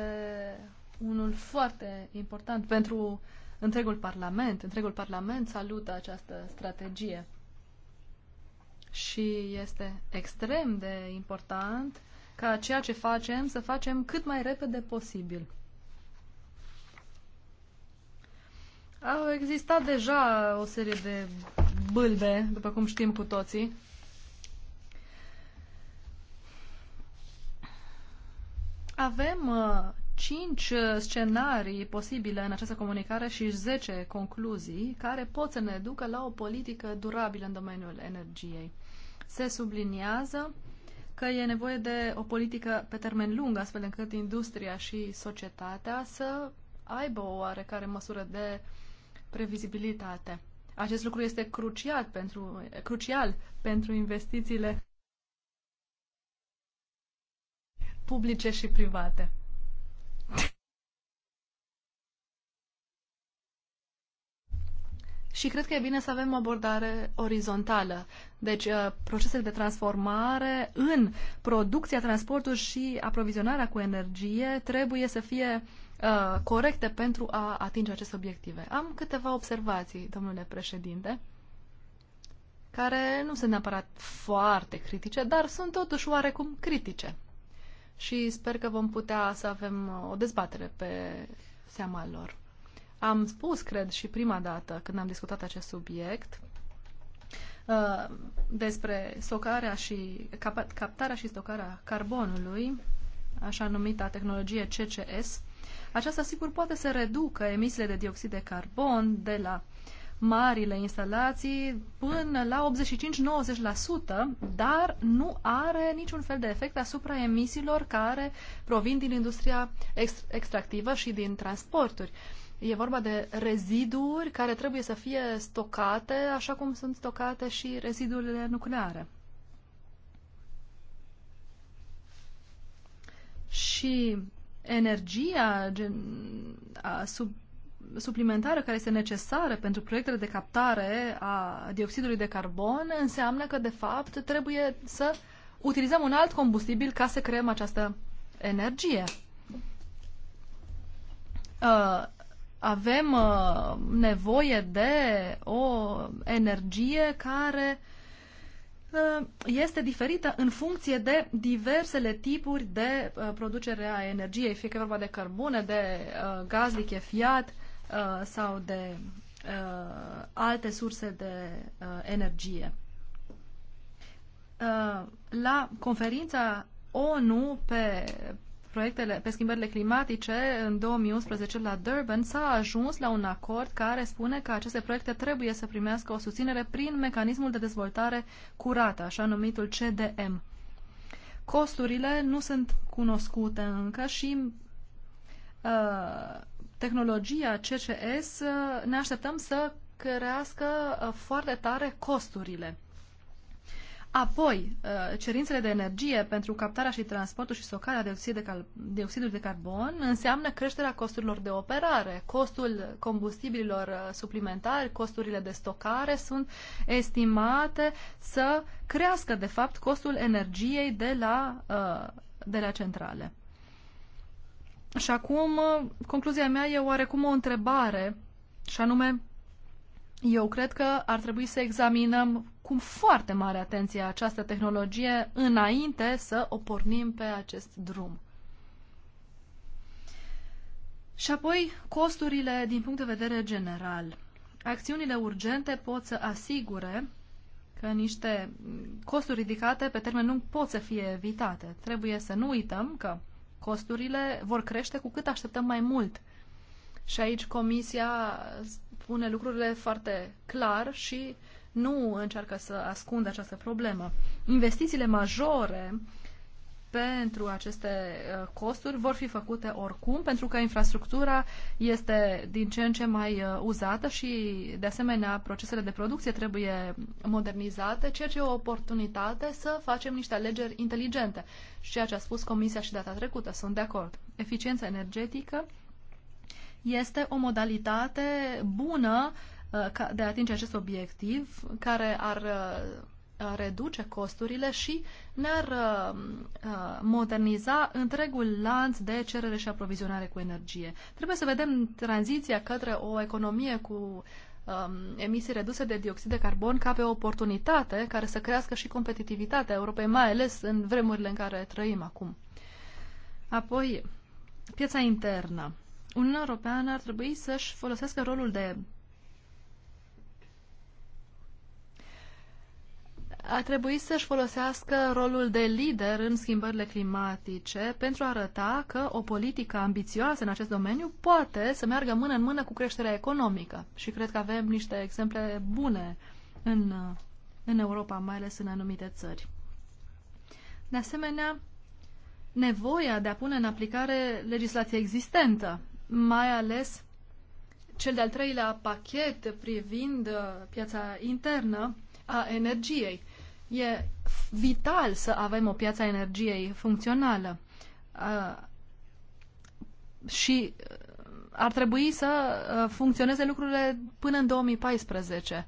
unul foarte important pentru întregul Parlament. Întregul Parlament salută această strategie și este extrem de important ca ceea ce facem să facem cât mai repede posibil. Au existat deja o serie de bâlbe, după cum știm cu toții. Avem uh, cinci scenarii posibile în această comunicare și 10 concluzii care pot să ne ducă la o politică durabilă în domeniul energiei. Se subliniază că e nevoie de o politică pe termen lung, astfel încât industria și societatea să aibă o oarecare măsură de uh, previzibilitate. Acest lucru este crucial pentru, crucial pentru investițiile publice și private. Și cred că e bine să avem o abordare orizontală. Deci, uh, procesele de transformare în producția, transportul și aprovizionarea cu energie trebuie să fie uh, Uh, corecte pentru a atinge aceste obiective. Am câteva observații, domnule președinte, care nu sunt neapărat foarte critice, dar sunt totuși oarecum critice. Și sper că vom putea să avem uh, o dezbatere pe seama lor. Am spus, cred, și prima dată când am discutat acest subiect, uh, despre stocarea și captarea și stocarea carbonului, așa numită tehnologie CCS, aceasta, sigur, poate să reducă emisiile de dioxid de carbon de la marile instalații până la 85-90%, dar nu are niciun fel de efect asupra emisiilor care provin din industria extractivă și din transporturi. E vorba de reziduri care trebuie să fie stocate, așa cum sunt stocate și rezidurile nucleare. Și energia gen, a sub, suplimentară care este necesară pentru proiectele de captare a dioxidului de carbon înseamnă că, de fapt, trebuie să utilizăm un alt combustibil ca să creăm această energie. Uh, avem uh, nevoie de o energie care uh, este diferită în funcție de diversele tipuri de uh, producere a energiei, fie că e vorba de cărbune, de uh, gaz lichefiat uh, sau de alte surse de energie. La conferința ONU pe proiectele, pe schimbările climatice, în 2011 la Durban s-a ajuns la un acord care spune că aceste proiecte trebuie să primească o susținere prin mecanismul de dezvoltare curată, așa numitul CDM. Costurile nu sunt cunoscute încă și uh, tehnologia CCS uh, ne așteptăm să crească uh, foarte tare costurile. Apoi, uh, cerințele de energie pentru captarea și transportul și stocarea de cal- dioxidului de carbon înseamnă creșterea costurilor de operare. Costul combustibililor uh, suplimentari, costurile de stocare sunt estimate să crească, de fapt, costul energiei de la, uh, de la centrale. Și acum, concluzia mea e oarecum o întrebare, și anume, eu cred că ar trebui să examinăm cu foarte mare atenție această tehnologie înainte să o pornim pe acest drum. Și apoi, costurile din punct de vedere general. Acțiunile urgente pot să asigure că niște costuri ridicate pe termen lung pot să fie evitate. Trebuie să nu uităm că costurile vor crește cu cât așteptăm mai mult. Și aici Comisia spune lucrurile foarte clar și nu încearcă să ascundă această problemă. Investițiile majore pentru aceste uh, costuri vor fi făcute oricum, pentru că infrastructura este din ce în ce mai uh, uzată și, de asemenea, procesele de producție trebuie modernizate, ceea ce e o oportunitate să facem niște alegeri inteligente. Și ceea ce a spus Comisia și data trecută, sunt de acord. Eficiența energetică este o modalitate bună uh, Uh, de a atinge acest obiectiv care ar uh, reduce costurile și ne-ar uh, moderniza întregul lanț de cerere și aprovizionare cu energie. Trebuie să vedem tranziția către o economie cu um, emisii reduse de dioxid de carbon ca pe o oportunitate care să crească și competitivitatea Europei, mai ales în vremurile în care trăim acum. Apoi, piața internă. Uniunea Europeană ar trebui să-și folosească rolul de a trebuit să-și folosească rolul de lider în schimbările climatice pentru a arăta că o politică ambițioasă în acest domeniu poate să meargă mână în mână cu creșterea economică. Și cred că avem niște exemple bune în, în Europa, mai ales în anumite țări. De asemenea, nevoia de a pune în aplicare legislația existentă, mai ales cel de-al treilea pachet privind uh, piața internă a energiei. E vital să avem o piață a energiei funcțională. Și uh, ar trebui să uh, funcționeze lucrurile până în 2014.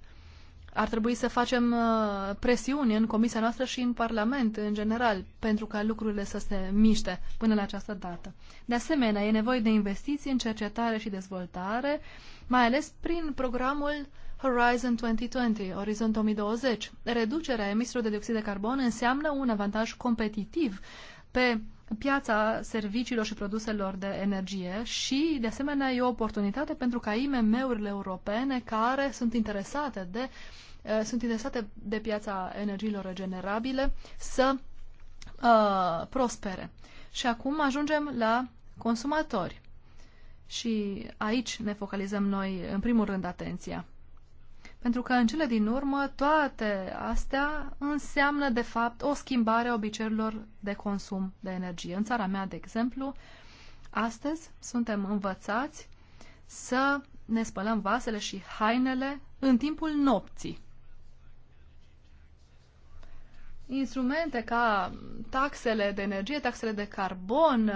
Ar trebui să facem uh, presiuni în comisia noastră și în Parlament, în general, pentru ca lucrurile să se miște până la această dată. De asemenea, e nevoie de investiții în cercetare și dezvoltare, mai ales prin programul uh, Horizon 2020, Orizont 2020. Reducerea emisiilor de dioxid de carbon înseamnă un avantaj competitiv pe piața serviciilor și produselor de energie și, de asemenea, e o oportunitate pentru ca IMM-urile europene care sunt interesate de eh, sunt interesate de piața energiilor regenerabile să uh, prospere. Și acum ajungem la consumatori. Și aici ne focalizăm noi, în primul rând, atenția. Pentru că în cele din urmă toate astea înseamnă de fapt o schimbare a obiceiurilor de consum de energie. În țara mea, de exemplu, astăzi suntem învățați să ne spălăm vasele și hainele în timpul nopții. Instrumente ca taxele de energie, taxele de carbon,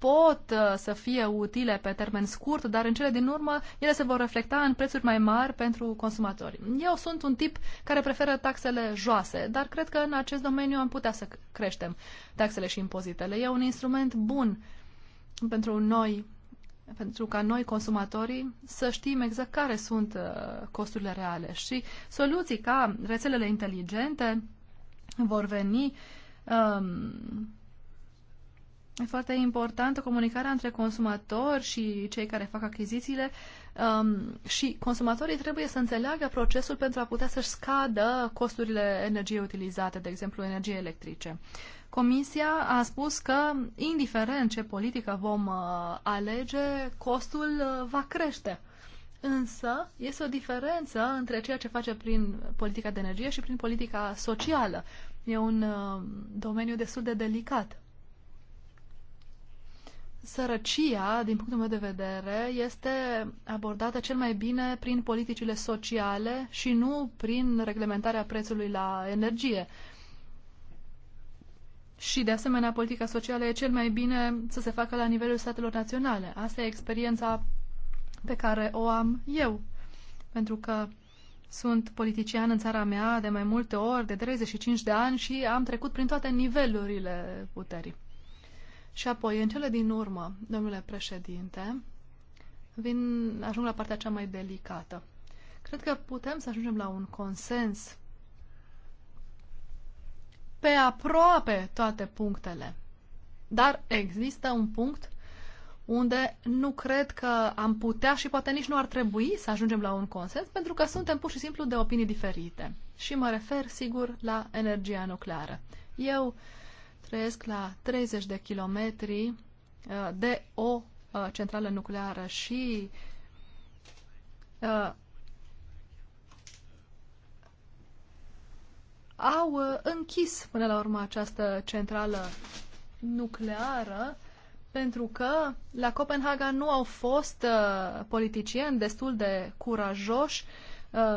pot uh, să fie utile pe termen scurt, dar în cele din urmă ele se vor reflecta în prețuri mai mari pentru consumatori. Eu sunt un tip care preferă taxele joase, dar cred că în acest domeniu am putea să creștem taxele și impozitele. E un instrument bun pentru noi, pentru ca noi consumatorii să știm exact care sunt uh, costurile reale și soluții ca rețelele inteligente vor veni um, E foarte importantă comunicarea între consumatori și cei care fac achizițiile um, și consumatorii trebuie să înțeleagă procesul pentru a putea să-și scadă costurile energiei utilizate, de exemplu energie electrice. Comisia a spus că, indiferent ce politică vom uh, alege, costul uh, va crește. Însă, este o diferență între ceea ce face prin politica de energie și prin politica socială. E un uh, domeniu destul de delicat sărăcia, din punctul meu de vedere, este abordată cel mai bine prin politicile sociale și nu prin reglementarea prețului la energie. Și, de asemenea, politica socială e cel mai bine să se facă la nivelul statelor naționale. Asta e experiența pe care o am eu. Pentru că sunt politician în țara mea de mai multe ori, de 35 de ani și am trecut prin toate nivelurile puterii. Și apoi, în cele din urmă, domnule președinte, vin, ajung la partea cea mai delicată. Cred că putem să ajungem la un consens pe aproape toate punctele. Dar există un punct unde nu cred că am putea și poate nici nu ar trebui să ajungem la un consens, pentru că suntem pur și simplu de opinii diferite. Și mă refer, sigur, la energia nucleară. Eu uh, trăiesc la 30 de kilometri uh, de o uh, centrală nucleară și uh, au închis până la urmă această centrală nucleară pentru că la Copenhaga nu au fost uh, politicieni destul de curajoși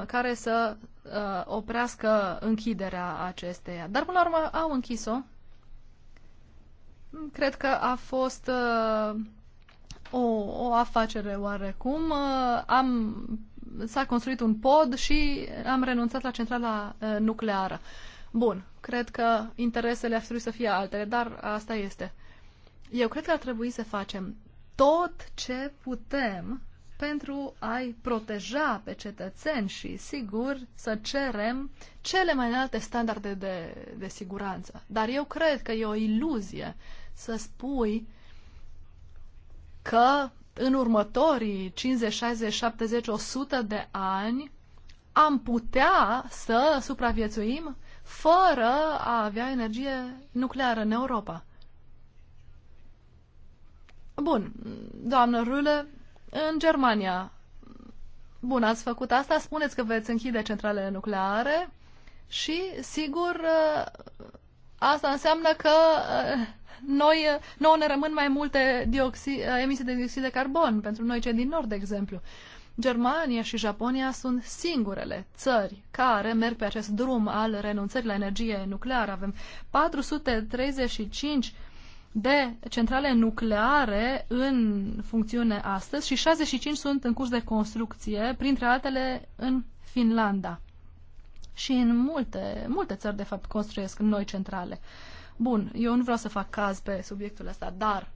care să uh, oprească închiderea acesteia. Dar până la urmă au închis-o Cred că a fost uh, o, o afacere oarecum. Uh, am, s-a construit un pod și am renunțat la centrala uh, nucleară. Bun, cred că interesele ar trebui să fie altele, dar asta este. Eu cred că ar trebui să facem tot ce putem pentru a-i proteja pe cetățeni și, sigur, să cerem cele mai înalte standarde de, de siguranță. Dar eu cred că e o iluzie să spui că în următorii 50, 60, 70, 100 de ani am putea să supraviețuim fără a avea energie nucleară în Europa. Bun, doamnă Rule, în Germania, bun, ați făcut asta, spuneți că veți închide centralele nucleare și, sigur, ă, asta înseamnă că ă, noi, eh, nouă ne rămân mai multe dioxi, eh, emisii de dioxid de carbon, pentru noi cei din nord, de exemplu. Germania și Japonia sunt singurele țări care merg pe acest drum al renunțării la energie nucleară. Avem 435 de centrale nucleare în funcțiune astăzi și 65 sunt în curs de construcție, printre altele în Finlanda. Și în multe, multe țări, de fapt, construiesc noi centrale. Uh, Bun, eu nu vreau să fac caz pe subiectul ăsta, dar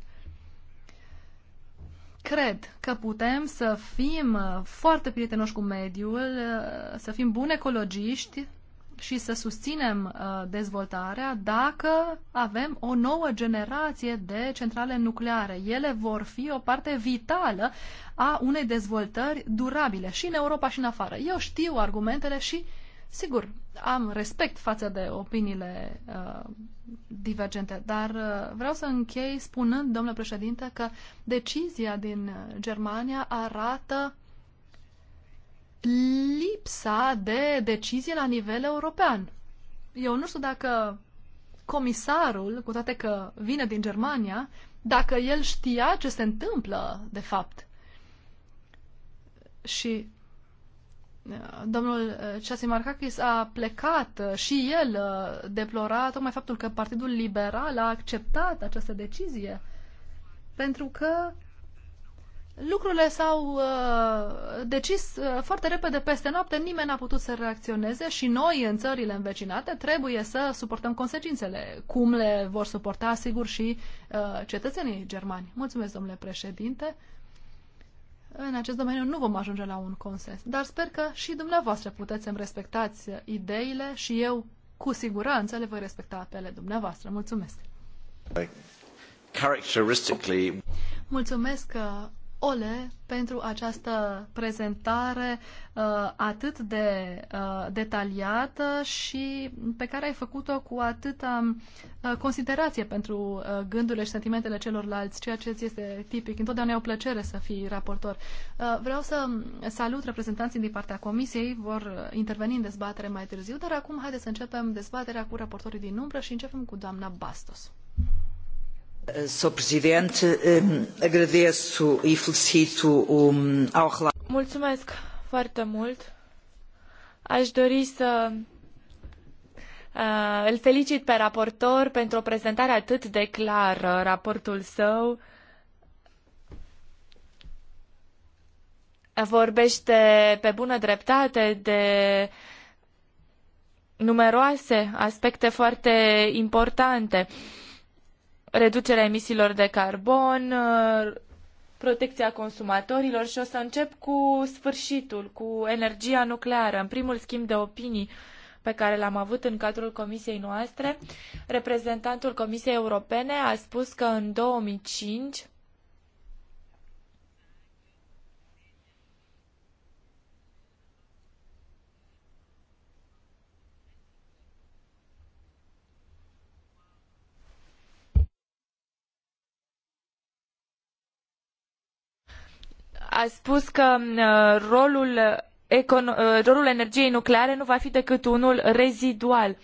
cred că putem să fim uh, foarte prietenoși cu mediul, uh, să fim buni ecologiști și să susținem uh, dezvoltarea dacă avem o nouă generație de centrale nucleare. Ele vor fi o parte vitală a unei dezvoltări durabile și în Europa și în afară. Eu știu argumentele și, sigur, am respect față de opiniile uh, divergente, dar uh, vreau să închei spunând, domnule președinte, că decizia din Germania arată lipsa de decizie la nivel european. Eu nu știu dacă comisarul, cu toate că vine din Germania, dacă el știa ce se întâmplă, de fapt. Și domnul uh, Markakis a plecat uh, și el uh, deplora tocmai faptul că Partidul Liberal a acceptat această decizie pentru că lucrurile s-au uh, decis uh, foarte repede peste noapte, nimeni n-a putut să reacționeze și noi în țările învecinate trebuie să suportăm consecințele. Cum le vor suporta, sigur, și uh, cetățenii germani. Mulțumesc, domnule președinte în acest domeniu nu vom ajunge la un consens. Dar sper că și dumneavoastră puteți să-mi respectați ideile și eu cu siguranță le voi respecta pe ale dumneavoastră. Mulțumesc! Mulțumesc uh, Ole pentru această prezentare uh, atât de uh, detaliată și pe care ai făcut-o cu atâta uh, considerație pentru uh, gândurile și sentimentele celorlalți, ceea ce ți este tipic. Întotdeauna e o plăcere să fii raportor. Uh, vreau să salut reprezentanții din partea comisiei, vor interveni în dezbatere mai târziu, dar acum haideți să începem dezbaterea cu raportorii din umbră și începem cu doamna Bastos. Eh, Sr. Presidente, ehm, agradeço e felicito ehm, ao relator. Mulțumesc foarte mult. Aș dori să uh, îl felicit pe raportor pentru o prezentare atât de clară, raportul său. vorbește pe bună dreptate de numeroase aspecte foarte importante. Uh, reducerea emisiilor de carbon, uh, protecția consumatorilor și o să încep cu sfârșitul, cu energia nucleară. În primul schimb de opinii pe care l-am avut în cadrul comisiei noastre, reprezentantul Comisiei Europene a spus că în 2005 a spus că uh, rolul, uh, uh, rolul energiei nucleare nu va fi decât unul rezidual.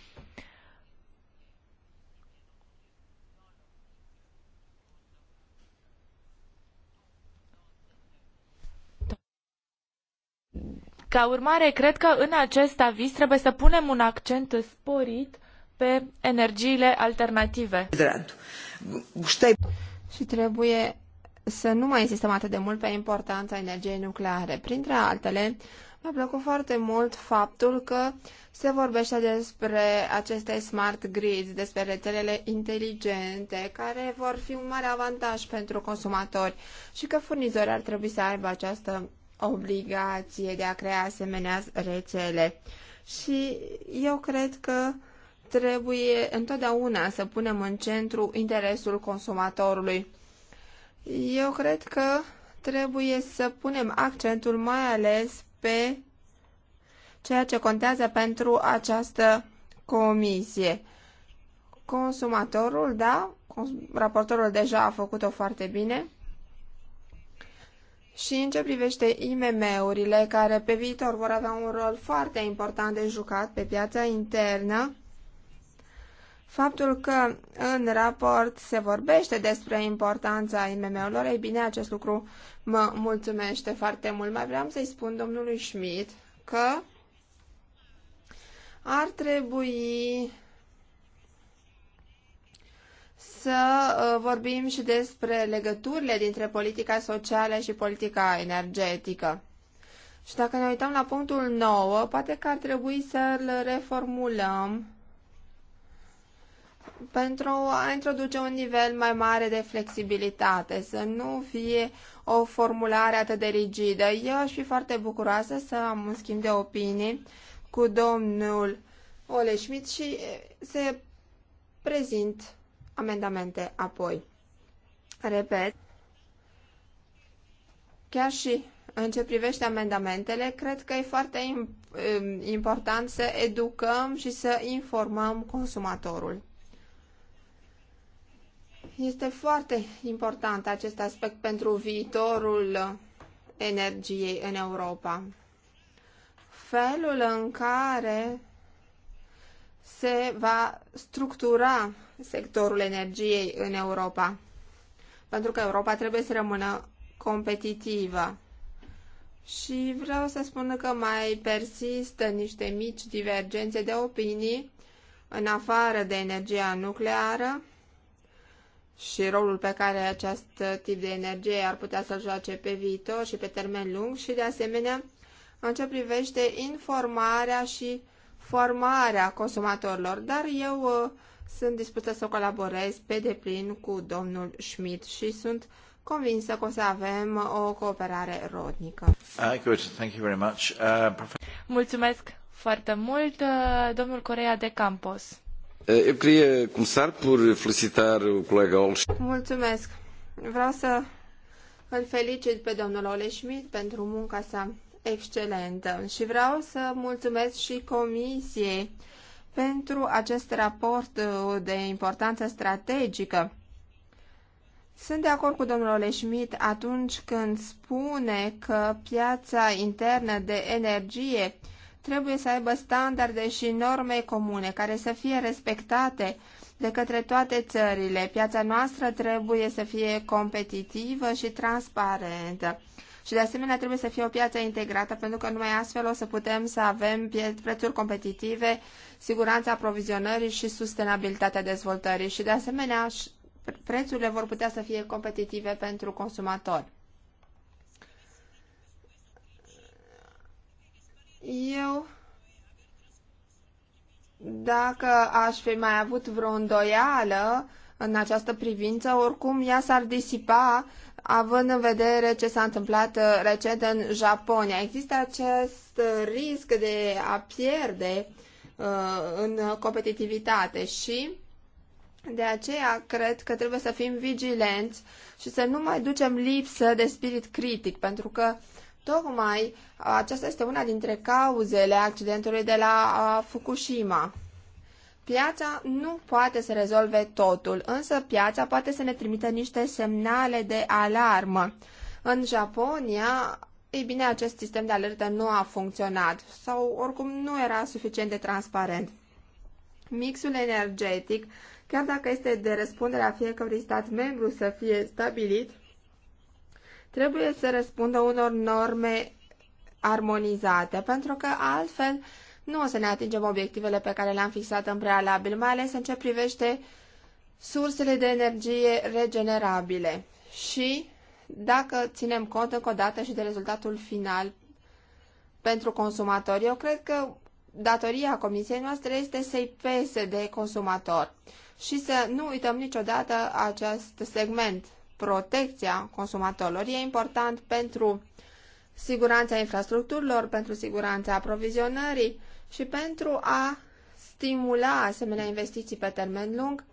Ca urmare, cred că în acest aviz trebuie să punem un accent sporit pe energiile alternative. Și trebuie să nu mai insistăm atât de mult pe importanța energiei nucleare. Printre altele, mi-a plăcut foarte mult faptul că se vorbește despre aceste smart grids, despre rețelele inteligente, care vor fi un mare avantaj pentru consumatori și că furnizorii ar trebui să aibă această obligație de a crea asemenea rețele. Și eu cred că trebuie întotdeauna să punem în centru interesul consumatorului eu cred că trebuie să punem accentul mai ales pe ceea ce contează pentru această comisie. Consumatorul, da, raportorul deja a făcut-o foarte bine. Și în ce privește IMM-urile, care pe viitor vor avea un rol foarte important de jucat pe piața internă, Faptul că în raport se vorbește despre importanța IMM-urilor, ei bine, acest lucru mă mulțumește foarte mult. Mai vreau să-i spun domnului Schmidt că ar trebui să ă, vorbim și despre legăturile dintre politica socială și politica energetică. Și dacă ne uităm la punctul 9, poate că ar trebui să-l reformulăm pentru a introduce un nivel mai mare de flexibilitate, să nu fie o formulare atât de rigidă. Eu aș fi foarte bucuroasă să am un schimb de opinii cu domnul Oleșmit și se prezint amendamente apoi. Repet, chiar și în ce privește amendamentele, cred că e foarte important să educăm și să informăm consumatorul. Este foarte important acest aspect pentru viitorul energiei în Europa. Felul în care se va structura sectorul energiei în Europa. Pentru că Europa trebuie să rămână competitivă. Și vreau să spun că mai persistă niște mici divergențe de opinii în afară de energia nucleară și rolul pe care acest tip de energie ar putea să-l joace pe viitor și pe termen lung și, de asemenea, în ce privește informarea și formarea consumatorilor, dar eu uh, sunt dispusă să colaborez pe deplin cu domnul Schmidt și sunt convinsă că o să avem o cooperare rodnică. Uh, good. Thank you very much. Uh, Mulțumesc foarte mult, uh, domnul Corea de Campos. Eh, eu queria começar por felicitar o colega Ole Mulțumesc. Vreau să îl felicit pe domnul Ole Schmidt pentru munca sa excelentă și vreau să mulțumesc și comisiei pentru acest raport uh, de importanță strategică. Sunt de acord cu domnul Oleschmidt atunci când spune că piața internă de energie trebuie să aibă standarde și norme comune care să fie respectate de către toate țările. Piața noastră trebuie să fie competitivă și transparentă. Și de asemenea trebuie să fie o piață integrată, pentru că numai astfel o să putem să avem prețuri competitive, siguranța aprovizionării și sustenabilitatea dezvoltării. Și de asemenea prețurile vor putea să fie competitive pentru consumatori. Eu, dacă aș fi mai avut vreo îndoială în această privință, oricum ea s-ar disipa având în vedere ce s-a întâmplat uh, recent în Japonia. Există acest uh, risc de a pierde uh, în competitivitate și de aceea cred că trebuie să fim vigilenți și să nu mai ducem lipsă de spirit critic, pentru că Tocmai aceasta este una dintre cauzele accidentului de la Fukushima. Piața nu poate să rezolve totul, însă piața poate să ne trimită niște semnale de alarmă. În Japonia, ei bine, acest sistem de alertă nu a funcționat sau oricum nu era suficient de transparent. Mixul energetic, chiar dacă este de răspundere a fiecărui stat membru să fie stabilit, trebuie să răspundă unor norme armonizate, pentru că altfel nu o să ne atingem obiectivele pe care le-am fixat în prealabil, mai ales în ce privește sursele de energie regenerabile și dacă ținem cont încă o dată și de rezultatul final pentru consumatori. Eu cred că datoria comisiei noastre este să-i pese de consumator și să nu uităm niciodată acest segment protecția consumatorilor. E important pentru siguranța infrastructurilor, pentru siguranța aprovizionării și pentru a stimula asemenea investiții pe termen lung,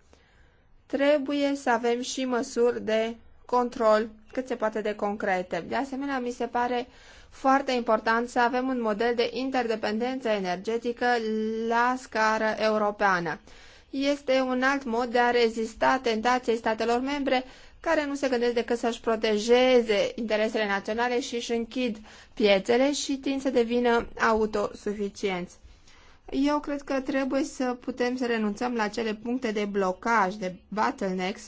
trebuie să avem și măsuri de control cât se poate de concrete. De asemenea, mi se pare foarte important să avem un model de interdependență energetică la scară europeană. Este un alt mod de a rezista tentației statelor membre care nu se gândesc decât să-și protejeze interesele naționale și își închid piețele și tind să devină autosuficienți. Eu cred că trebuie să putem să renunțăm la cele puncte de blocaj, de bottlenecks,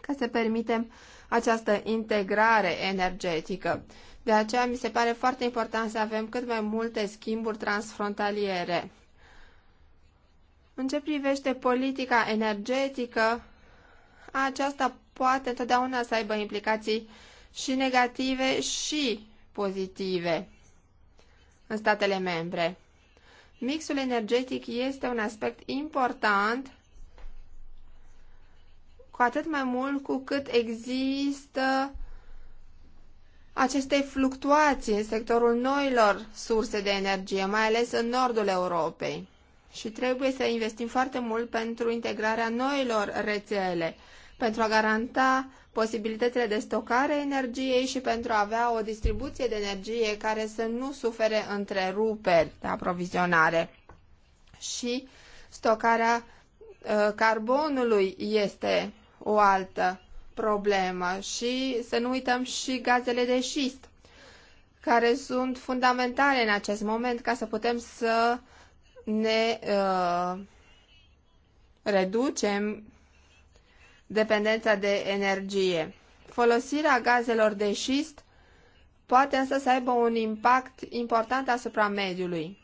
ca să permitem această integrare energetică. De aceea mi se pare foarte important să avem cât mai multe schimburi transfrontaliere. În ce privește politica energetică, aceasta poate întotdeauna să aibă implicații și negative și pozitive în statele membre. Mixul energetic este un aspect important cu atât mai mult cu cât există aceste fluctuații în sectorul noilor surse de energie, mai ales în nordul Europei. Și trebuie să investim foarte mult pentru integrarea noilor rețele, pentru a garanta posibilitățile de stocare energiei și pentru a avea o distribuție de energie care să nu sufere întreruperi de aprovizionare. Și stocarea uh, carbonului este o altă problemă și să nu uităm și gazele de șist, care sunt fundamentale în acest moment ca să putem să ne uh, reducem dependența de energie. Folosirea gazelor de șist poate însă să aibă un impact important asupra mediului.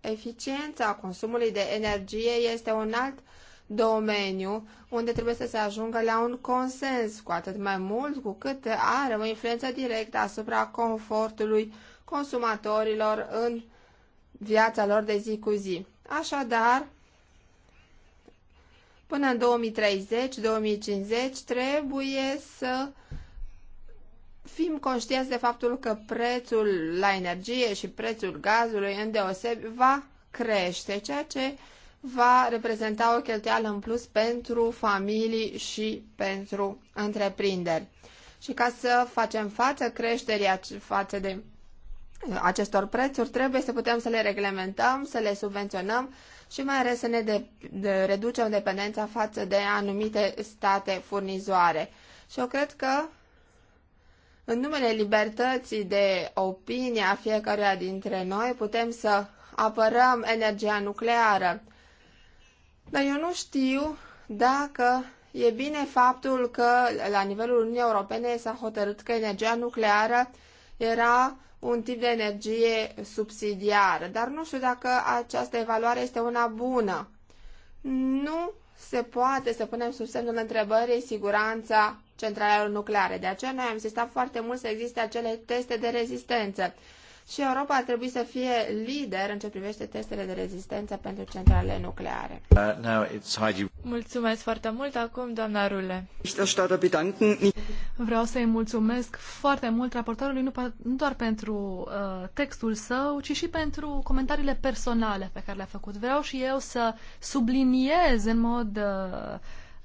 Eficiența consumului de energie este un alt domeniu unde trebuie să se ajungă la un consens, cu atât mai mult cu cât are o influență directă asupra confortului consumatorilor în viața lor de zi cu zi. Așadar, Până în 2030-2050 trebuie să fim conștienți de faptul că prețul la energie și prețul gazului în deosebi va crește, ceea ce va reprezenta o cheltuială în plus pentru familii și pentru întreprinderi. Și ca să facem față creșterii față de uh, acestor prețuri, trebuie să putem să le reglementăm, să le subvenționăm, și mai ales să ne de, de, reducem dependența față de anumite state furnizoare. Și eu cred că în numele libertății de opinie a fiecăruia dintre noi putem să apărăm energia nucleară. Dar eu nu știu dacă e bine faptul că la nivelul Uniunii Europene s-a hotărât că energia nucleară era un tip de energie subsidiară, dar nu știu dacă această evaluare este una bună. Nu se poate să punem sub semnul întrebării siguranța centralelor nucleare. De aceea noi am insistat foarte mult să existe acele teste de rezistență și Europa ar trebui să fie lider în ce privește testele de rezistență pentru centrale nucleare. Uh, now it's Heidi. Mulțumesc foarte mult acum, doamna Rule. Vreau să-i mulțumesc foarte mult raportorului, nu, doar pentru uh, textul său, ci și pentru comentariile personale pe care le-a făcut. Vreau și eu să subliniez în mod uh,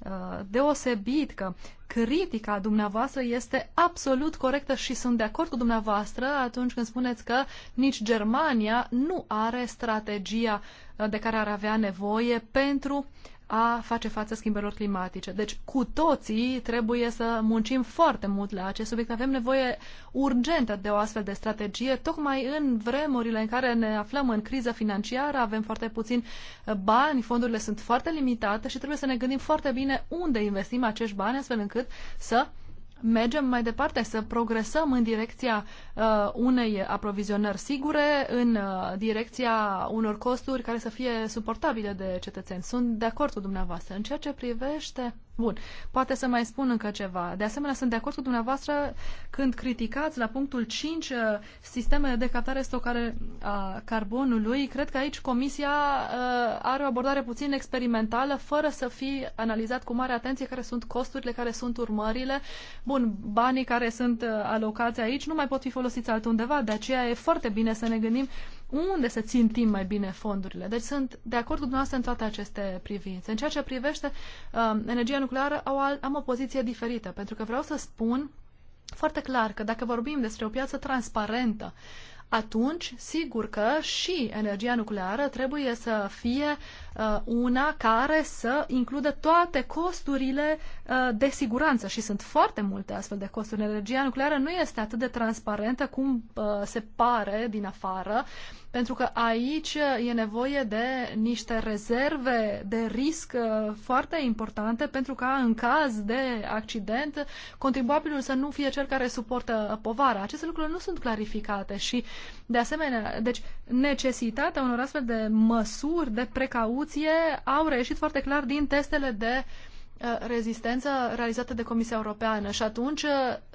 Uh, deosebit că critica dumneavoastră este absolut corectă și sunt de acord cu dumneavoastră atunci când spuneți că nici Germania nu are strategia uh, de care ar avea nevoie pentru uh, a face față schimbărilor climatice. Deci cu toții trebuie să muncim foarte mult la acest subiect. Avem nevoie urgentă de o astfel de strategie, tocmai în vremurile în care ne aflăm în criză financiară, avem foarte puțin uh, bani, fondurile sunt foarte limitate și trebuie să ne gândim foarte bine unde investim acești bani astfel încât să uh, mergem mai departe, să progresăm în direcția uh, unei aprovizionări sigure, în uh, direcția unor costuri care să fie suportabile de cetățeni. Sunt de acord cu dumneavoastră. În ceea ce privește Bun, poate să mai spun încă ceva. De asemenea, sunt de acord cu dumneavoastră când criticați la punctul 5 uh, sistemele de captare stocare a uh, carbonului. Cred că aici Comisia uh, are o abordare puțin experimentală, fără să fi analizat cu mare atenție care sunt costurile, care sunt urmările. Bun, banii care sunt alocați aici nu mai pot fi folosiți altundeva, de aceea e foarte bine să ne gândim unde să timp mai bine fondurile. Deci sunt de acord cu dumneavoastră în toate aceste privințe. În ceea ce privește uh, energia nucleară, au, am o poziție diferită, pentru că vreau să spun foarte clar că dacă vorbim despre o piață transparentă, atunci, sigur că și energia nucleară trebuie să fie uh, una care să includă toate costurile uh, de siguranță și sunt foarte multe astfel de costuri. Energia nucleară nu este atât de transparentă cum uh, se pare din afară. Uh, pentru că aici e nevoie de niște rezerve de risc uh, foarte importante pentru ca în caz de accident contribuabilul să nu fie cel care suportă povara. Aceste lucruri nu sunt clarificate și de asemenea, deci necesitatea unor astfel de măsuri de precauție au reieșit foarte clar din testele de uh, Uh, rezistență realizată de Comisia Europeană și atunci, uh,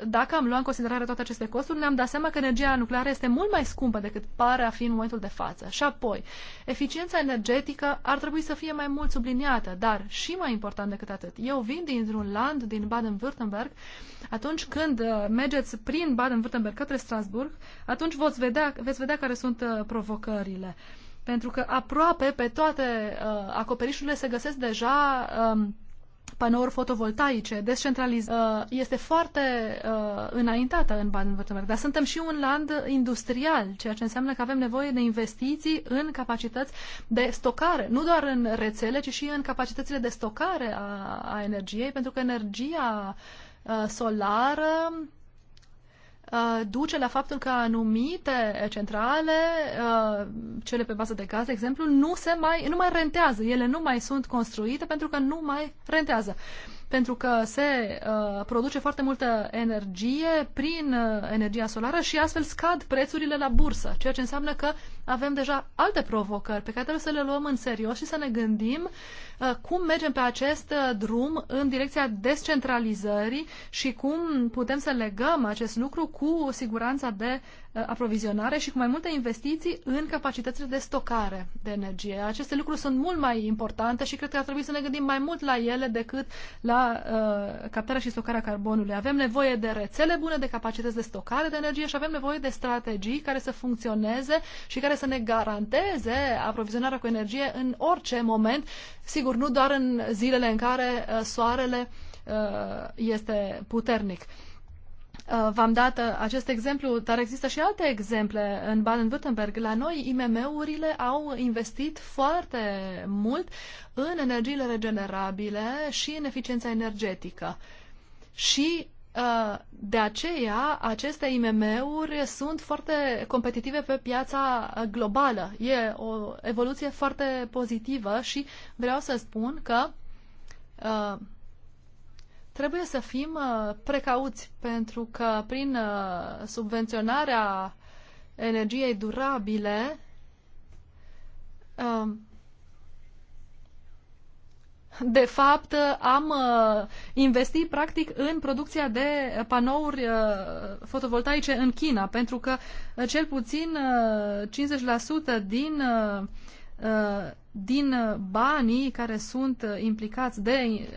dacă am luat în considerare toate aceste costuri, ne-am dat seama că energia nucleară este mult mai scumpă decât pare a fi în momentul de față. Și apoi, eficiența energetică ar trebui să fie mai mult subliniată, dar și mai important decât atât. Eu vin dintr-un land din Baden-Württemberg, atunci când uh, mergeți prin Baden-Württemberg către Strasburg, atunci veți vedea, veți vedea care sunt provocările pentru că aproape pe toate uh, acoperișurile se găsesc deja uh, panouri fotovoltaice, descentralizată, uh, este foarte uh, înaintată în Baden-Württemberg. Dar suntem și un land industrial, ceea ce înseamnă că avem nevoie de investiții în capacități de stocare, nu doar în rețele, ci și în capacitățile de stocare a, a energiei, pentru că energia uh, solară Uh, duce la faptul că anumite centrale, uh, cele pe bază de gaz, de exemplu, nu, se mai, nu mai rentează. Ele nu mai sunt construite pentru că nu mai rentează. Pentru că se uh, produce foarte multă energie prin energia solară și astfel scad prețurile la bursă, ceea ce înseamnă că avem deja alte provocări pe care trebuie să le luăm în serios și să ne gândim uh, Uh, cum mergem pe acest uh, drum în direcția descentralizării și cum putem să legăm acest lucru cu siguranța de uh, aprovizionare și cu mai multe investiții în capacitățile de stocare de energie. Aceste lucruri sunt mult mai importante și cred că ar trebui să ne gândim mai mult la ele decât la uh, captarea și stocarea carbonului. Avem nevoie de rețele bune, de capacități de stocare de energie și avem nevoie de strategii care să funcționeze și care să ne garanteze aprovizionarea cu energie în orice moment. Sigur, sigur, nu doar în zilele în care uh, soarele uh, este puternic. Uh, v-am dat acest exemplu, dar există și alte exemple în Baden-Württemberg. La noi, IMM-urile au investit foarte mult în energiile regenerabile și în eficiența energetică. Și Uh, de aceea, aceste IMM-uri sunt foarte competitive pe piața uh, globală. E o evoluție foarte pozitivă și vreau să spun că uh, trebuie să fim precauți pentru că prin subvenționarea energiei durabile, de fapt, am uh, investit practic în producția de panouri uh, fotovoltaice în China, pentru că uh, cel puțin 50% din, din banii care sunt implicați de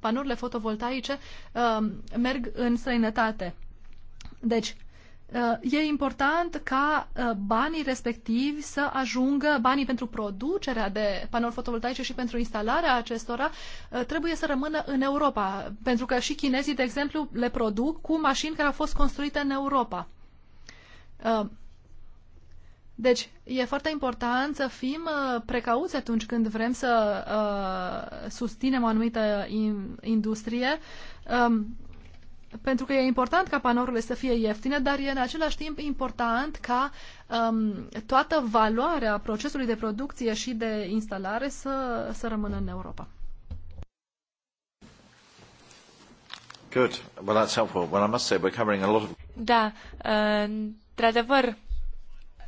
panourile fotovoltaice merg în străinătate. Deci, Uh, e important ca uh, banii respectivi să ajungă, banii pentru producerea de panouri fotovoltaice și pentru instalarea acestora uh, trebuie să rămână în Europa, pentru că și chinezii, de exemplu, le produc cu mașini care au fost construite în Europa. Deci, e foarte important să fim precauți atunci când vrem să susținem o anumită industrie um, pentru că e important ca panourile să fie ieftine, dar e în același timp important ca um, toată valoarea procesului de producție și de instalare să, să rămână în Europa. Good. Well, that's helpful. Well, I must say we're covering a lot of... Da, uh, într-adevăr,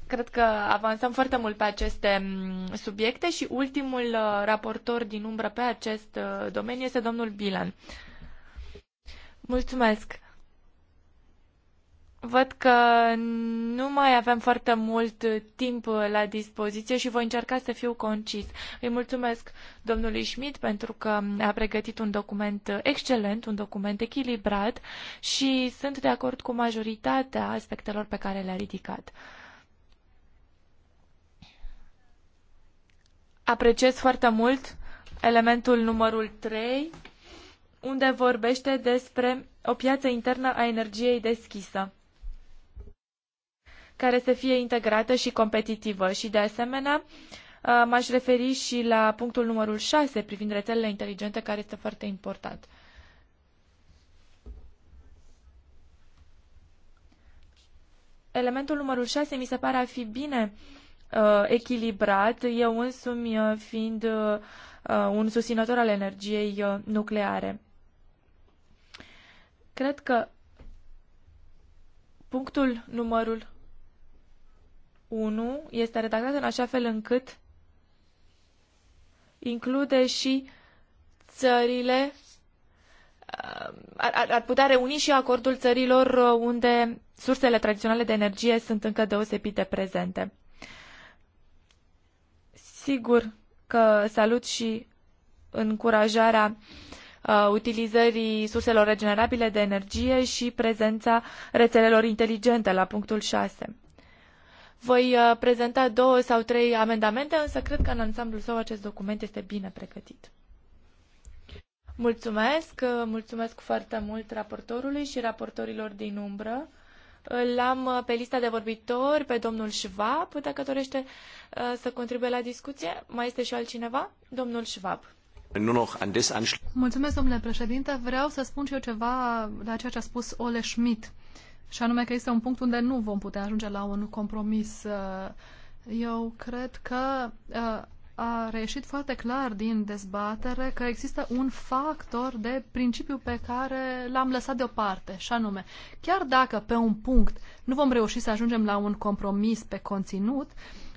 cred că avansăm foarte mult pe aceste mm, subiecte și ultimul uh, raportor din umbră pe acest uh, domeniu este domnul Bilan. Mulțumesc! Văd că nu mai avem foarte mult uh, timp uh, la dispoziție și voi încerca să fiu concis. Îi mulțumesc domnului Schmidt pentru că um, a pregătit un document uh, excelent, un document echilibrat și sunt de acord cu majoritatea aspectelor pe care le-a ridicat. Apreciez foarte mult elementul numărul 3 unde vorbește despre o piață internă a energiei deschisă care să fie integrată și competitivă. Și de asemenea, uh, m-aș referi și la punctul numărul 6 privind rețelele inteligente, care este foarte important. Elementul numărul 6 mi se pare a fi bine uh, echilibrat, eu însumi uh, fiind uh, uh un susținător al energiei uh, nucleare. Cred că punctul numărul 1 este redactat în așa fel încât include și țările uh, ar, ar putea reuni și acordul țărilor unde sursele tradiționale de energie sunt încă deosebit de prezente. Sigur că salut și încurajarea uh, Uh, utilizării surselor regenerabile de energie și prezența rețelelor inteligente la punctul 6. Voi uh, prezenta două sau trei amendamente, însă cred că în ansamblul său acest document este bine pregătit. Mulțumesc, uh, mulțumesc foarte mult raportorului și raportorilor din umbră. L-am pe lista de vorbitori pe domnul Schwab, dacă dorește să contribuie la discuție. Mai este și altcineva? Domnul Schwab. Mulțumesc, domnule președinte. Vreau să spun și eu ceva la ceea ce a spus Ole Schmidt, și anume că este un punct unde nu vom putea ajunge la un compromis. Uh, eu cred că uh, a reieșit foarte clar din dezbatere că există un factor de principiu pe care l-am lăsat deoparte, și anume, chiar dacă pe un punct nu vom reuși să ajungem la un compromis pe conținut,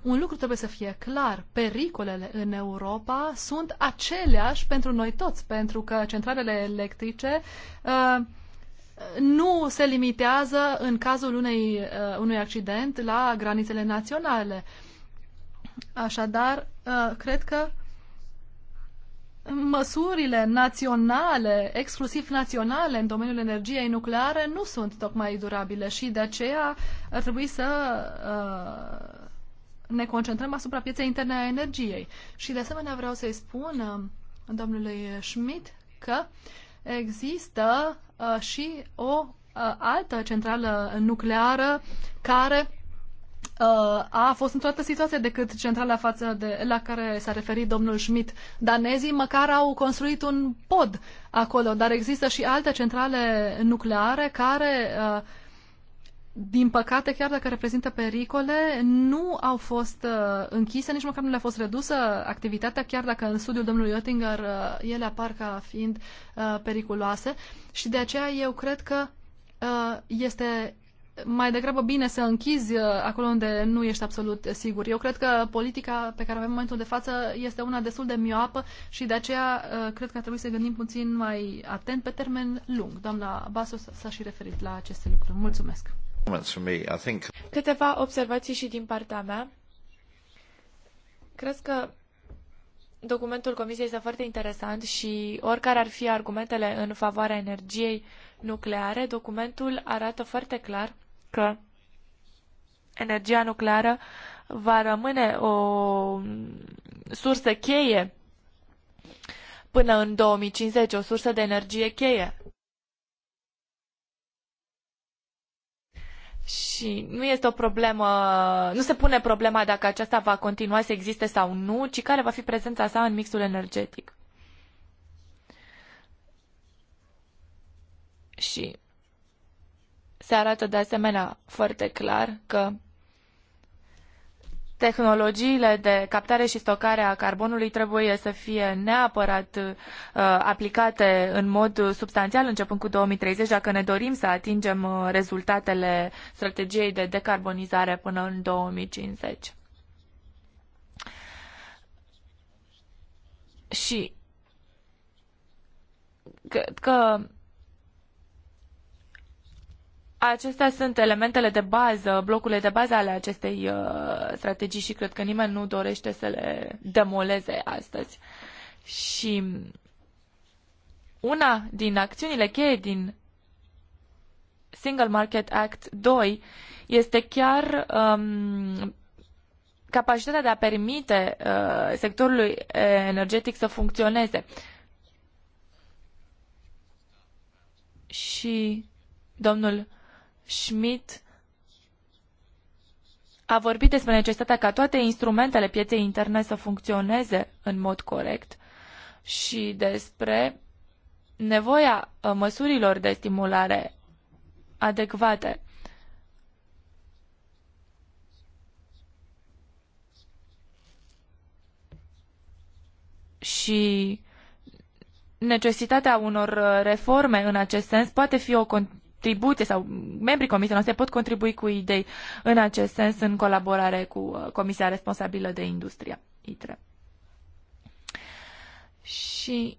un lucru trebuie să fie clar. Pericolele în Europa sunt aceleași pentru noi toți, pentru că centralele electrice uh, nu se limitează în cazul unei, uh, unui accident la granițele naționale. Așadar, uh, cred că măsurile naționale, exclusiv naționale în domeniul energiei nucleare nu sunt tocmai durabile și de aceea ar trebui să uh, ne concentrăm asupra pieței interne a energiei. Și de asemenea vreau să-i spun uh, domnului Schmidt că există uh, și o uh, altă centrală nucleară care a fost într-o altă situație decât centrala față de la care s-a referit domnul Schmidt. Danezii măcar au construit un pod acolo, dar există și alte centrale nucleare care uh, din păcate, chiar dacă reprezintă pericole, nu au fost uh, închise, nici măcar nu le-a fost redusă activitatea, chiar dacă în studiul domnului Oettinger uh, ele apar ca fiind uh, periculoase. Și de aceea eu cred că uh, este mai degrabă bine să închizi uh, acolo unde nu ești absolut sigur. Eu cred că politica pe care avem în momentul de față este una destul de mioapă și de aceea uh, cred că ar trebui să gândim puțin mai atent pe termen lung. Doamna Basu s-a și referit la aceste lucruri. Mulțumesc! Câteva observații și din partea mea. Cred că documentul Comisiei este foarte interesant și oricare ar fi argumentele în favoarea energiei nucleare, documentul arată foarte clar că energia nucleară va rămâne o sursă cheie până în 2050, o sursă de energie cheie și nu este o problemă, nu se pune problema dacă aceasta va continua să existe sau nu, ci care va fi prezența sa în mixul energetic. Și se arată de asemenea foarte clar că tehnologiile de captare și stocare a carbonului trebuie să fie neapărat uh, aplicate în mod substanțial începând cu 2030 dacă ne dorim să atingem uh, rezultatele strategiei de decarbonizare până în 2050. Și cred că Acestea sunt elementele de bază, blocurile de bază ale acestei uh, strategii și cred că nimeni nu dorește să le demoleze astăzi. Și una din acțiunile cheie din Single Market Act 2 este chiar um, capacitatea de a permite uh, sectorului uh, energetic să funcționeze. Și domnul Schmidt a vorbit despre necesitatea ca toate instrumentele pieței interne să funcționeze în mod corect și despre nevoia uh, măsurilor de stimulare adecvate. Și necesitatea unor uh, reforme în acest sens poate fi o, contribuție sau membrii comisiei noastre pot contribui cu idei în acest sens în colaborare cu uh, Comisia Responsabilă de Industrie, ITRE. Și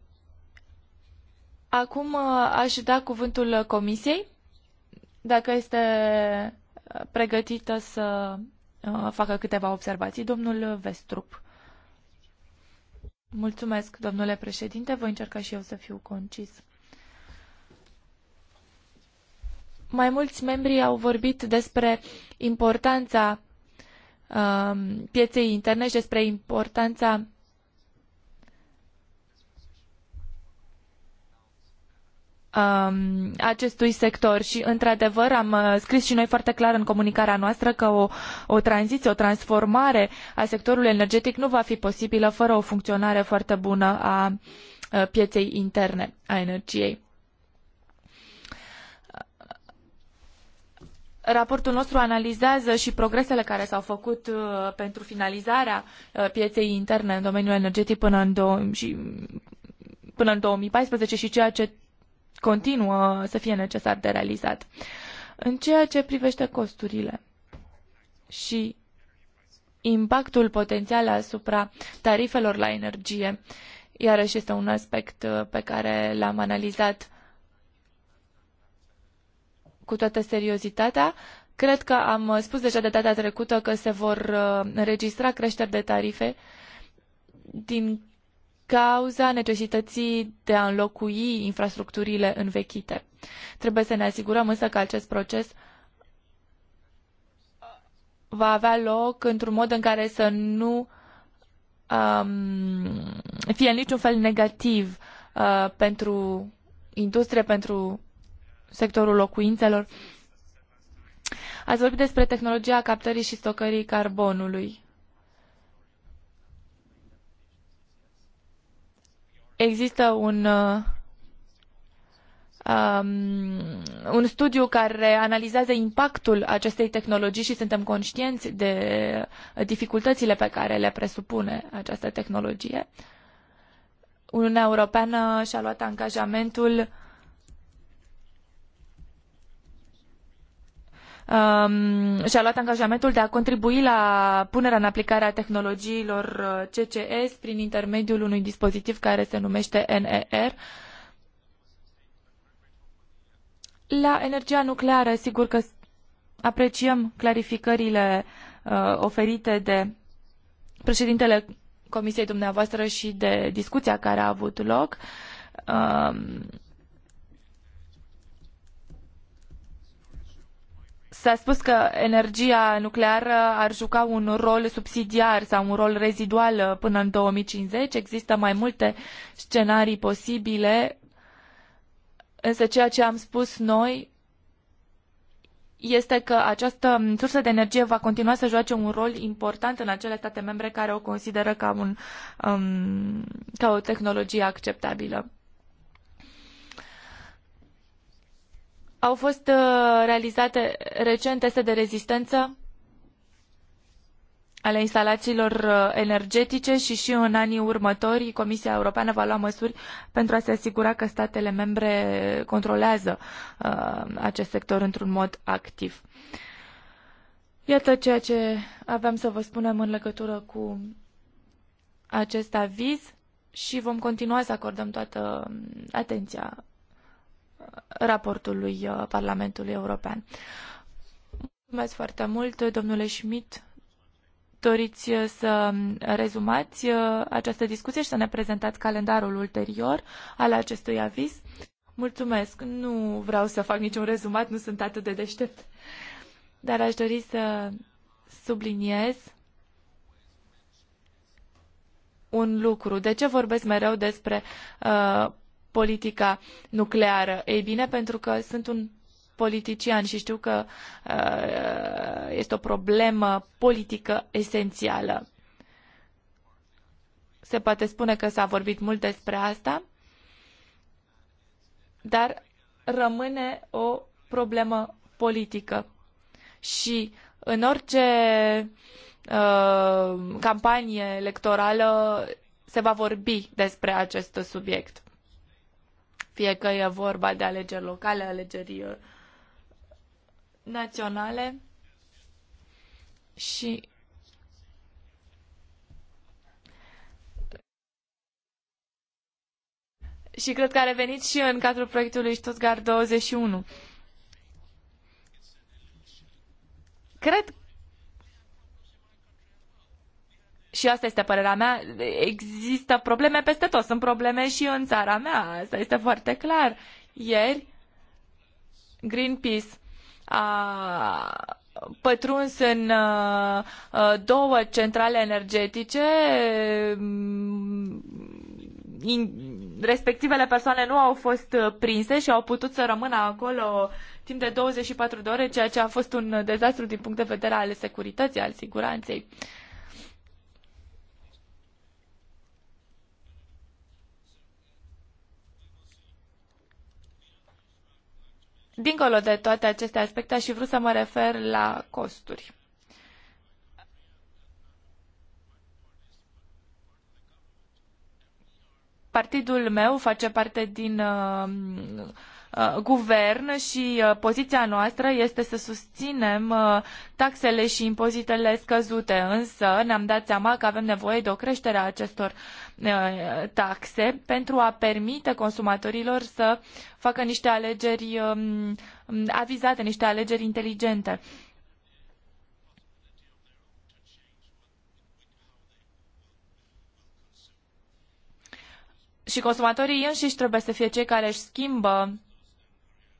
acum uh, aș da cuvântul comisiei, dacă este uh, pregătită să facă câteva observații. Domnul Vestrup. Mulțumesc, domnule președinte. Voi încerca și eu să fiu concis. Mai mulți membri au vorbit despre importanța um, pieței interne și despre importanța um, acestui sector și într-adevăr am uh, scris și noi foarte clar în comunicarea noastră că o, o tranziție, o transformare a sectorului energetic nu va fi posibilă fără o funcționare foarte bună a uh, pieței interne a energiei. Raportul nostru analizează și progresele care s-au făcut uh, pentru finalizarea uh, pieței interne în domeniul energetic până în, dou- și, până în 2014 și ceea ce continuă să fie necesar de realizat. În ceea ce privește costurile și impactul potențial asupra tarifelor la energie, iarăși este un aspect uh, pe care l-am analizat cu toată seriozitatea. Cred că am uh, spus deja de data trecută că se vor uh, înregistra creșteri de tarife din cauza necesității de a înlocui infrastructurile învechite. Trebuie să ne asigurăm însă că acest proces va avea loc într-un mod în care să nu um, fie în niciun fel negativ uh, pentru industrie, pentru sectorul locuințelor. Ați vorbit despre tehnologia captării și stocării carbonului. Există un Um, un studiu care analizează impactul acestei tehnologii și suntem conștienți de dificultățile pe care le presupune această tehnologie. Uniunea Europeană și-a luat angajamentul um, și-a luat angajamentul de a contribui la punerea în aplicare a tehnologiilor uh, CCS prin intermediul unui dispozitiv care se numește NER. La energia nucleară, sigur că apreciem clarificările uh, oferite de președintele Comisiei dumneavoastră și de discuția care a avut loc. Uh, S-a spus că energia nucleară ar juca un rol subsidiar sau un rol rezidual uh, până în 2050. Există mai multe scenarii posibile, însă ceea ce am spus noi este că această sursă de energie va continua să joace un rol important în acele state membre care o consideră ca, un, um, ca o tehnologie acceptabilă. Au fost uh, realizate recent teste de rezistență ale instalațiilor uh, energetice și și în anii următori Comisia Europeană va lua măsuri pentru a se asigura că statele membre controlează uh, acest sector într-un mod activ. Iată ceea ce aveam să vă spunem în legătură cu acest aviz și vom continua să acordăm toată um, atenția raportului uh, Parlamentului European. Mulțumesc foarte mult, domnule Schmidt. Doriți uh, să rezumați uh, această discuție și să ne prezentați calendarul ulterior al acestui aviz? Mulțumesc. Nu vreau să fac niciun rezumat, nu sunt atât de deștept. Dar aș dori să subliniez un lucru. De ce vorbesc mereu despre uh, politica nucleară? Ei bine, pentru că sunt un politician și știu că uh, este o problemă politică esențială. Se poate spune că s-a vorbit mult despre asta, dar rămâne o problemă politică. Și în orice uh, campanie electorală se va vorbi despre acest subiect fie că e vorba de alegeri locale, alegeri uh, naționale și și cred că a revenit și în cadrul proiectului Stuttgart 21. Cred și asta este părerea mea, există probleme peste tot. Sunt probleme și în țara mea, asta este foarte clar. Ieri, Greenpeace a pătruns în uh, două centrale energetice. Mm, respectivele persoane nu au fost prinse și au putut să rămână acolo timp de 24 de ore, ceea ce a fost un dezastru din punct de vedere al securității, al siguranței. Uh, Dincolo de toate aceste aspecte, aș fi vrut să mă refer la costuri. Partidul meu face parte din uh, uh, guvern și uh, poziția noastră este să susținem taxele și impozitele scăzute, însă ne-am dat seama că avem nevoie de o creștere a acestor uh, Uh, taxe pentru a permite consumatorilor să facă niște alegeri um, avizate, niște alegeri inteligente. Și consumatorii înșiși trebuie să fie cei care își schimbă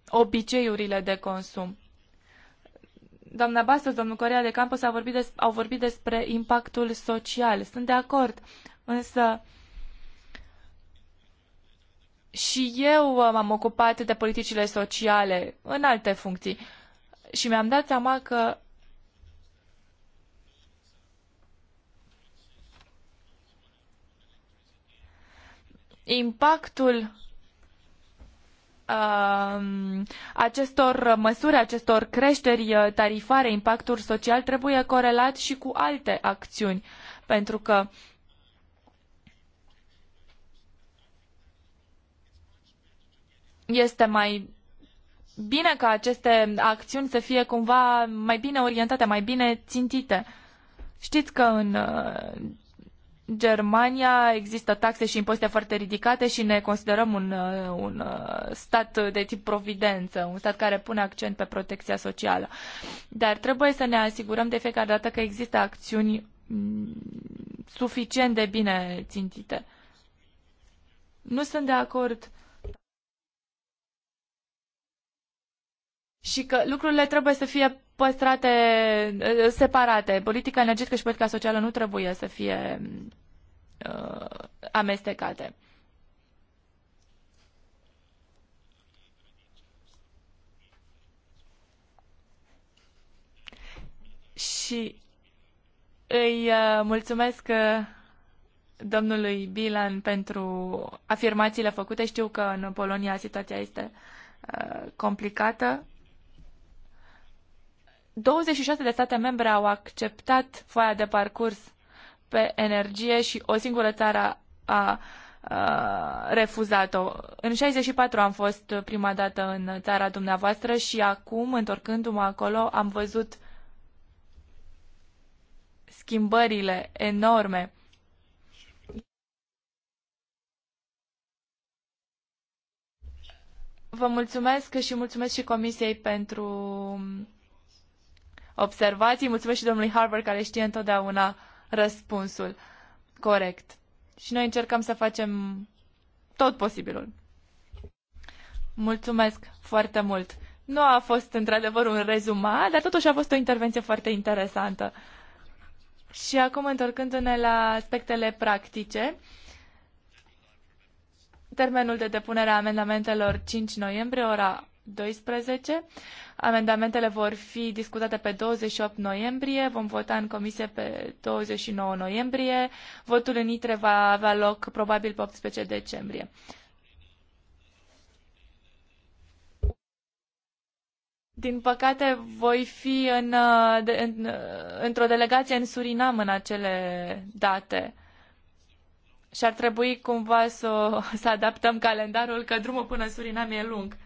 obiceiurile de consum. Doamna Bastos, domnul Corea de Campos au vorbit despre impactul social. Sunt de acord. Însă și eu uh, m-am ocupat de politicile sociale în alte funcții și mi-am dat seama că impactul um, acestor măsuri, acestor creșteri uh, tarifare, impactul social trebuie corelat și cu alte acțiuni, pentru că este mai bine ca aceste acțiuni să fie cumva mai bine orientate, mai bine țintite. Știți că în uh, Germania există taxe și impozite foarte ridicate și ne considerăm un, uh, un uh, stat de tip providență, un stat care pune accent pe protecția socială. Dar trebuie să ne asigurăm de fiecare dată că există acțiuni mm, suficient de bine țintite. Nu sunt de acord uh, și că lucrurile trebuie să fie păstrate uh, separate. Politica energetică și politica socială nu trebuie să fie uh, amestecate. Și îi uh, mulțumesc uh, domnului Bilan pentru afirmațiile făcute. Știu că în Polonia situația este complicată 26 de state membre au acceptat foaia de parcurs pe energie și o singură țară a, a refuzat-o. În 64 am fost prima dată în țara dumneavoastră și acum, întorcându-mă acolo, am văzut schimbările enorme. Vă mulțumesc și mulțumesc și Comisiei pentru observații. Mulțumesc și domnului Harvard care știe întotdeauna răspunsul corect. Și noi încercăm să facem tot posibilul. Mulțumesc foarte mult! Nu a fost într-adevăr un rezumat, dar totuși a fost o intervenție foarte interesantă. Și acum, întorcându-ne la aspectele practice, termenul de depunere a amendamentelor 5 noiembrie, ora 12. Amendamentele vor fi discutate pe 28 noiembrie, vom vota în comisie pe 29 noiembrie, votul în ITRE va avea loc probabil pe 18 decembrie. Din păcate, voi fi în, în, într-o delegație în Surinam în acele date și ar trebui cumva să, să adaptăm calendarul, că drumul până în Surinam e lung.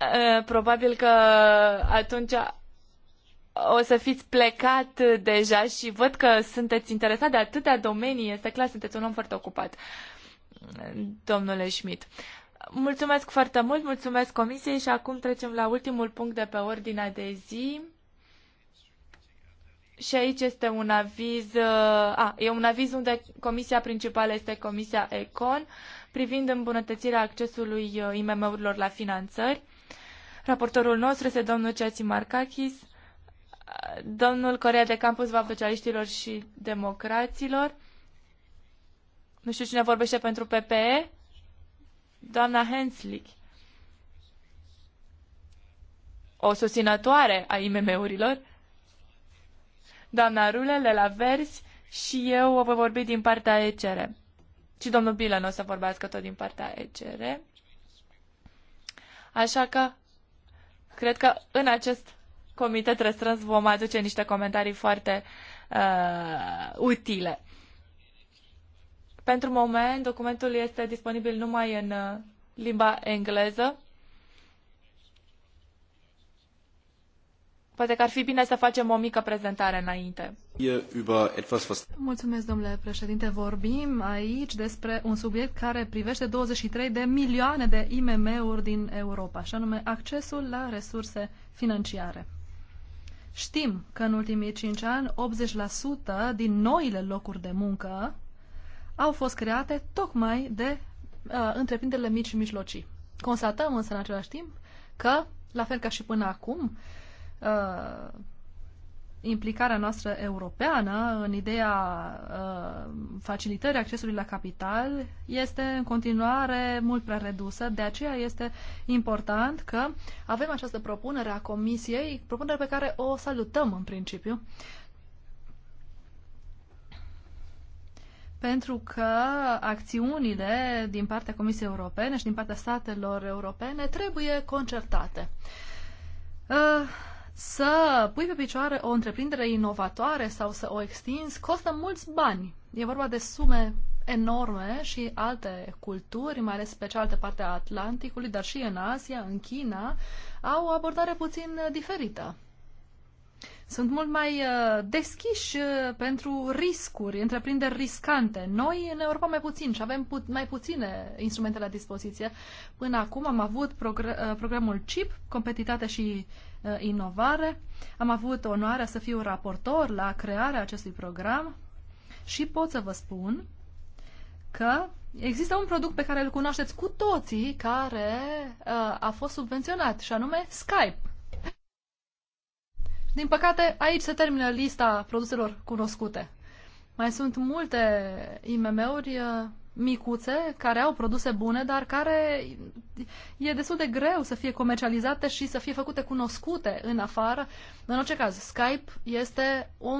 Eh, probabil că atunci o să fiți plecat deja și văd că sunteți interesat de atâtea domenii. Este clar, sunteți un om foarte ocupat, domnule Schmidt. Mulțumesc foarte mult, mulțumesc comisiei și acum trecem la ultimul punct de pe ordinea de zi. Și aici este un aviz, eh, a, e un aviz unde comisia principală este comisia Econ privind îmbunătățirea accesului eh, IMM-urilor la finanțări. Raportorul nostru este domnul Ceații Marcachis, domnul Corea de Campus va socialiștilor și democraților. Nu știu cine vorbește pentru PPE. Doamna Henslick. O susținătoare a IMM-urilor. Doamna Rulele la Verzi și eu o voi vorbi din partea ECR. Și domnul nu o să vorbească tot din partea ECR. Așa că Cred că în acest comitet restrâns vom aduce niște comentarii foarte uh, utile. Pentru moment, documentul este disponibil numai în uh, limba engleză. Poate că ar fi bine să facem o mică prezentare înainte. Mulțumesc, domnule președinte. Vorbim aici despre un subiect care privește 23 de milioane de IMM-uri din Europa, și anume accesul la resurse financiare. Știm că în ultimii 5 ani 80% din noile locuri de muncă au fost create tocmai de uh, întreprinderile mici și mijlocii. Constatăm însă în același timp că, la fel ca și până acum, uh, uh, implicarea noastră europeană în ideea uh, facilitării accesului la capital este în continuare mult prea redusă. De aceea este important că avem această propunere a Comisiei, propunere pe care o salutăm în principiu, pentru că acțiunile din partea Comisiei Europene și din partea statelor europene trebuie concertate. Uh, să pui pe picioare o întreprindere inovatoare sau să o extinzi costă mulți bani. E vorba de sume enorme și alte culturi, mai ales pe cealaltă parte a Atlanticului, dar și în Asia, în China, au o abordare puțin diferită sunt mult mai uh, deschiși uh, pentru riscuri, întreprinderi riscante. Noi în Europa mai puțin și avem put- mai puține instrumente la dispoziție. Până acum am avut progr- uh, programul CIP, competitate și inovare. Am avut onoarea să fiu raportor la crearea acestui program și pot să vă spun că există un produs pe care îl cunoașteți cu toții care a fost subvenționat și anume Skype din păcate, aici se termină lista produselor cunoscute. Mai sunt multe IMM-uri uh, micuțe care au produse bune, dar care e destul de greu să fie comercializate și să fie făcute cunoscute în afară. În orice caz, Skype este o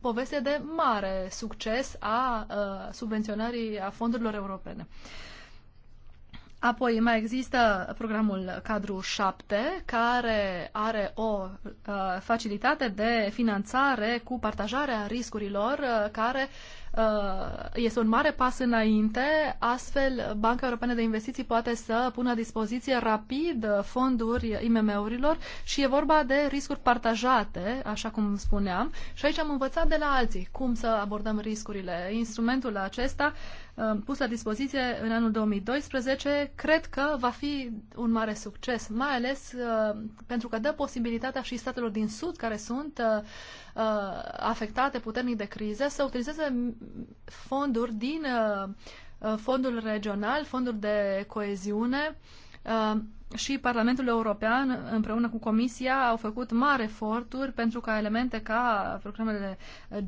poveste de mare succes a, a uh, subvenționării a fondurilor europene. Uh, Apoi mai există programul cadru 7, care are o uh, facilitate de finanțare cu partajarea riscurilor, uh, care uh, este un mare pas înainte. Astfel, Banca Europeană de Investiții poate să pună la dispoziție rapid fonduri IMM-urilor și e vorba de riscuri partajate, așa cum spuneam. Și aici am învățat de la alții cum să abordăm riscurile. Instrumentul acesta uh, Uh, pus la dispoziție în anul 2012, cred că va fi un mare succes, mai ales uh, pentru că dă posibilitatea și statelor din Sud, care sunt uh, afectate puternic de crize, să utilizeze fonduri din fondul regional, fonduri de coeziune, și Parlamentul European, împreună cu Comisia, au făcut mari eforturi pentru ca elemente ca programele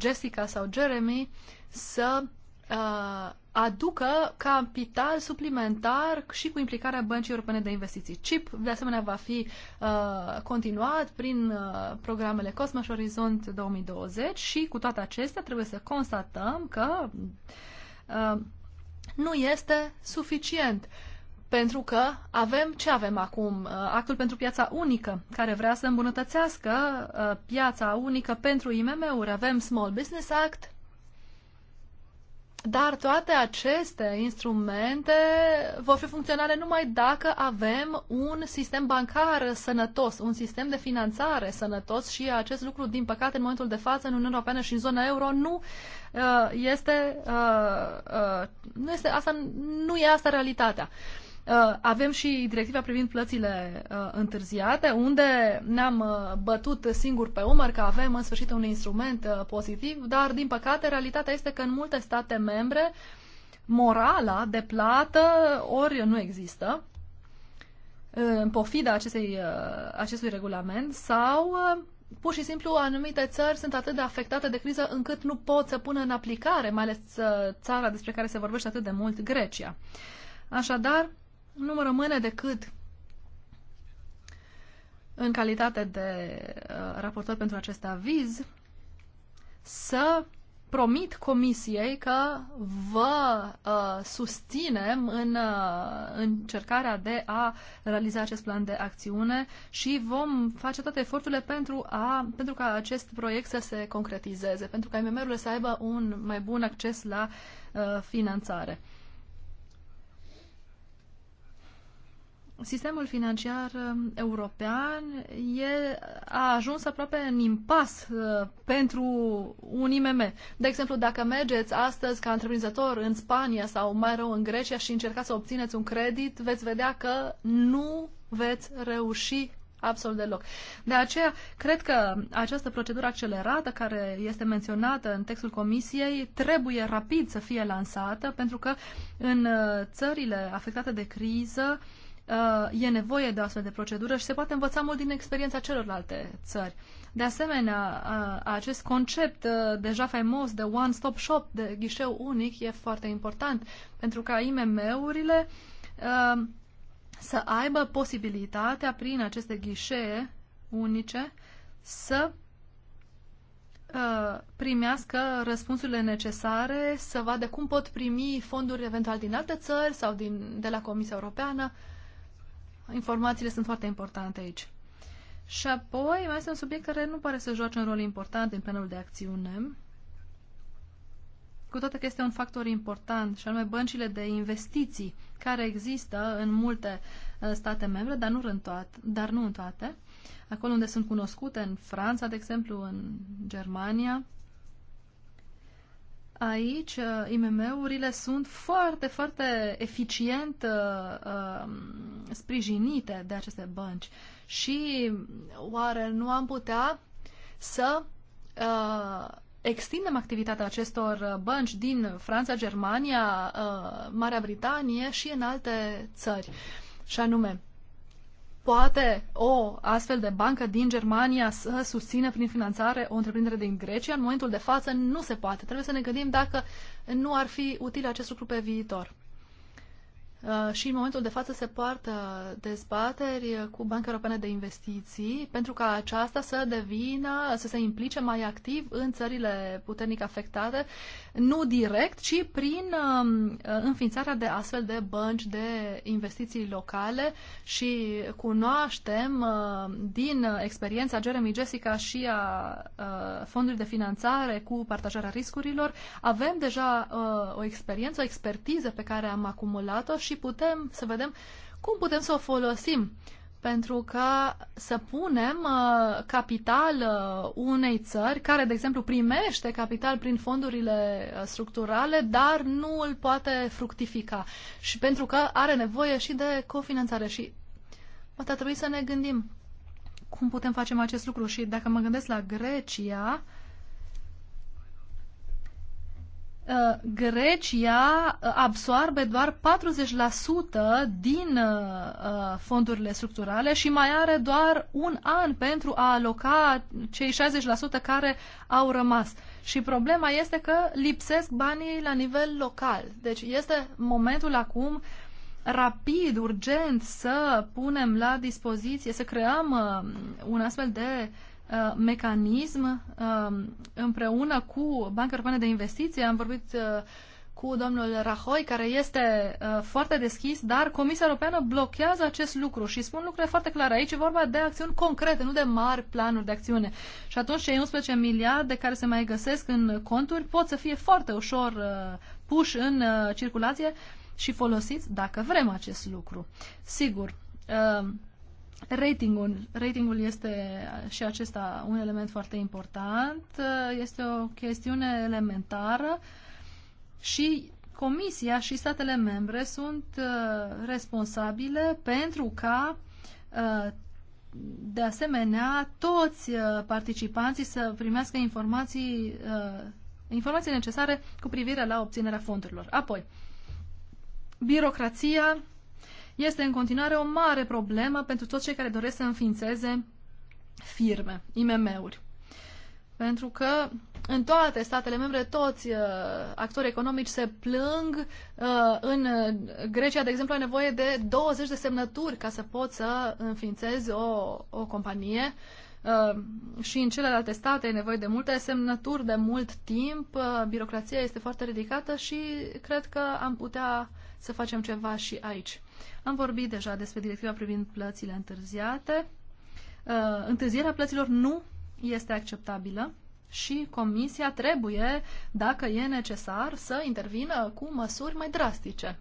Jessica sau Jeremy să Uh, aducă capital suplimentar și cu implicarea Băncii Europene de Investiții. CIP, de asemenea, va fi uh, continuat prin uh, programele Cosmos și Orizont 2020 și cu toate acestea trebuie să constatăm că uh, nu este suficient. Pentru că avem ce avem acum? Uh, actul pentru piața unică, care vrea să îmbunătățească uh, piața unică pentru IMM-uri. Avem Small Business Act, dar toate aceste instrumente vor fi funcționale numai dacă avem un sistem bancar sănătos, un sistem de finanțare sănătos și acest lucru, din păcate, în momentul de față, în Uniunea Europeană și în zona euro, nu uh, este, uh, uh, nu este asta, nu e asta realitatea. Uh, avem și directiva privind plățile uh, întârziate, unde ne-am uh, bătut singur pe umăr că avem în sfârșit un instrument pozitiv, dar din păcate realitatea este că în multe state membre morala de plată ori nu există în pofida acestei, acestui regulament sau pur și simplu anumite țări sunt atât de afectate de criză încât nu pot să pună în aplicare, mai ales țara despre care se vorbește atât de mult, Grecia. Așadar, nu mă rămâne decât în calitate de uh, raportor pentru acest aviz să promit comisiei că vă uh, susținem în uh, încercarea de a realiza acest plan de acțiune și vom face toate eforturile pentru, a, pentru ca acest proiect să se concretizeze, pentru ca IMM-urile să aibă un mai bun acces la uh, finanțare. sistemul financiar um, european e, a ajuns aproape în impas uh, pentru un IMM. De exemplu, dacă mergeți astăzi ca întreprinzător în Spania sau mai rău în Grecia și încercați să obțineți un credit, veți vedea că nu veți reuși absolut deloc. De aceea, cred că această procedură accelerată care este menționată în textul comisiei trebuie rapid să fie lansată, pentru că în uh, țările afectate de criză, uh, e nevoie de o astfel de procedură și se poate învăța mult din experiența celorlalte țări. De asemenea, uh, acest concept uh, deja faimos de one-stop shop, de ghișeu unic, e foarte important pentru ca IMM-urile uh, să aibă posibilitatea prin aceste ghișee unice să uh, primească răspunsurile necesare, să vadă cum pot primi fonduri eventual din alte țări sau din, de la Comisia Europeană informațiile sunt foarte importante aici. Și apoi mai este un subiect care nu pare să joace un rol important în planul de acțiune, cu toate că este un factor important, și anume băncile de investiții care există în multe uh, state membre, dar nu în toate. Dar nu în toate. Acolo unde sunt cunoscute, în Franța, de exemplu, în Germania, Aici, uh, IMM-urile sunt foarte, foarte eficient uh, um, sprijinite de aceste bănci. Și oare nu am putea să uh, extindem activitatea acestor uh, bănci din Franța, Germania, uh, Marea Britanie și în alte țări? Și anume, Poate o astfel de bancă din Germania să susțină prin finanțare o întreprindere din Grecia? În momentul de față nu se poate. Trebuie să ne gândim dacă nu ar fi util acest lucru pe viitor. Uh, și în momentul de față se poartă dezbateri cu Banca Europeană de Investiții pentru ca aceasta să devină, să se implice mai activ în țările puternic afectate, nu direct, ci prin um, înființarea de astfel de bănci de investiții locale și cunoaștem uh, din experiența Jeremy Jessica și a uh, fondului de finanțare cu partajarea riscurilor, avem deja o experiență, o expertiză pe care am acumulat-o și putem să vedem cum putem să o folosim pentru că să punem uh, capital uh, unei țări care, de exemplu, primește capital prin fondurile uh, structurale, dar nu îl poate fructifica și pentru că are nevoie și de cofinanțare și poate trebuie să ne gândim cum putem face acest lucru și dacă mă gândesc la Grecia, uh, Uh, Grecia uh, absoarbe doar 40% din uh, fondurile structurale și mai are doar un an pentru a aloca cei 60% care au rămas. Și problema este că lipsesc banii la nivel local. Deci este momentul acum rapid, urgent să punem la dispoziție, să creăm un astfel de Uh, mecanism um, împreună cu Banca Europeană de Investiții. Am vorbit uh, cu domnul Rahoi, care este uh, foarte deschis, dar Comisia Europeană blochează acest lucru și spun lucrurile foarte clare. Aici e vorba de acțiuni concrete, nu de mari planuri de acțiune. Și atunci cei 11 miliarde care se mai găsesc în conturi pot să fie foarte ușor puși în circulație și folosiți dacă vrem acest lucru. Sigur, Ratingul. Ratingul este și acesta un element foarte important. Este o chestiune elementară și Comisia și statele membre sunt uh, responsabile pentru ca uh, de asemenea toți uh, participanții să primească informații, informații necesare cu privire la obținerea fondurilor. Apoi, birocrația este în continuare o mare problemă pentru toți cei care doresc să înființeze firme, IMM-uri. Pentru că în toate statele membre, toți uh, actorii economici se plâng. Uh, în Grecia, de exemplu, ai nevoie de 20 de semnături ca să poți să înființezi o, o companie. Uh, și în celelalte state e nevoie de multe semnături, de mult timp, uh, birocrația este foarte ridicată și cred că am putea să facem ceva și aici. Am vorbit deja despre directiva privind plățile întârziate. Uh, întârzierea plăților nu este acceptabilă și Comisia trebuie, dacă e necesar, să intervină cu măsuri mai drastice.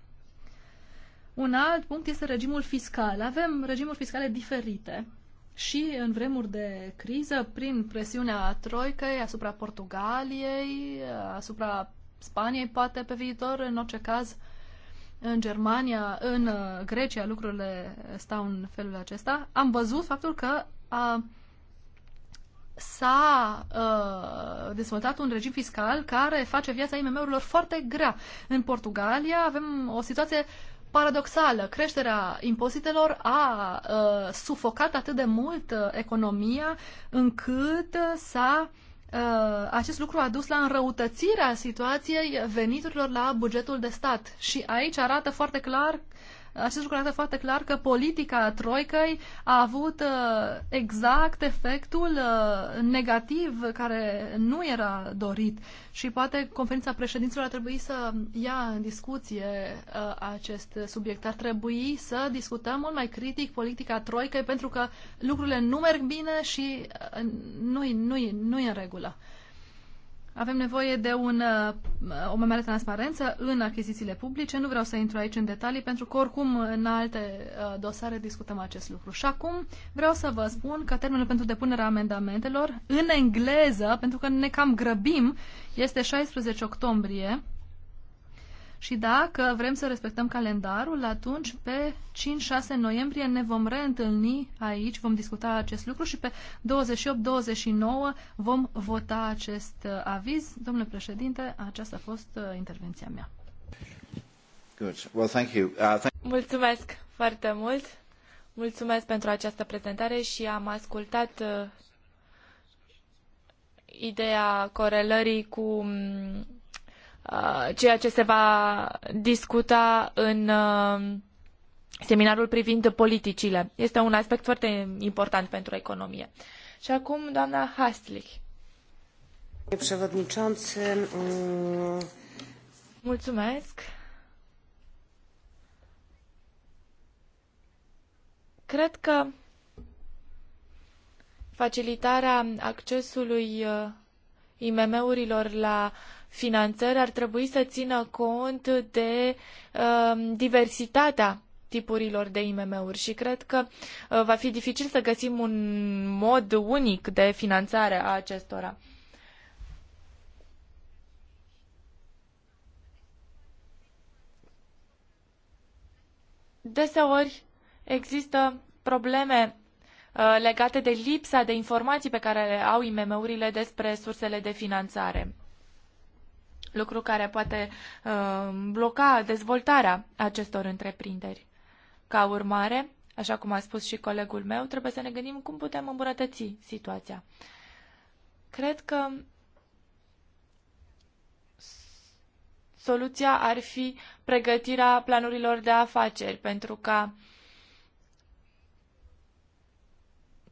Un alt punct este regimul fiscal. Avem regimuri fiscale diferite și în vremuri de criză, prin presiunea troicăi asupra Portugaliei, asupra Spaniei, poate pe viitor, în orice caz, în Germania, în uh, Grecia lucrurile stau în felul acesta, am văzut faptul că a, s-a uh, dezvoltat un regim fiscal care face viața IMM-urilor foarte grea. În Portugalia avem o situație paradoxală. Creșterea impozitelor a uh, sufocat atât de mult economia încât s-a Uh, acest lucru a dus la înrăutățirea situației veniturilor la bugetul de stat. Și aici arată foarte clar acest lucru arată foarte clar că politica troicăi a avut uh, exact efectul uh, negativ care nu era dorit și poate conferința președinților ar trebui să ia în discuție uh, acest subiect. Ar trebui să discutăm mult mai critic politica troicăi pentru că lucrurile nu merg bine și nu e nu nu în regulă. Avem nevoie de un, uh, o mai mare transparență în achizițiile publice. Nu vreau să intru aici în detalii, pentru că oricum în alte uh, dosare discutăm acest lucru. Și acum vreau să vă spun că termenul pentru depunerea amendamentelor în engleză, pentru că ne cam grăbim, este 16 octombrie și dacă vrem să respectăm calendarul, atunci pe 5-6 noiembrie ne vom reîntâlni aici, vom discuta acest lucru și pe 28-29 vom vota acest uh, aviz. Domnule președinte, aceasta a fost uh, intervenția mea. Good. Well, thank you. Uh, thank Mulțumesc foarte mult. Mulțumesc pentru această prezentare și am ascultat uh, ideea corelării cu um, Uh, ceea ce se va discuta în uh, seminarul privind politicile. Este un aspect foarte important pentru economie. Și acum, doamna Haslich. Mm, Mulțumesc. Cred că facilitarea accesului uh, IMM-urilor la finanțări ar trebui să țină cont de uh, diversitatea tipurilor de IMM-uri și cred că uh, va fi dificil să găsim un mod unic de finanțare a acestora. Deseori există probleme uh, legate de lipsa de informații pe care le au IMM-urile despre sursele de finanțare lucru care poate uh, bloca dezvoltarea acestor întreprinderi. Ca urmare, așa cum a spus și colegul meu, trebuie să ne gândim cum putem îmbunătăți situația. Cred că soluția ar fi pregătirea planurilor de afaceri pentru ca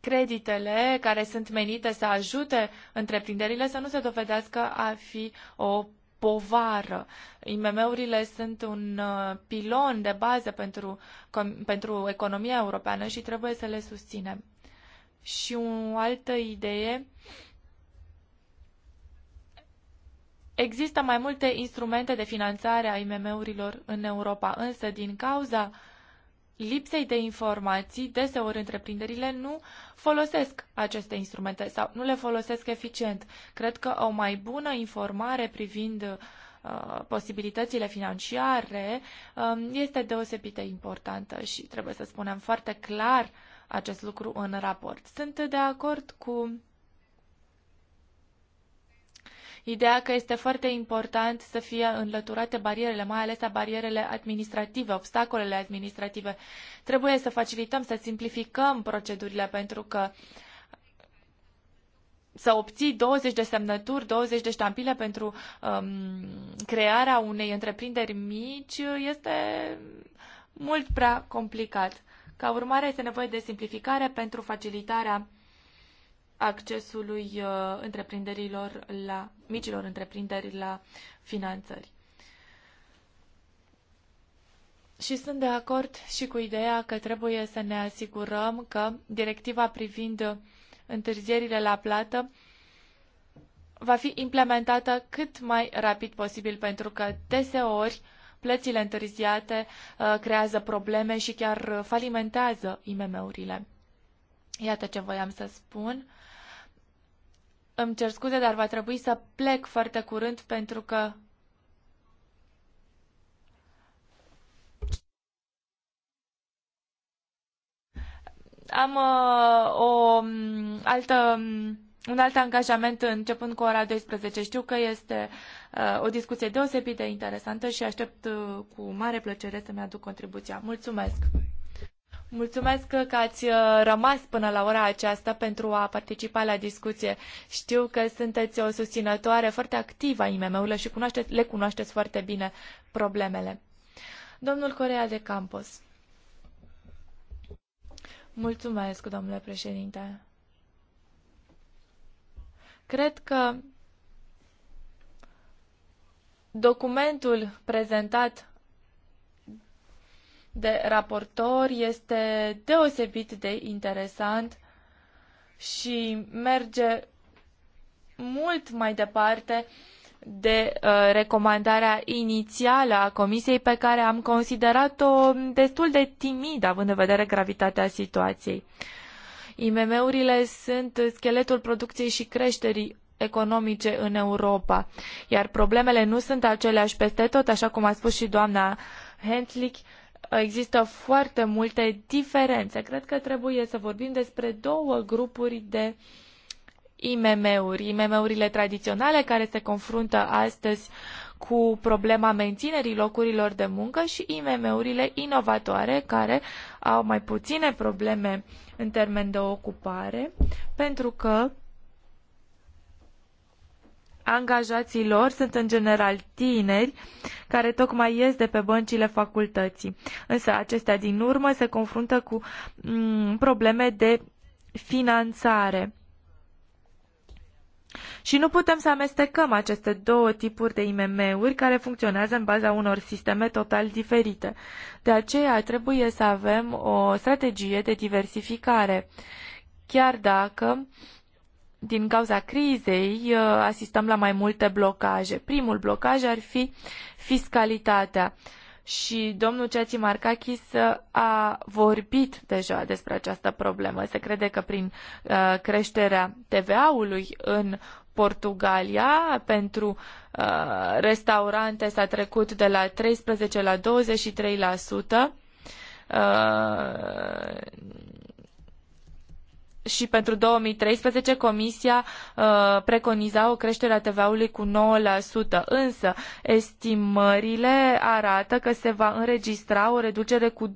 creditele care sunt menite să ajute întreprinderile să nu se dovedească a fi o povară. IMM-urile sunt un uh, pilon de bază pentru, pentru economia europeană și trebuie să le susținem. Și o altă idee Există mai multe instrumente de finanțare a IMM-urilor în Europa, însă din cauza uh, lipsei de informații, deseori întreprinderile nu folosesc aceste instrumente sau nu le folosesc eficient. Cred că o mai bună informare privind uh, posibilitățile financiare um, este deosebit de importantă și trebuie să spunem foarte clar acest lucru în raport. Sunt de acord cu ideea că este foarte important să fie înlăturate barierele, mai ales a barierele administrative, obstacolele administrative. Trebuie să facilităm, să simplificăm procedurile pentru că să obții 20 de semnături, 20 de ștampile pentru um, crearea unei întreprinderi mici este mult prea complicat. Ca urmare, este nevoie de simplificare pentru facilitarea accesului uh, întreprinderilor la, micilor întreprinderi la finanțări. Și sunt de acord și cu ideea că trebuie să ne asigurăm că directiva privind întârzierile la plată va fi implementată cât mai rapid posibil, pentru că deseori plățile întârziate uh, creează probleme și chiar falimentează IMM-urile. Iată ce voiam să spun. Îmi cer scuze, dar va trebui să plec foarte curând pentru că am uh, o mm, altă, mm, un alt angajament începând cu ora 12. Știu că este uh, o discuție deosebit de interesantă și aștept uh, cu mare plăcere să-mi aduc contribuția. Mulțumesc! Mulțumesc că ați uh, rămas până la ora aceasta pentru a participa la discuție. Știu că sunteți o susținătoare foarte activă a IMM-urilor și cunoașteți, le cunoașteți foarte bine problemele. Domnul Corea de Campos. Mulțumesc, domnule președinte. Cred că documentul prezentat de raportor este deosebit de interesant și merge mult mai departe de uh, recomandarea inițială a comisiei pe care am considerat-o destul de timid, având în vedere gravitatea situației. IMM-urile sunt scheletul producției și creșterii economice în Europa, iar problemele nu sunt aceleași peste tot, așa cum a spus și doamna Hentlich, uh, există foarte multe diferențe. Cred că trebuie să vorbim despre două grupuri de IMM-uri. IMM-urile tradiționale care se confruntă astăzi cu problema menținerii locurilor de muncă și IMM-urile inovatoare care au mai puține probleme în termen de ocupare pentru că angajații lor sunt în general tineri care tocmai ies de pe băncile facultății. Însă acestea din urmă se confruntă cu mm, probleme de finanțare. Și nu putem să amestecăm aceste două tipuri de IMM-uri care funcționează în baza unor sisteme total diferite. De aceea trebuie să avem o strategie de diversificare, chiar dacă uh, din cauza crizei uh, asistăm la mai multe blocaje. Primul blocaj ar fi fiscalitatea. Și domnul Ceați Marcachis uh, a vorbit deja despre această problemă. Se crede că prin uh, creșterea TVA-ului în Portugalia pentru restaurante s-a trecut de la 13 la 23% și pentru 2013 Comisia uh, preconiza o creștere a TVA-ului cu 9%, însă estimările arată că se va înregistra o reducere cu 2%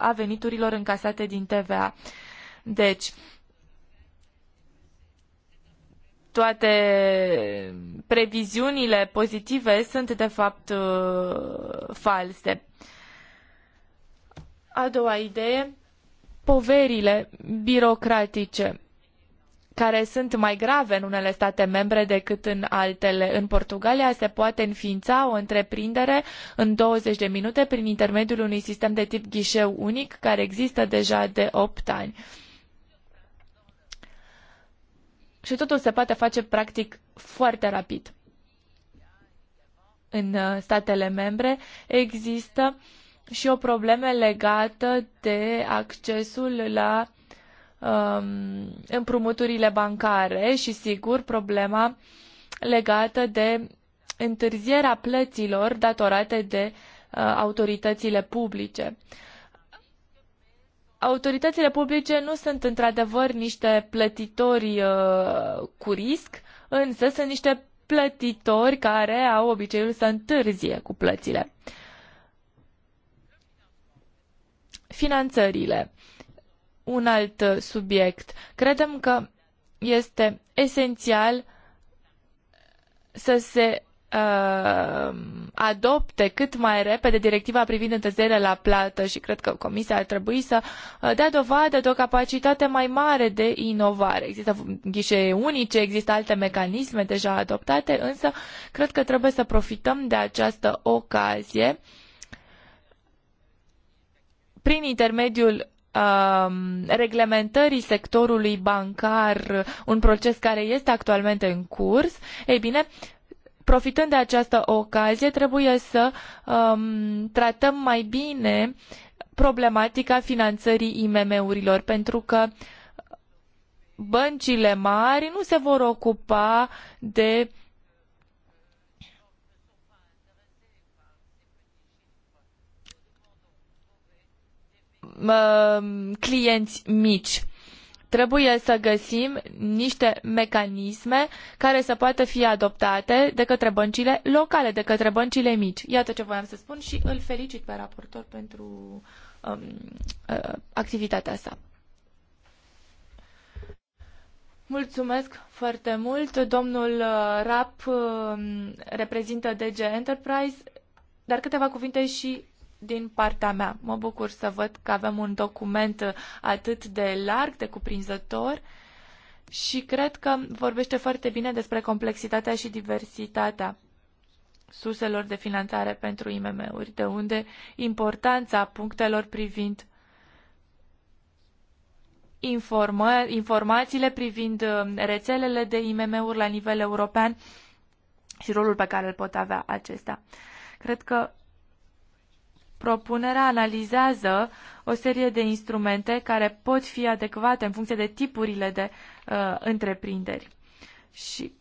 a veniturilor încasate din TVA. Deci, toate previziunile pozitive sunt de fapt uh, false. A doua idee poverile birocratice care sunt mai grave în unele state membre decât în altele. În Portugalia se poate înființa o întreprindere în 20 de minute prin intermediul unui sistem de tip ghișeu unic care există deja de 8 ani. Și totul se poate face practic foarte rapid. În uh, statele membre există uh, și o problemă legată de accesul la um, împrumuturile bancare și, sigur, problema legată de întârzierea plăților datorate de uh, autoritățile publice. Autoritățile publice nu sunt într-adevăr niște plătitori uh, cu risc, însă sunt niște plătitori care au obiceiul să întârzie cu plățile. Uh, Finanțările. Un alt uh, subiect. Credem că este esențial să se uh, adopte cât mai repede directiva privind întârzierile la plată și cred că Comisia ar trebui să uh, dea dovadă de o capacitate mai mare de inovare. Există ghișee unice, există alte mecanisme deja adoptate, însă cred că trebuie să profităm de această ocazie uh, prin intermediul um, reglementării sectorului bancar, un proces care este actualmente în curs, ei bine, profitând de această ocazie, trebuie să um, tratăm mai bine problematica finanțării IMM-urilor, pentru că băncile mari nu se vor ocupa de Um, clienți mici. Trebuie să găsim niște mecanisme care să poată fi adoptate de către băncile locale, de către băncile mici. Iată ce voiam să spun și îl felicit pe raportor pentru um, uh, activitatea sa. Mulțumesc foarte mult. Domnul uh, Rap um, reprezintă DG Enterprise, dar câteva cuvinte și din partea mea. Mă bucur să văd că avem un document atât de larg, de cuprinzător și cred că vorbește foarte bine despre complexitatea și diversitatea surselor de finanțare pentru IMM-uri, de unde importanța punctelor privind informa- informațiile privind uh, rețelele de IMM-uri la nivel european și rolul pe care îl pot avea acestea. Cred că Propunerea analizează o serie de instrumente care pot fi adecvate în funcție de tipurile de uh, întreprinderi. Și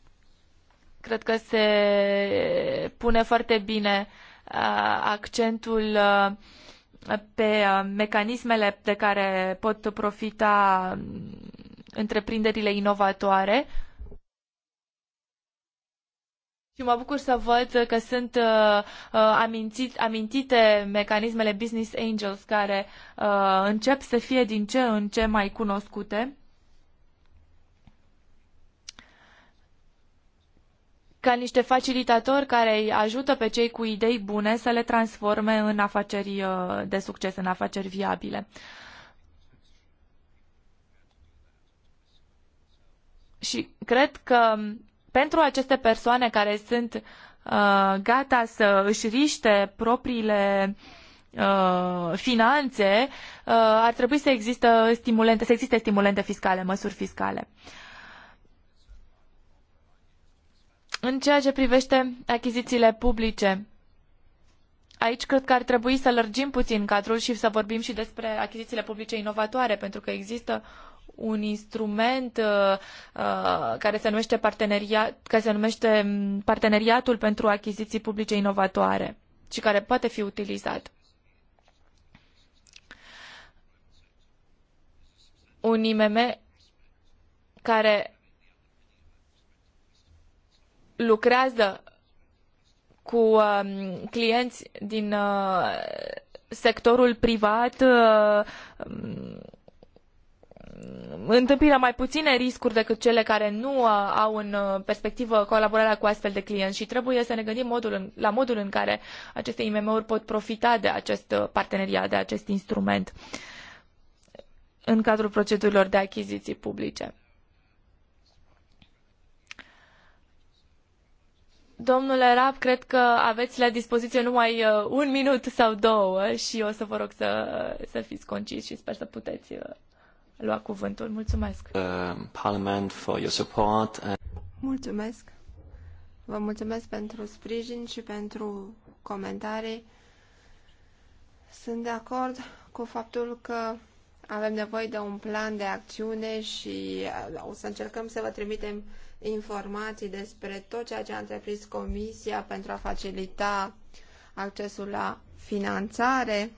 cred că se pune foarte bine uh, accentul uh, pe uh, mecanismele de care pot profita mm, întreprinderile inovatoare și mă bucur să văd că sunt uh, uh, amintit, amintite mecanismele Business Angels care uh, încep să fie din ce în ce mai cunoscute. ca niște facilitatori care îi ajută pe cei cu idei bune să le transforme în afaceri uh, de succes, în afaceri viabile. Și cred că pentru aceste persoane care sunt uh, gata să își riște propriile uh, finanțe, uh, ar trebui să există stimulente, să existe stimulente fiscale, măsuri fiscale. În ceea ce privește achizițiile publice, aici cred că ar trebui să lărgim puțin cadrul și să vorbim și despre achizițiile publice inovatoare, pentru că există uh, un instrument uh, uh, care se numește parteneria, care se numește mm, parteneriatul pentru achiziții publice inovatoare și care poate fi utilizat. Un IMM care lucrează cu uh, clienți din uh, sectorul privat uh, întâmpină mai puține riscuri decât cele care nu uh, au în uh, perspectivă colaborarea cu astfel de clienți și trebuie să ne gândim modul în, la modul în care aceste IMM-uri pot profita de acest uh, parteneriat, de acest instrument în cadrul procedurilor de achiziții publice. Domnule Rab, cred că aveți la dispoziție numai un minut sau două și o să vă rog să, să fiți concis și sper să puteți lua cuvântul. Mulțumesc! Uh, Parliament for your support. Mulțumesc! Vă mulțumesc pentru sprijin și pentru comentarii. Sunt de acord cu faptul că avem nevoie de un plan de acțiune și uh, o să încercăm să vă trimitem informații despre tot ceea ce a întreprins Comisia pentru a facilita accesul la finanțare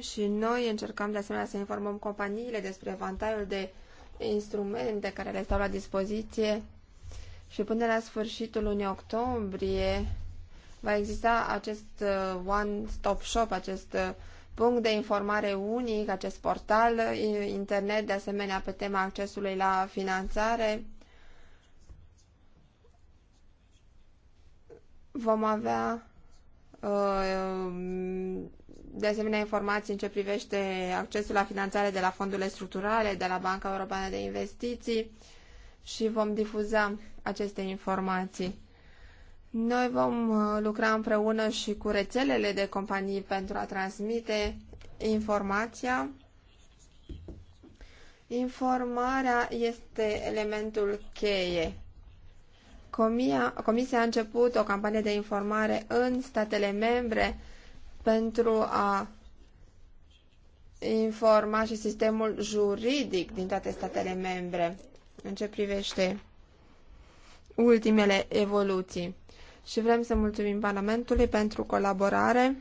și noi încercăm de asemenea să informăm companiile despre avantajul de instrumente care le stau la dispoziție și până la sfârșitul lunii octombrie va exista acest uh, one-stop shop, acest uh, punct de informare unic, acest portal uh, internet de asemenea pe tema accesului la finanțare. Vom avea uh, de asemenea informații în ce privește accesul la finanțare de la fondurile structurale, de la Banca Europeană de Investiții și vom difuza aceste informații. Noi vom uh, lucra împreună și cu rețelele de companii pentru a transmite informația. Informarea este elementul cheie. Comia, comisia a început o campanie de informare în statele membre pentru a informa și sistemul juridic din toate statele membre în ce privește ultimele evoluții. Și vrem să mulțumim Parlamentului pentru colaborare.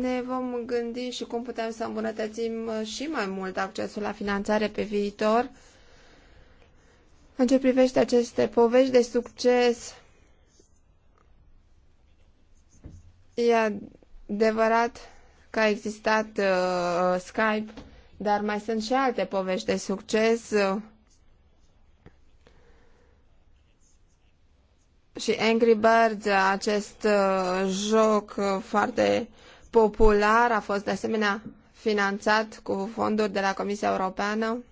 Ne vom gândi și cum putem să îmbunătățim și mai mult accesul la finanțare pe viitor. În ce privește aceste povești de succes, E adevărat că a existat uh, uh, Skype, dar mai sunt și alte povești de succes. Uh, și Angry Birds, uh, acest uh, joc foarte popular, a fost de asemenea finanțat cu fonduri de la Comisia Europeană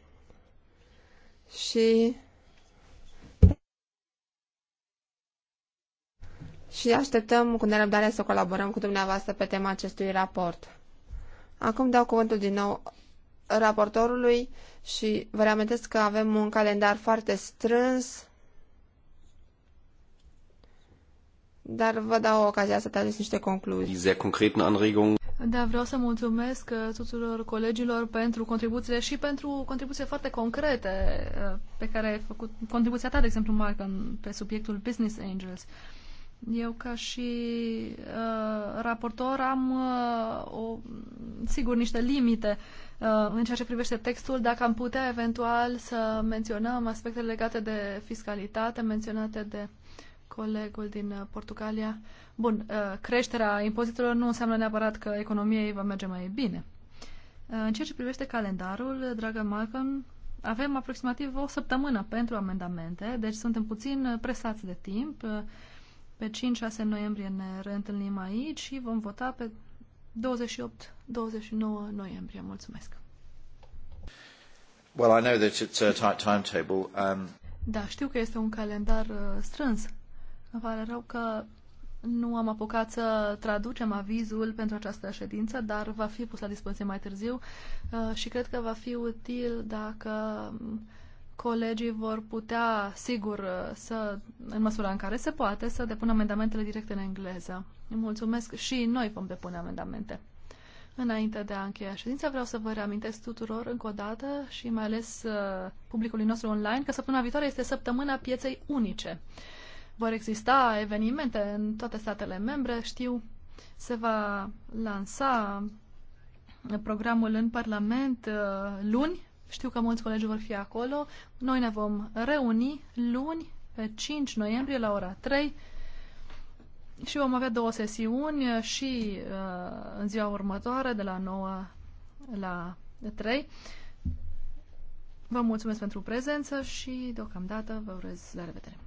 și și așteptăm cu nerăbdare să colaborăm cu dumneavoastră pe tema acestui raport. Acum dau cuvântul din nou raportorului și vă reamintesc că avem un calendar foarte strâns, dar vă dau ocazia să trageți niște concluzii. Da, vreau să mulțumesc uh, tuturor colegilor pentru contribuțiile și pentru contribuțiile foarte concrete uh, pe care ai făcut, contribuția ta, de exemplu, Marc, pe subiectul Business Angels. Uh, eu ca și uh, raportor am uh, o, sigur niște limite uh, în ceea ce privește textul, dacă am putea eventual să menționăm aspectele legate de fiscalitate menționate de colegul din uh, Portugalia. Bun, uh, creșterea impozitelor nu înseamnă neapărat că economiei va merge mai bine. Uh, în ceea ce privește calendarul, dragă Malcolm, avem aproximativ o săptămână pentru amendamente, deci suntem puțin uh, presați de timp. Uh, pe 5-6 noiembrie ne reîntâlnim aici și vom vota pe 28-29 noiembrie. Mulțumesc! Well, I know that it's a tight timetable. Um... Da, știu că este un calendar uh, strâns. Îmi pare rău că nu am apucat să traducem avizul pentru această ședință, dar va fi pus la dispoziție mai târziu uh, și cred că va fi util dacă um, colegii vor putea, sigur, uh, să, în măsura în care se poate, să depună amendamentele direct în engleză. Îi mulțumesc și noi vom depune amendamente. Înainte de a încheia ședința, vreau să vă reamintesc tuturor încă o dată și mai ales uh, publicului nostru online că săptămâna viitoare este săptămâna pieței unice. Vor exista evenimente în toate statele membre, știu, se va lansa programul în Parlament uh, luni, știu că mulți colegi vor fi acolo. Noi ne vom reuni luni, pe 5 noiembrie, la ora 3 și vom avea două sesiuni uh, și uh, în ziua următoare, de la 9 la 3. Vă mulțumesc pentru prezență și deocamdată vă urez la revedere.